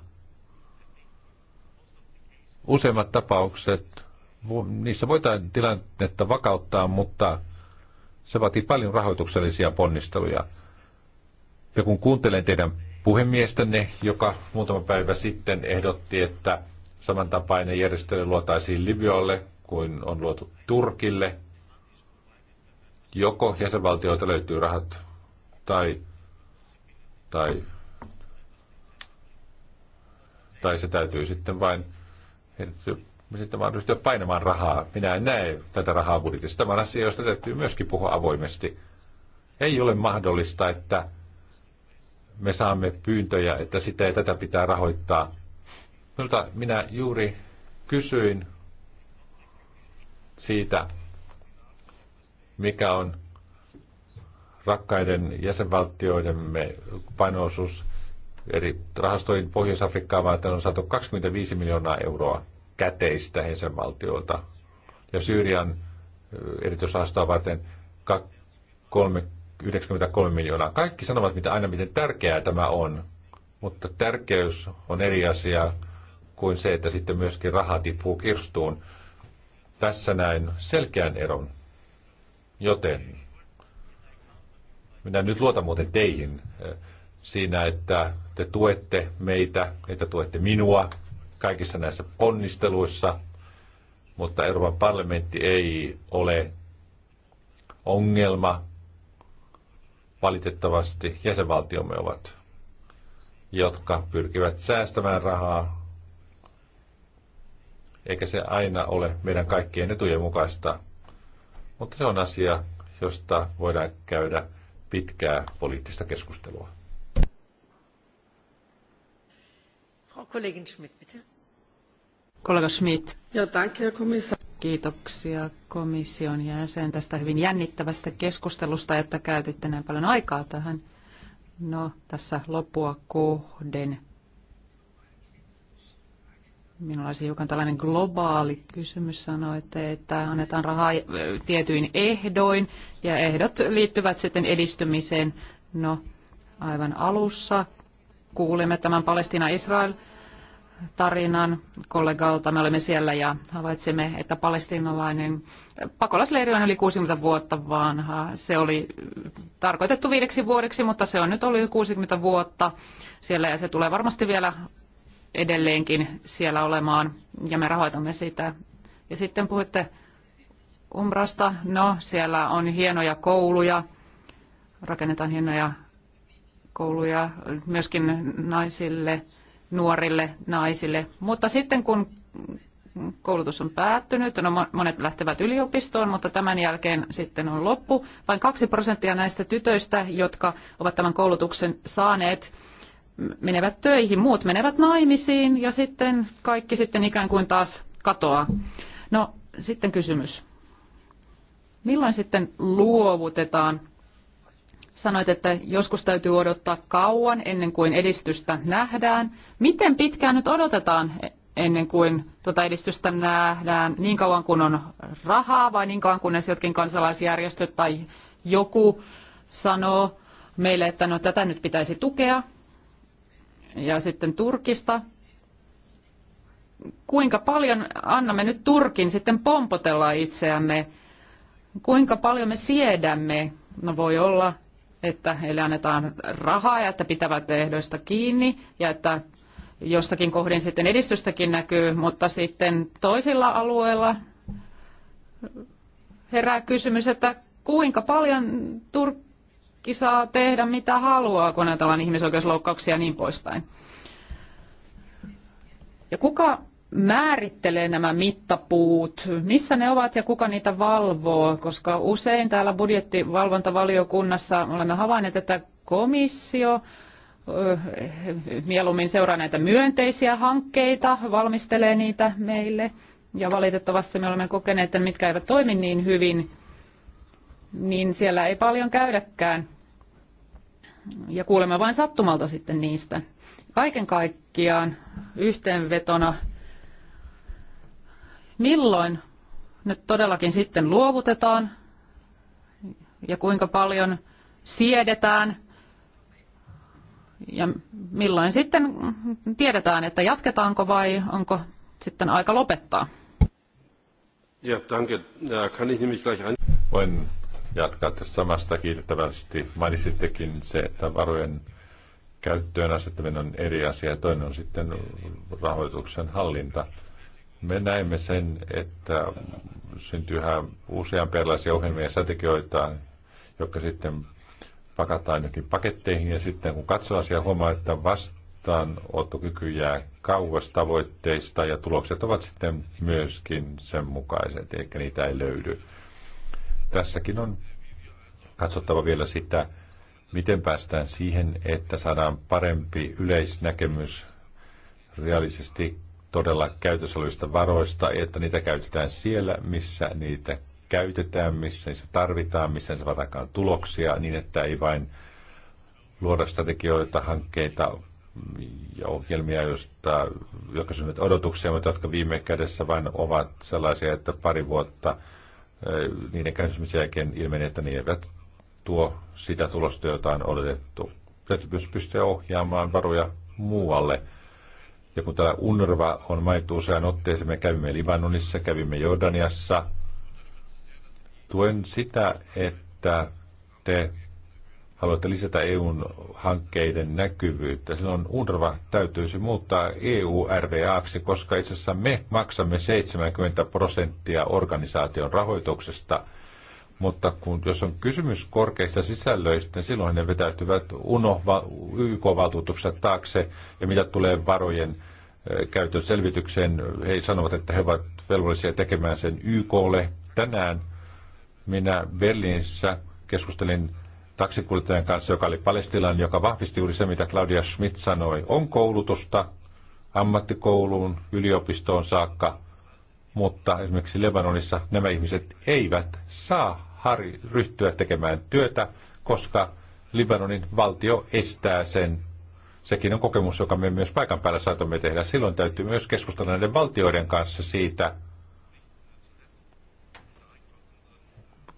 Useimmat tapaukset, niissä voidaan tilannetta vakauttaa, mutta se vaatii paljon rahoituksellisia ponnisteluja. Ja kun kuuntelen teidän puhemiestänne, joka muutama päivä sitten ehdotti, että samantapainen järjestely luotaisiin Libyalle kuin on luotu Turkille – Joko jäsenvaltioita löytyy rahat tai, tai, tai se täytyy sitten vain sitten vaan ryhtyä painamaan rahaa. Minä en näe tätä rahaa budjetissa. Tämä on asia, josta täytyy myöskin puhua avoimesti. Ei ole mahdollista, että me saamme pyyntöjä, että sitä ja tätä pitää rahoittaa. Minulta minä juuri kysyin siitä, mikä on rakkaiden jäsenvaltioidemme painoisuus eri rahastoihin Pohjois-Afrikkaan, vaan että on saatu 25 miljoonaa euroa käteistä jäsenvaltioilta. Ja Syyrian erityisrahastoa varten 93 miljoonaa. Kaikki sanovat mitä aina, miten tärkeää tämä on. Mutta tärkeys on eri asia kuin se, että sitten myöskin raha tippuu kirstuun. Tässä näin selkeän eron. Joten minä nyt luotan muuten teihin eh, siinä, että te tuette meitä, että tuette minua kaikissa näissä ponnisteluissa, mutta Euroopan parlamentti ei ole ongelma. Valitettavasti jäsenvaltiomme ovat, jotka pyrkivät säästämään rahaa, eikä se aina ole meidän kaikkien etujen mukaista. Mutta se on asia, josta voidaan käydä pitkää poliittista keskustelua. Frau Kollegin Schmidt, bitte. Kollega Schmidt. Ja, danke, Kiitoksia komission jäsen tästä hyvin jännittävästä keskustelusta, että käytitte näin paljon aikaa tähän. No, tässä loppua kohden Minulla olisi hiukan tällainen globaali kysymys. Sanoitte, että annetaan rahaa tietyin ehdoin ja ehdot liittyvät sitten edistymiseen. No, aivan alussa kuulimme tämän Palestina-Israel tarinan kollegalta. Me olemme siellä ja havaitsimme, että palestinalainen pakolaisleiri on yli 60 vuotta vanha. Se oli tarkoitettu viideksi vuodeksi, mutta se on nyt ollut 60 vuotta siellä ja se tulee varmasti vielä edelleenkin siellä olemaan ja me rahoitamme sitä. Ja sitten puhutte Umbrasta. No, siellä on hienoja kouluja, rakennetaan hienoja kouluja myöskin naisille, nuorille naisille. Mutta sitten kun koulutus on päättynyt, no monet lähtevät yliopistoon, mutta tämän jälkeen sitten on loppu. Vain kaksi prosenttia näistä tytöistä, jotka ovat tämän koulutuksen saaneet, menevät töihin, muut menevät naimisiin ja sitten kaikki sitten ikään kuin taas katoaa. No sitten kysymys. Milloin sitten luovutetaan? Sanoit, että joskus täytyy odottaa kauan ennen kuin edistystä nähdään. Miten pitkään nyt odotetaan ennen kuin tuota edistystä nähdään? Niin kauan kuin on rahaa vai niin kauan kuin jotkin kansalaisjärjestöt tai joku sanoo meille, että no tätä nyt pitäisi tukea? Ja sitten Turkista. Kuinka paljon annamme nyt Turkin sitten pompotella itseämme? Kuinka paljon me siedämme? No voi olla, että heille annetaan rahaa ja että pitävät ehdoista kiinni ja että jossakin kohdin sitten edistystäkin näkyy, mutta sitten toisilla alueilla herää kysymys, että kuinka paljon Turkki kaikki saa tehdä mitä haluaa, kun ajatellaan ihmisoikeusloukkauksia ja niin poispäin. Ja kuka määrittelee nämä mittapuut, missä ne ovat ja kuka niitä valvoo, koska usein täällä budjettivalvontavaliokunnassa olemme havainneet, että komissio mieluummin seuraa näitä myönteisiä hankkeita, valmistelee niitä meille. Ja valitettavasti me olemme kokeneet, että mitkä eivät toimi niin hyvin, niin siellä ei paljon käydäkään. Ja kuulemme vain sattumalta sitten niistä. Kaiken kaikkiaan yhteenvetona, milloin nyt todellakin sitten luovutetaan ja kuinka paljon siedetään ja milloin sitten tiedetään, että jatketaanko vai onko sitten aika lopettaa. Ja, danke. Ja, kann ich nämlich gleich ein... Voin jatkaa tässä samasta kiitettävästi. Mainitsittekin se, että varojen käyttöön asettaminen on eri asia ja toinen on sitten rahoituksen hallinta. Me näemme sen, että syntyy useampia erilaisia ohjelmia ja strategioita, jotka sitten pakataan jokin paketteihin ja sitten kun katsoo asiaa huomaa, että vastaanottokyky jää kauas tavoitteista ja tulokset ovat sitten myöskin sen mukaiset, eikä niitä ei löydy. Tässäkin on katsottava vielä sitä, miten päästään siihen, että saadaan parempi yleisnäkemys reaalisesti todella käytössä olevista varoista, että niitä käytetään siellä, missä niitä käytetään, missä niitä tarvitaan, missä se varataan tuloksia, niin että ei vain luoda strategioita, hankkeita ja ohjelmia, joista, jotka syntyvät odotuksia, mutta jotka viime kädessä vain ovat sellaisia, että pari vuotta – niiden käynnistymisen jälkeen ilmeni, että ne eivät tuo sitä tulosta, jota on odotettu. Täytyy myös pystyä ohjaamaan varoja muualle. Ja kun tämä UNRWA on mainittu usean otteeseen, me kävimme Libanonissa, kävimme Jordaniassa. Tuen sitä, että te haluatte lisätä EUn hankkeiden näkyvyyttä. Silloin UNRWA täytyisi muuttaa EU-RVAksi, koska itse asiassa me maksamme 70 prosenttia organisaation rahoituksesta. Mutta kun, jos on kysymys korkeista sisällöistä, niin silloin ne vetäytyvät yk valtuutukset taakse. Ja mitä tulee varojen käytön selvitykseen, he sanovat, että he ovat velvollisia tekemään sen YKlle. Tänään minä Berliinissä keskustelin taksikuljettajan kanssa, joka oli palestilainen, joka vahvisti juuri se, mitä Claudia Schmidt sanoi. On koulutusta ammattikouluun, yliopistoon saakka, mutta esimerkiksi Lebanonissa nämä ihmiset eivät saa harri, ryhtyä tekemään työtä, koska Libanonin valtio estää sen. Sekin on kokemus, joka me myös paikan päällä saatamme tehdä. Silloin täytyy myös keskustella näiden valtioiden kanssa siitä,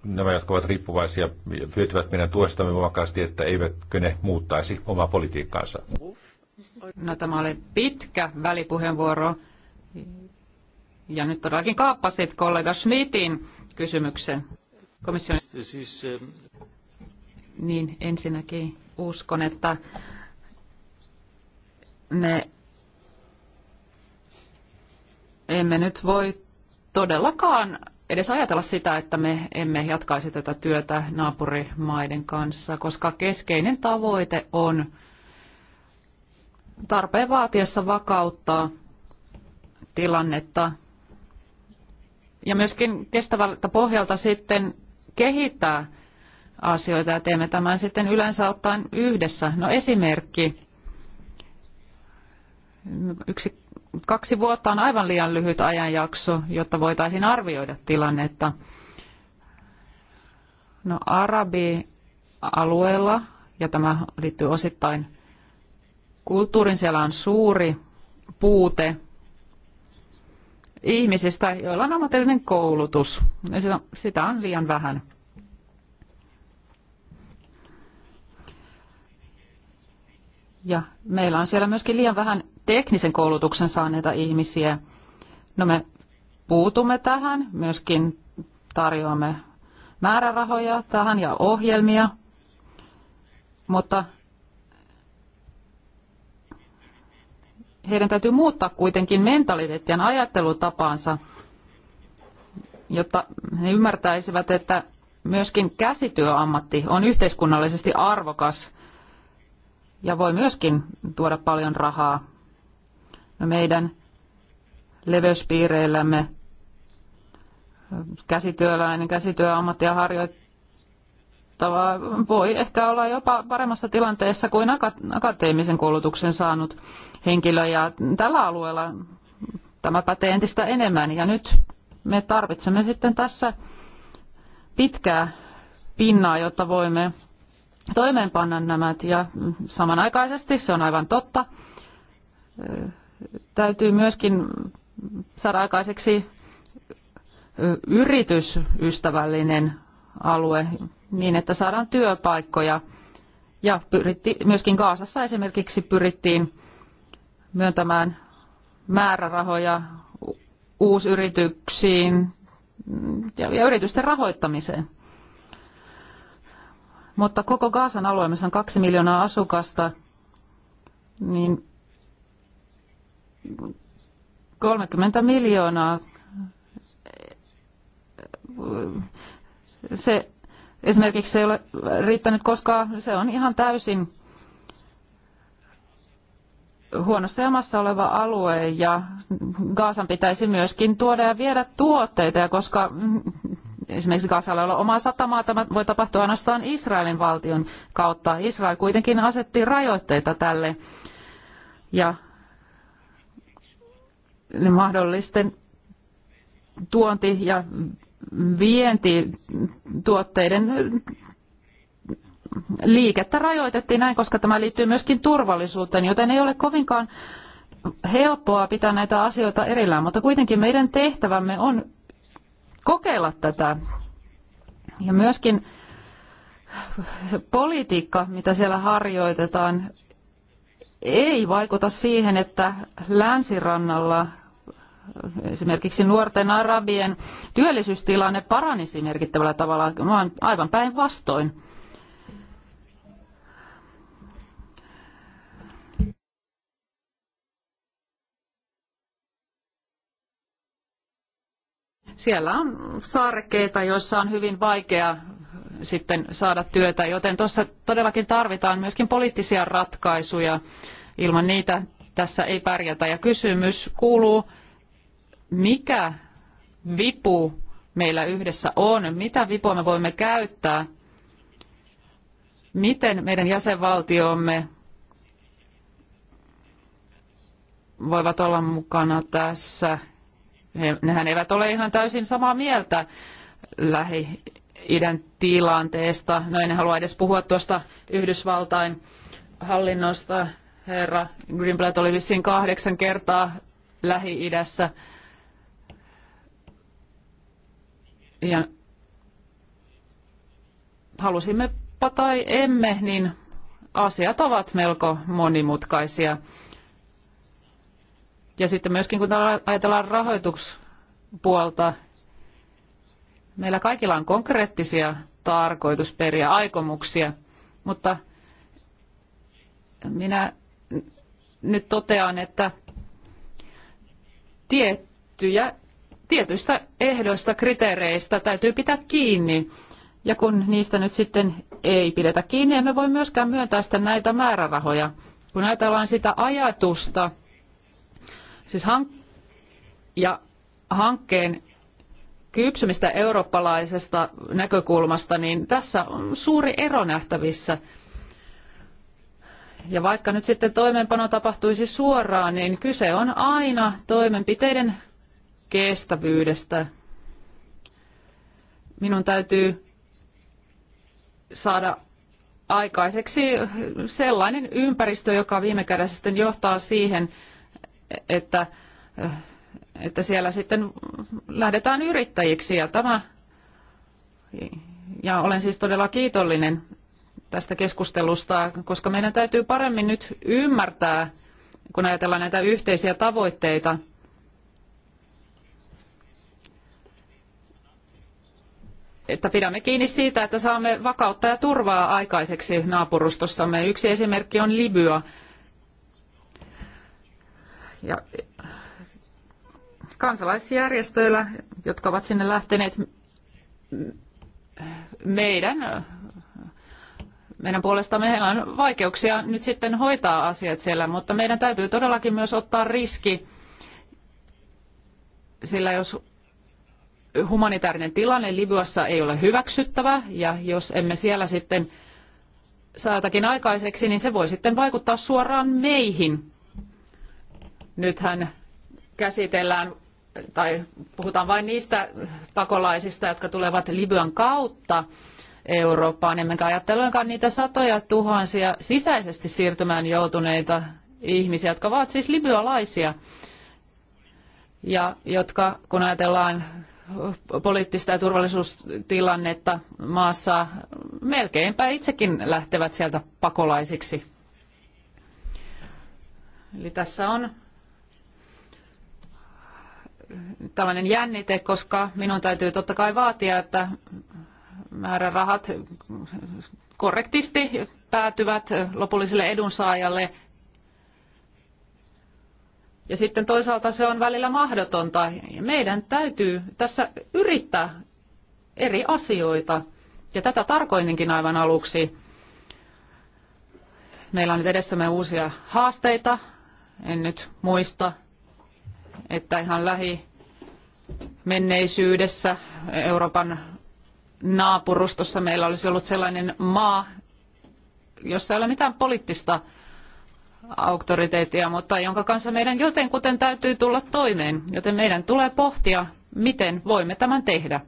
nämä, jotka ovat riippuvaisia, hyötyvät meidän tuestamme voimakkaasti, että eivätkö ne muuttaisi omaa politiikkaansa. No tämä oli pitkä välipuheenvuoro. Ja nyt todellakin kaappasit kollega Schmidtin kysymyksen komission. Niin ensinnäkin uskon, että me emme nyt voi todellakaan edes ajatella sitä, että me emme jatkaisi tätä työtä naapurimaiden kanssa, koska keskeinen tavoite on tarpeen vaatiessa vakauttaa tilannetta ja myöskin kestävältä pohjalta sitten kehittää asioita ja teemme tämän sitten yleensä ottaen yhdessä. No esimerkki. Yksi kaksi vuotta on aivan liian lyhyt ajanjakso, jotta voitaisiin arvioida tilannetta. No arabialueella, ja tämä liittyy osittain kulttuurin, siellä on suuri puute ihmisistä, joilla on ammatillinen koulutus. Sitä on liian vähän. Ja meillä on siellä myöskin liian vähän teknisen koulutuksen saaneita ihmisiä. No me puutumme tähän, myöskin tarjoamme määrärahoja tähän ja ohjelmia, mutta heidän täytyy muuttaa kuitenkin mentaliteettien ajattelutapaansa, jotta he ymmärtäisivät, että myöskin käsityöammatti on yhteiskunnallisesti arvokas – ja voi myöskin tuoda paljon rahaa. No meidän leveyspiireillämme käsityöläinen, käsityöammattia harjoittava voi ehkä olla jopa paremmassa tilanteessa kuin akateemisen koulutuksen saanut henkilö. Ja tällä alueella tämä pätee entistä enemmän. Ja nyt me tarvitsemme sitten tässä pitkää pinnaa, jotta voimme toimeenpanna nämä ja samanaikaisesti, se on aivan totta, täytyy myöskin saada aikaiseksi yritysystävällinen alue niin, että saadaan työpaikkoja. Ja pyritti, myöskin Kaasassa esimerkiksi pyrittiin myöntämään määrärahoja uusyrityksiin ja, ja yritysten rahoittamiseen. Mutta koko Gaasan alue, missä on kaksi miljoonaa asukasta, niin 30 miljoonaa se esimerkiksi ei ole riittänyt, koska se on ihan täysin huonossa jamassa oleva alue ja Gaasan pitäisi myöskin tuoda ja viedä tuotteita, ja koska esimerkiksi Gazalla ole omaa satamaa, tämä voi tapahtua ainoastaan Israelin valtion kautta. Israel kuitenkin asetti rajoitteita tälle ja mahdollisten tuonti- ja vientituotteiden liikettä rajoitettiin näin, koska tämä liittyy myöskin turvallisuuteen, joten ei ole kovinkaan helppoa pitää näitä asioita erillään, mutta kuitenkin meidän tehtävämme on kokeilla tätä. Ja myöskin se politiikka, mitä siellä harjoitetaan, ei vaikuta siihen, että länsirannalla esimerkiksi nuorten arabien työllisyystilanne paranisi merkittävällä tavalla, vaan aivan päinvastoin. Siellä on saarekkeita, joissa on hyvin vaikea sitten saada työtä, joten tuossa todellakin tarvitaan myöskin poliittisia ratkaisuja. Ilman niitä tässä ei pärjätä. Ja kysymys kuuluu, mikä vipu meillä yhdessä on, mitä vipua me voimme käyttää, miten meidän jäsenvaltiomme voivat olla mukana tässä he, nehän eivät ole ihan täysin samaa mieltä Lähi-idän tilanteesta. No en halua edes puhua tuosta Yhdysvaltain hallinnosta. Herra Greenblatt oli vissiin kahdeksan kertaa Lähi-idässä. Ja halusimmepa tai emme, niin asiat ovat melko monimutkaisia. Ja sitten myöskin kun ajatellaan rahoituspuolta, meillä kaikilla on konkreettisia tarkoitusperiä, aikomuksia, mutta minä nyt totean, että tiettyjä, tietyistä ehdoista, kriteereistä täytyy pitää kiinni. Ja kun niistä nyt sitten ei pidetä kiinni, emme voi myöskään myöntää sitä näitä määrärahoja. Kun ajatellaan sitä ajatusta, Siis hank- ja hankkeen kypsymistä eurooppalaisesta näkökulmasta, niin tässä on suuri ero nähtävissä. Ja vaikka nyt sitten toimeenpano tapahtuisi suoraan, niin kyse on aina toimenpiteiden kestävyydestä. Minun täytyy saada aikaiseksi sellainen ympäristö, joka viime kädessä sitten johtaa siihen, että, että siellä sitten lähdetään yrittäjiksi ja tämä ja olen siis todella kiitollinen tästä keskustelusta, koska meidän täytyy paremmin nyt ymmärtää, kun ajatellaan näitä yhteisiä tavoitteita, että pidämme kiinni siitä, että saamme vakautta ja turvaa aikaiseksi naapurustossamme. Yksi esimerkki on Libya ja kansalaisjärjestöillä, jotka ovat sinne lähteneet meidän, meidän puolestamme heillä on vaikeuksia nyt sitten hoitaa asiat siellä, mutta meidän täytyy todellakin myös ottaa riski, sillä jos humanitaarinen tilanne Libyassa ei ole hyväksyttävä ja jos emme siellä sitten saatakin aikaiseksi, niin se voi sitten vaikuttaa suoraan meihin. Nythän käsitellään tai puhutaan vain niistä pakolaisista, jotka tulevat Libyan kautta Eurooppaan, emmekä ajatteluinkaan niitä satoja tuhansia sisäisesti siirtymään joutuneita ihmisiä, jotka ovat siis libyalaisia ja jotka, kun ajatellaan poliittista ja turvallisuustilannetta maassa, melkeinpä itsekin lähtevät sieltä pakolaisiksi. Eli tässä on tällainen jännite, koska minun täytyy totta kai vaatia, että määrärahat korrektisti päätyvät lopulliselle edunsaajalle. Ja sitten toisaalta se on välillä mahdotonta. Meidän täytyy tässä yrittää eri asioita. Ja tätä tarkoitinkin aivan aluksi. Meillä on nyt edessämme uusia haasteita. En nyt muista että ihan lähimenneisyydessä menneisyydessä Euroopan naapurustossa meillä olisi ollut sellainen maa, jossa ei ole mitään poliittista auktoriteettia, mutta jonka kanssa meidän jotenkuten täytyy tulla toimeen, joten meidän tulee pohtia, miten voimme tämän tehdä.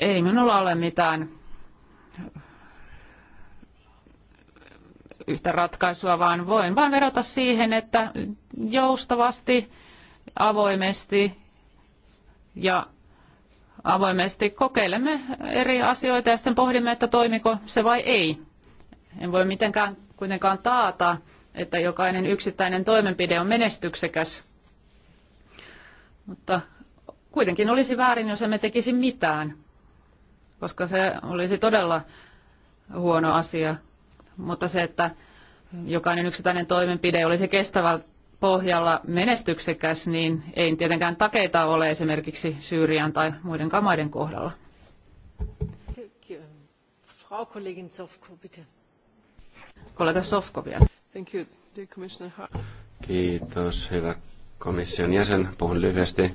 Ei minulla ole mitään yhtä ratkaisua, vaan voin vain vedota siihen, että joustavasti, avoimesti ja avoimesti kokeilemme eri asioita ja sitten pohdimme, että toimiko se vai ei. En voi mitenkään kuitenkaan taata, että jokainen yksittäinen toimenpide on menestyksekäs. Mutta kuitenkin olisi väärin, jos emme tekisi mitään, koska se olisi todella huono asia mutta se, että jokainen yksittäinen toimenpide olisi kestävällä pohjalla menestyksekäs, niin ei tietenkään takeita ole esimerkiksi Syyrian tai muiden kamaiden kohdalla. Frau Kollegin Sofko, bitte. Kollega Sofko vielä. Thank you, dear Commissioner. Kiitos, hyvä komission jäsen. Puhun lyhyesti.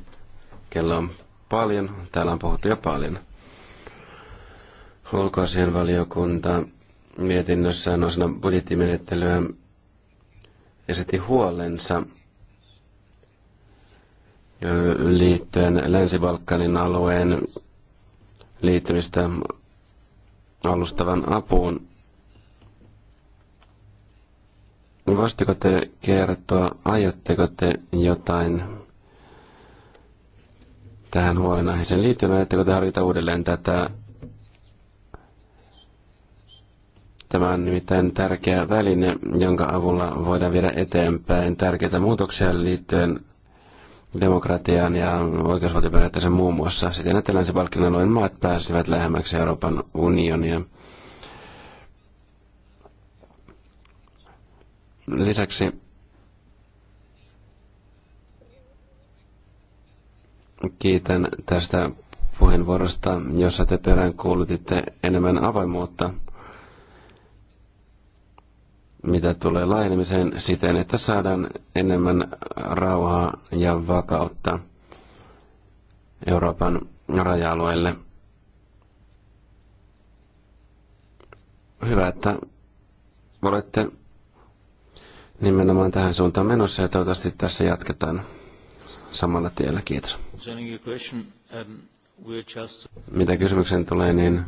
Kello on paljon. Täällä on puhuttu jo paljon. Ulkoasianvaliokunta valiokunta mietinnössään osana budjettimenettelyä esitti huolensa liittyen Länsi-Balkanin alueen liittymistä alustavan apuun. Voisitteko te kertoa, aiotteko te jotain tähän huolenaiheeseen liittyen, että te harjoita uudelleen tätä Tämä on nimittäin tärkeä väline, jonka avulla voidaan viedä eteenpäin tärkeitä muutoksia liittyen demokratiaan ja oikeusvaltioperiaatteeseen muun muassa siten, että Länsi-Balkan alueen maat pääsivät lähemmäksi Euroopan unionia. Lisäksi kiitän tästä puheenvuorosta, jossa te perään kuulutitte enemmän avoimuutta mitä tulee laajenemiseen siten, että saadaan enemmän rauhaa ja vakautta Euroopan raja alueelle Hyvä, että olette nimenomaan tähän suuntaan menossa ja toivottavasti tässä jatketaan samalla tiellä. Kiitos. Um, mitä kysymykseen tulee, niin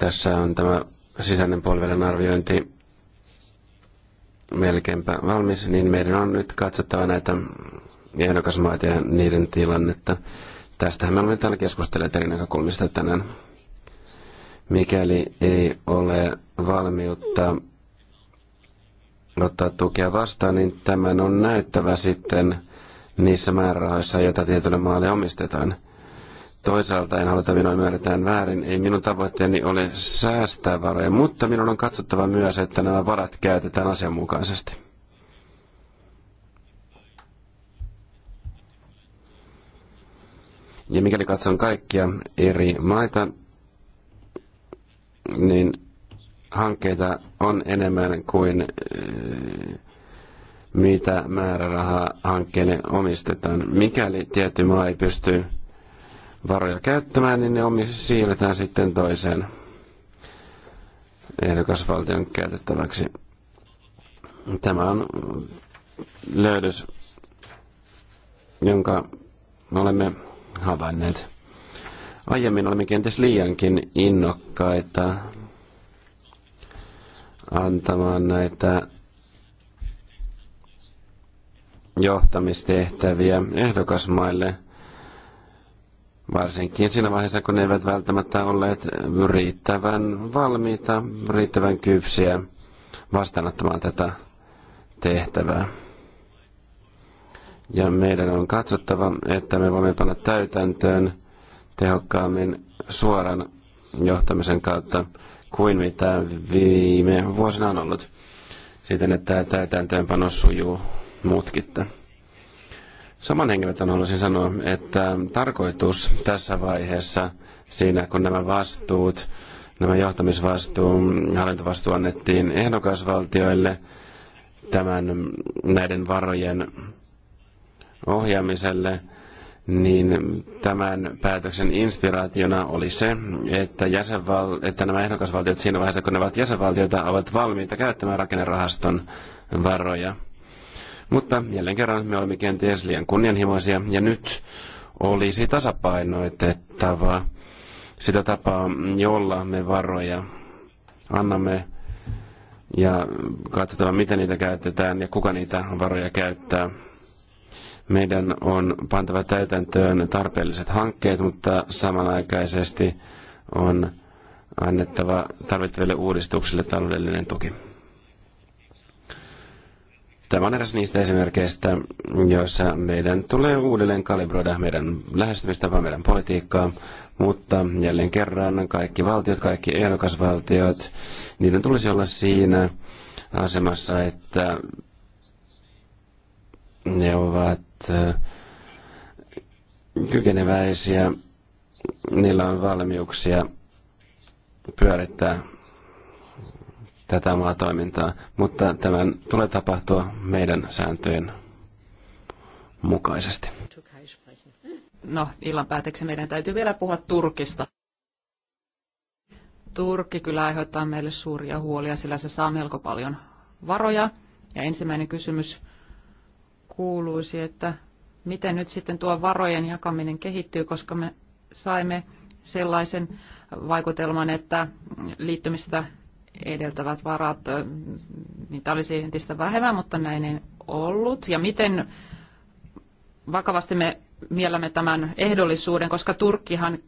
Tässä on tämä sisäinen puolivälin arviointi melkeinpä valmis, niin meidän on nyt katsottava näitä ehdokasmaita ja niiden tilannetta. Tästähän me olemme täällä keskustelleet eri näkökulmista tänään. Mikäli ei ole valmiutta ottaa tukea vastaan, niin tämän on näyttävä sitten niissä määrärahoissa, joita tietylle maalle omistetaan – Toisaalta en haluta minua ymmärretään väärin. Ei minun tavoitteeni ole säästää varoja, mutta minun on katsottava myös, että nämä varat käytetään asianmukaisesti. Ja mikäli katson kaikkia eri maita, niin hankkeita on enemmän kuin eh, mitä määrärahaa hankkeelle omistetaan. Mikäli tietty maa ei pysty varoja käyttämään, niin ne omi siirretään sitten toiseen ehdokasvaltion käytettäväksi. Tämä on löydös, jonka olemme havainneet. Aiemmin olemme kenties liiankin innokkaita antamaan näitä johtamistehtäviä ehdokasmaille – Varsinkin siinä vaiheessa, kun ne eivät välttämättä olleet riittävän valmiita, riittävän kypsiä vastaanottamaan tätä tehtävää. Ja meidän on katsottava, että me voimme panna täytäntöön tehokkaammin suoran johtamisen kautta kuin mitä viime vuosina on ollut. Siten, että täytäntöönpano sujuu mutkitta. Saman haluaisin sanoa, että tarkoitus tässä vaiheessa, siinä kun nämä vastuut, nämä johtamisvastuu, hallintovastuu annettiin ehdokasvaltioille tämän, näiden varojen ohjaamiselle, niin tämän päätöksen inspiraationa oli se, että, jäsenval- että nämä ehdokasvaltiot siinä vaiheessa, kun ne ovat jäsenvaltioita, ovat valmiita käyttämään rakennerahaston varoja – mutta jälleen kerran me olemme kenties liian kunnianhimoisia ja nyt olisi tasapainoitettava sitä tapaa, jolla me varoja annamme ja katsotaan, miten niitä käytetään ja kuka niitä varoja käyttää. Meidän on pantava täytäntöön tarpeelliset hankkeet, mutta samanaikaisesti on annettava tarvittaville uudistuksille taloudellinen tuki. Tämä on eräs niistä esimerkkeistä, joissa meidän tulee uudelleen kalibroida meidän lähestymistapaa, meidän politiikkaa, mutta jälleen kerran kaikki valtiot, kaikki ehdokasvaltiot, niiden tulisi olla siinä asemassa, että ne ovat äh, kykeneväisiä, niillä on valmiuksia pyörittää tätä omaa toimintaa, mutta tämän tulee tapahtua meidän sääntöjen mukaisesti. No, illan päätteeksi meidän täytyy vielä puhua Turkista. Turkki kyllä aiheuttaa meille suuria huolia, sillä se saa melko paljon varoja. Ja ensimmäinen kysymys kuuluisi, että miten nyt sitten tuo varojen jakaminen kehittyy, koska me saimme sellaisen vaikutelman, että liittymistä edeltävät varat, niitä olisi entistä vähemmän, mutta näin ei ollut. Ja miten vakavasti me miellämme tämän ehdollisuuden, koska Turkkihan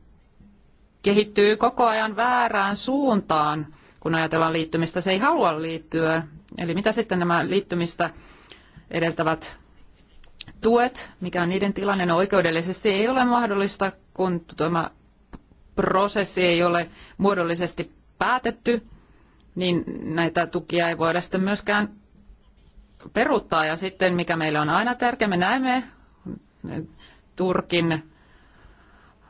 kehittyy koko ajan väärään suuntaan, kun ajatellaan liittymistä. Se ei halua liittyä. Eli mitä sitten nämä liittymistä edeltävät tuet, mikä on niiden tilanne, no oikeudellisesti ei ole mahdollista, kun tämä prosessi ei ole muodollisesti päätetty niin näitä tukia ei voida sitten myöskään peruuttaa. Ja sitten, mikä meille on aina tärkeä, me näemme Turkin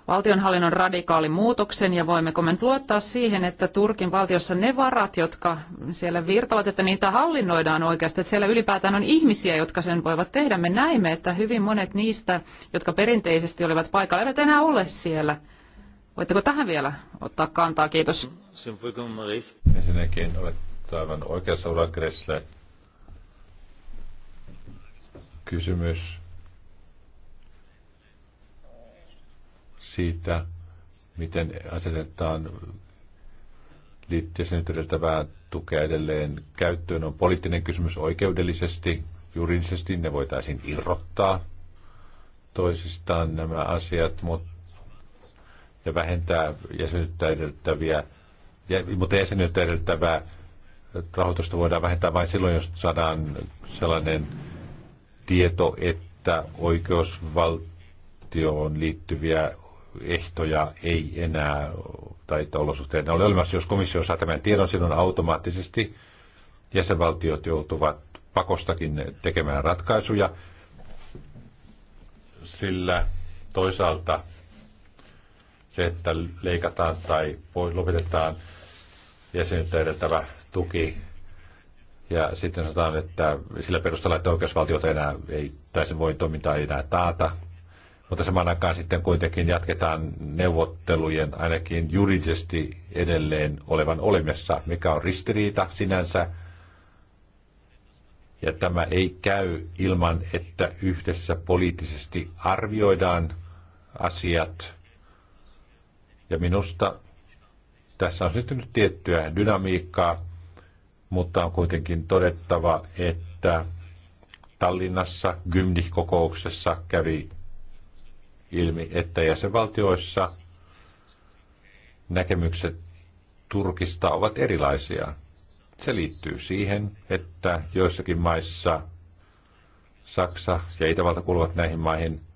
valtionhallinnon radikaalin muutoksen ja voimmeko me luottaa siihen, että Turkin valtiossa ne varat, jotka siellä virtavat että niitä hallinnoidaan oikeasti, että siellä ylipäätään on ihmisiä, jotka sen voivat tehdä. Me näimme, että hyvin monet niistä, jotka perinteisesti olivat paikalla, eivät enää ole siellä. Voitteko tähän vielä ottaa kantaa? Kiitos. Ensinnäkin olet aivan oikeassa Ulla Kressle. Kysymys siitä, miten asetetaan liitteeseen yhdettävää tukea edelleen käyttöön, on poliittinen kysymys oikeudellisesti, juridisesti ne voitaisiin irrottaa toisistaan nämä asiat, mutta ja vähentää jäsenyyttä edellyttäviä, mutta jäsenyyttä edellyttävää rahoitusta voidaan vähentää vain silloin, jos saadaan sellainen tieto, että oikeusvaltioon liittyviä ehtoja ei enää tai että olosuhteet ole olemassa. Jos komissio saa tämän tiedon, silloin automaattisesti jäsenvaltiot joutuvat pakostakin tekemään ratkaisuja, sillä toisaalta se, että leikataan tai lopetetaan jäsenyyttä edeltävä tuki. Ja sitten sanotaan, että sillä perusteella, että oikeusvaltiota enää ei, tai sen voi toimintaa ei enää taata. Mutta samaan aikaan sitten kuitenkin jatketaan neuvottelujen ainakin juridisesti edelleen olevan olemassa, mikä on ristiriita sinänsä. Ja tämä ei käy ilman, että yhdessä poliittisesti arvioidaan asiat ja minusta tässä on syntynyt tiettyä dynamiikkaa, mutta on kuitenkin todettava, että Tallinnassa Gymnich-kokouksessa kävi ilmi, että jäsenvaltioissa näkemykset Turkista ovat erilaisia. Se liittyy siihen, että joissakin maissa Saksa ja Itävalta kuuluvat näihin maihin –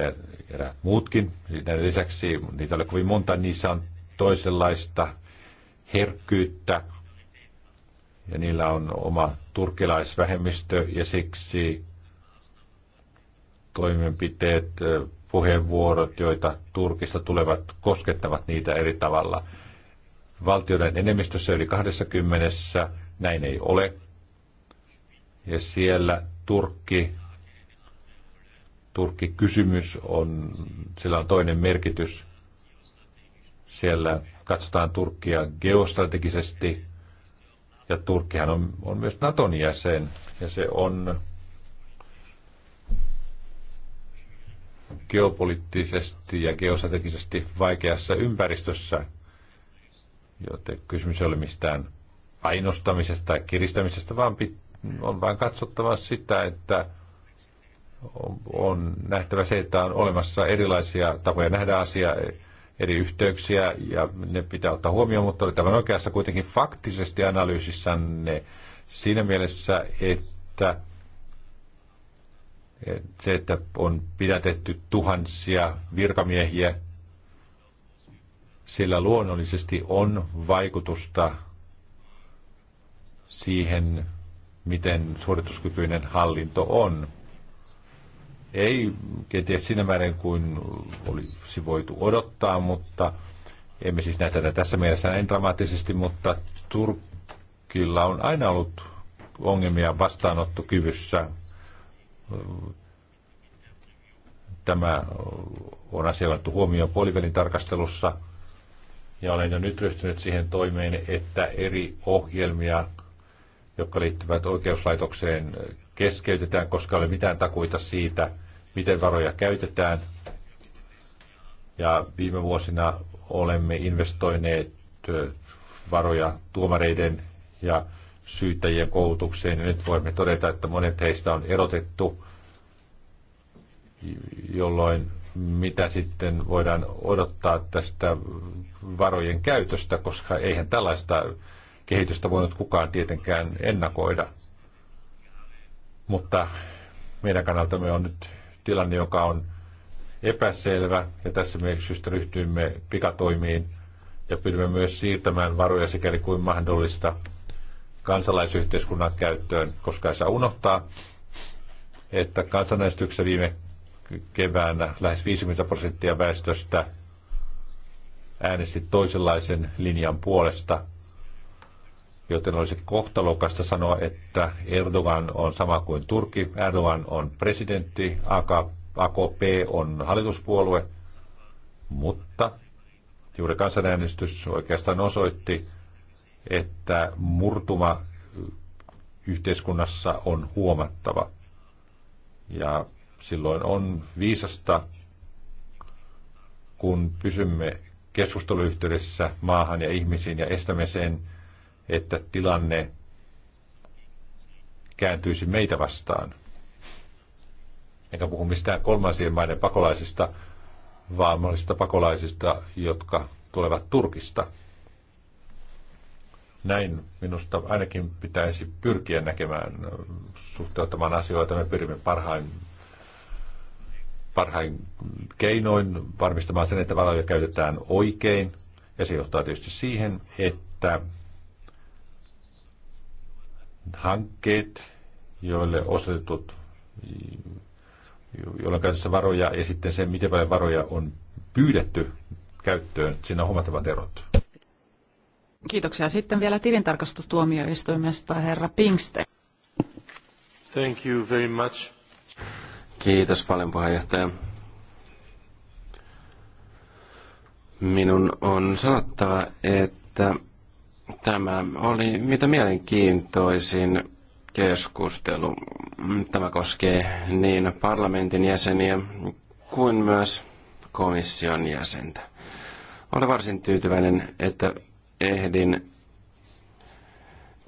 ja eräät muutkin. Näiden lisäksi niitä oli kovin monta, niissä on toisenlaista herkkyyttä ja niillä on oma turkilaisvähemmistö ja siksi toimenpiteet, puheenvuorot, joita Turkista tulevat, koskettavat niitä eri tavalla. Valtioiden enemmistössä yli 20 näin ei ole. Ja siellä Turkki Turkki-kysymys on, sillä on toinen merkitys. Siellä katsotaan Turkkia geostrategisesti, ja Turkkihan on, on myös Naton jäsen, ja se on geopoliittisesti ja geostrategisesti vaikeassa ympäristössä, joten kysymys ei ole mistään painostamisesta tai kiristämisestä, vaan on vain katsottava sitä, että on nähtävä se, että on olemassa erilaisia tapoja nähdä asiaa, eri yhteyksiä ja ne pitää ottaa huomioon, mutta oli tämän oikeassa kuitenkin faktisesti analyysissanne siinä mielessä, että se, että on pidätetty tuhansia virkamiehiä, sillä luonnollisesti on vaikutusta siihen, miten suorituskykyinen hallinto on. Ei kenties siinä määrin kuin olisi voitu odottaa, mutta emme siis näe tätä tässä mielessä näin dramaattisesti, mutta Turkilla on aina ollut ongelmia vastaanottokyvyssä. Tämä on asia huomioon puolivälin tarkastelussa ja olen jo nyt ryhtynyt siihen toimeen, että eri ohjelmia, jotka liittyvät oikeuslaitokseen, keskeytetään, koska ei ole mitään takuita siitä, miten varoja käytetään. Ja viime vuosina olemme investoineet varoja tuomareiden ja syyttäjien koulutukseen. Ja nyt voimme todeta, että monet heistä on erotettu, jolloin mitä sitten voidaan odottaa tästä varojen käytöstä, koska eihän tällaista kehitystä voinut kukaan tietenkään ennakoida. Mutta meidän me on nyt tilanne, joka on epäselvä, ja tässä me syystä ryhtyimme pikatoimiin ja pyrimme myös siirtämään varoja sikäli kuin mahdollista kansalaisyhteiskunnan käyttöön, koska ei saa unohtaa, että kansanäänestyksessä viime keväänä lähes 50 prosenttia väestöstä äänesti toisenlaisen linjan puolesta – joten olisi kohtalokasta sanoa, että Erdogan on sama kuin Turkki, Erdogan on presidentti, AKP on hallituspuolue, mutta juuri kansanäänestys oikeastaan osoitti, että murtuma yhteiskunnassa on huomattava. Ja silloin on viisasta, kun pysymme keskusteluyhteydessä maahan ja ihmisiin ja estämme sen, että tilanne kääntyisi meitä vastaan. Enkä puhu mistään kolmansien maiden pakolaisista, vaan mahdollisista pakolaisista, jotka tulevat Turkista. Näin minusta ainakin pitäisi pyrkiä näkemään, suhteuttamaan asioita. Me pyrimme parhain, parhain keinoin varmistamaan sen, että valoja käytetään oikein. Ja se johtaa tietysti siihen, että hankkeet, joille osoitetut, joilla on käytössä varoja, ja sitten se, miten paljon varoja on pyydetty käyttöön, siinä on huomattavat erot. Kiitoksia. Sitten vielä tilintarkastustuomioistuimesta herra Pinkste. Thank you very much. Kiitos paljon puheenjohtaja. Minun on sanottava, että Tämä oli mitä mielenkiintoisin keskustelu. Tämä koskee niin parlamentin jäseniä kuin myös komission jäsentä. Olen varsin tyytyväinen, että ehdin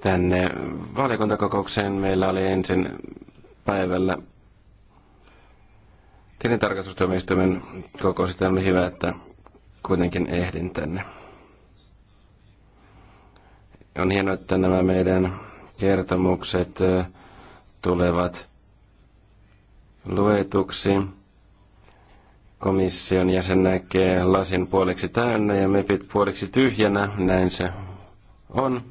tänne valiokuntakokoukseen. Meillä oli ensin päivällä tilintarkastustuomioistuimen kokous, oli hyvä, että kuitenkin ehdin tänne. On hienoa, että nämä meidän kertomukset tulevat luetuksi. Komission jäsen näkee lasin puoliksi täynnä ja mepit puoliksi tyhjänä, näin se on.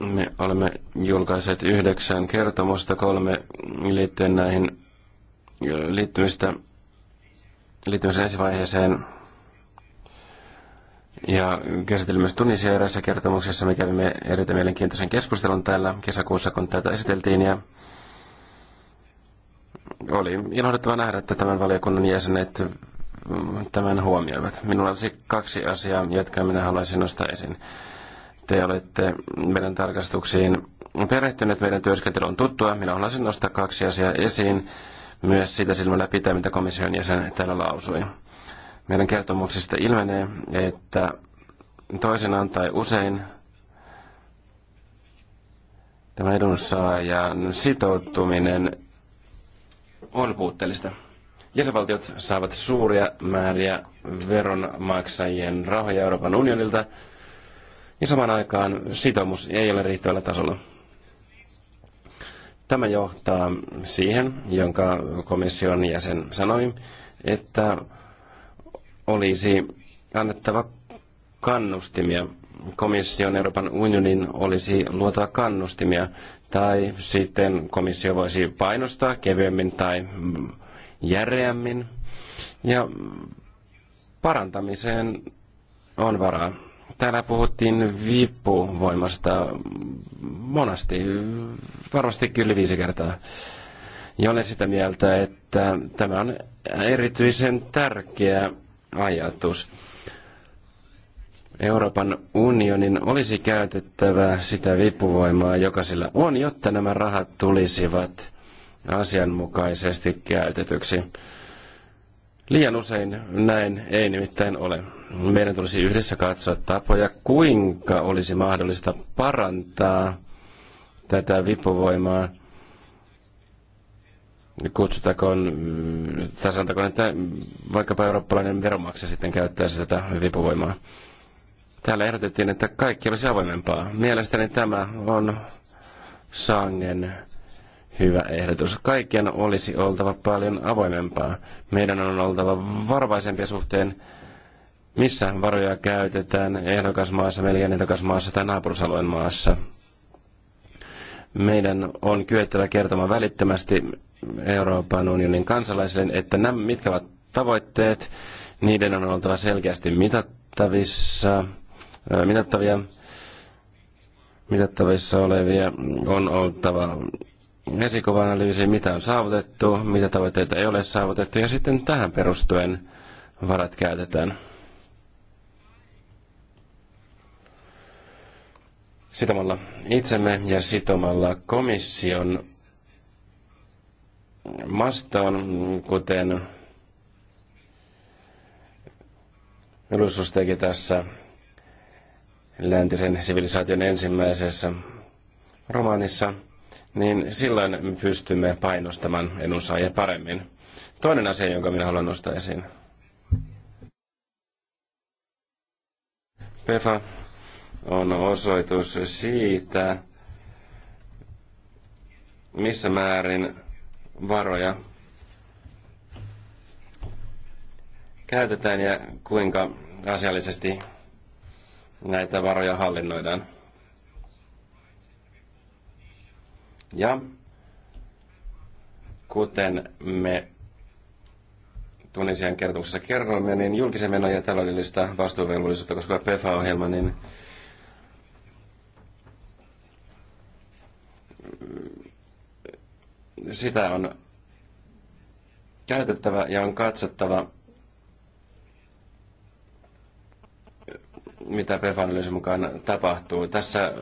Me olemme julkaiset yhdeksän kertomusta, kolme liittyen näihin liittymistä, liittymisen ensivaiheeseen ja käsitellyt myös Tunisia erässä kertomuksessa. Me kävimme erittäin mielenkiintoisen keskustelun täällä kesäkuussa, kun tätä esiteltiin. Ja oli ilahduttava nähdä, että tämän valiokunnan jäsenet tämän huomioivat. Minulla olisi kaksi asiaa, jotka minä haluaisin nostaa esiin. Te olette meidän tarkastuksiin perehtyneet, meidän työskentely on tuttua. Minä haluaisin nostaa kaksi asiaa esiin, myös sitä silmällä pitää, mitä komission jäsen täällä lausui. Meidän kertomuksesta ilmenee, että toisinaan tai usein tämä edunsaajan sitoutuminen on puutteellista. Jäsenvaltiot saavat suuria määriä veronmaksajien rahoja Euroopan unionilta, ja samaan aikaan sitoumus ei ole riittävällä tasolla. Tämä johtaa siihen, jonka komission jäsen sanoi, että olisi annettava kannustimia. Komission Euroopan unionin olisi luotava kannustimia, tai sitten komissio voisi painostaa kevyemmin tai järeämmin. Ja parantamiseen on varaa. Täällä puhuttiin viippuvoimasta monasti, varmasti kyllä viisi kertaa. Ja olen sitä mieltä, että tämä on erityisen tärkeä ajatus. Euroopan unionin olisi käytettävä sitä vipuvoimaa, joka sillä on, jotta nämä rahat tulisivat asianmukaisesti käytetyksi. Liian usein näin ei nimittäin ole. Meidän tulisi yhdessä katsoa tapoja, kuinka olisi mahdollista parantaa tätä vipuvoimaa kutsutakoon, mm, tai sanotakoon, että vaikkapa eurooppalainen veronmaksa sitten käyttäisi tätä vipuvoimaa. Täällä ehdotettiin, että kaikki olisi avoimempaa. Mielestäni tämä on sangen hyvä ehdotus. Kaikkien olisi oltava paljon avoimempaa. Meidän on oltava varovaisempia suhteen, missä varoja käytetään ehdokasmaassa, meidän ehdokasmaassa tai naapurusalueen maassa. Meidän on kyettävä kertomaan välittömästi Euroopan unionin kansalaisille, että nämä, mitkä ovat tavoitteet, niiden on oltava selkeästi mitattavissa, mitattavia, mitattavissa olevia, on oltava esikuva-analyysi, mitä on saavutettu, mitä tavoitteita ei ole saavutettu, ja sitten tähän perustuen varat käytetään. Sitomalla itsemme ja sitomalla komission mastaan, kuten Rusus teki tässä läntisen sivilisaation ensimmäisessä romaanissa, niin silloin me pystymme painostamaan edunsaajia paremmin. Toinen asia, jonka minä haluan nostaa esiin. PEFA on osoitus siitä, missä määrin varoja käytetään ja kuinka asiallisesti näitä varoja hallinnoidaan. Ja kuten me Tunisian kertomuksessa kerroimme, niin julkisen menoja ja taloudellista vastuuvelvollisuutta koskeva PFA-ohjelma, niin sitä on käytettävä ja on katsottava, mitä pfa mukaan tapahtuu. Tässä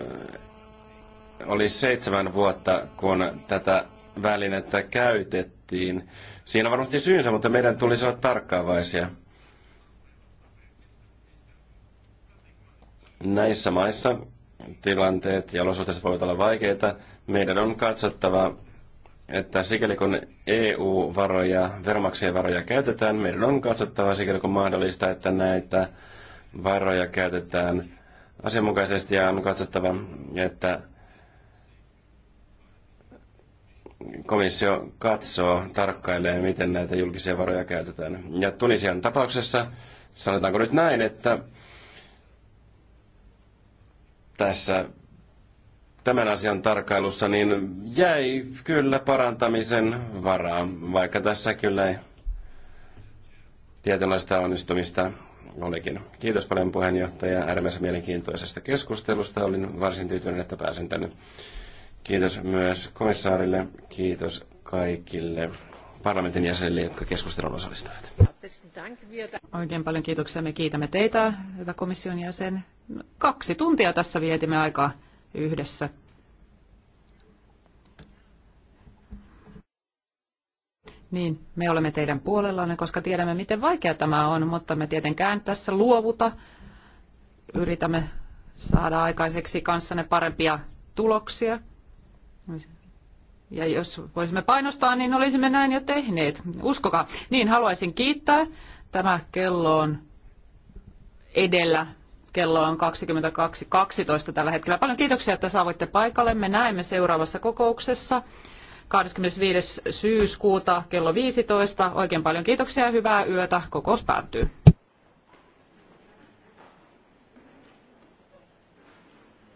oli seitsemän vuotta, kun tätä välinettä käytettiin. Siinä on varmasti syynsä, mutta meidän tulisi olla tarkkaavaisia. Näissä maissa tilanteet ja olosuhteet voivat olla vaikeita. Meidän on katsottava, että sikäli kun EU-varoja, veronmaksajien varoja käytetään, meidän on katsottava sikäli kun mahdollista, että näitä varoja käytetään asianmukaisesti ja on katsottava, että komissio katsoo, tarkkailee, miten näitä julkisia varoja käytetään. Ja Tunisian tapauksessa, sanotaanko nyt näin, että tässä tämän asian tarkkailussa, niin jäi kyllä parantamisen varaa, vaikka tässä kyllä ei tietynlaista onnistumista olikin. Kiitos paljon puheenjohtaja äärimmäisen mielenkiintoisesta keskustelusta. Olin varsin tyytyväinen, että pääsin tänne. Kiitos myös komissaarille, kiitos kaikille parlamentin jäsenille, jotka keskustelun osallistuvat. Oikein paljon kiitoksia. Me kiitämme teitä, hyvä komission jäsen. Kaksi tuntia tässä vietimme aikaa yhdessä. Niin, me olemme teidän puolellanne, koska tiedämme, miten vaikea tämä on, mutta me tietenkään tässä luovuta. Yritämme saada aikaiseksi kanssanne parempia tuloksia. Ja jos voisimme painostaa, niin olisimme näin jo tehneet. Uskokaa. Niin, haluaisin kiittää. Tämä kello on edellä kello on 22.12 tällä hetkellä. Paljon kiitoksia, että saavuitte paikalle. Me näemme seuraavassa kokouksessa 25. syyskuuta kello 15. Oikein paljon kiitoksia ja hyvää yötä. Kokous päättyy.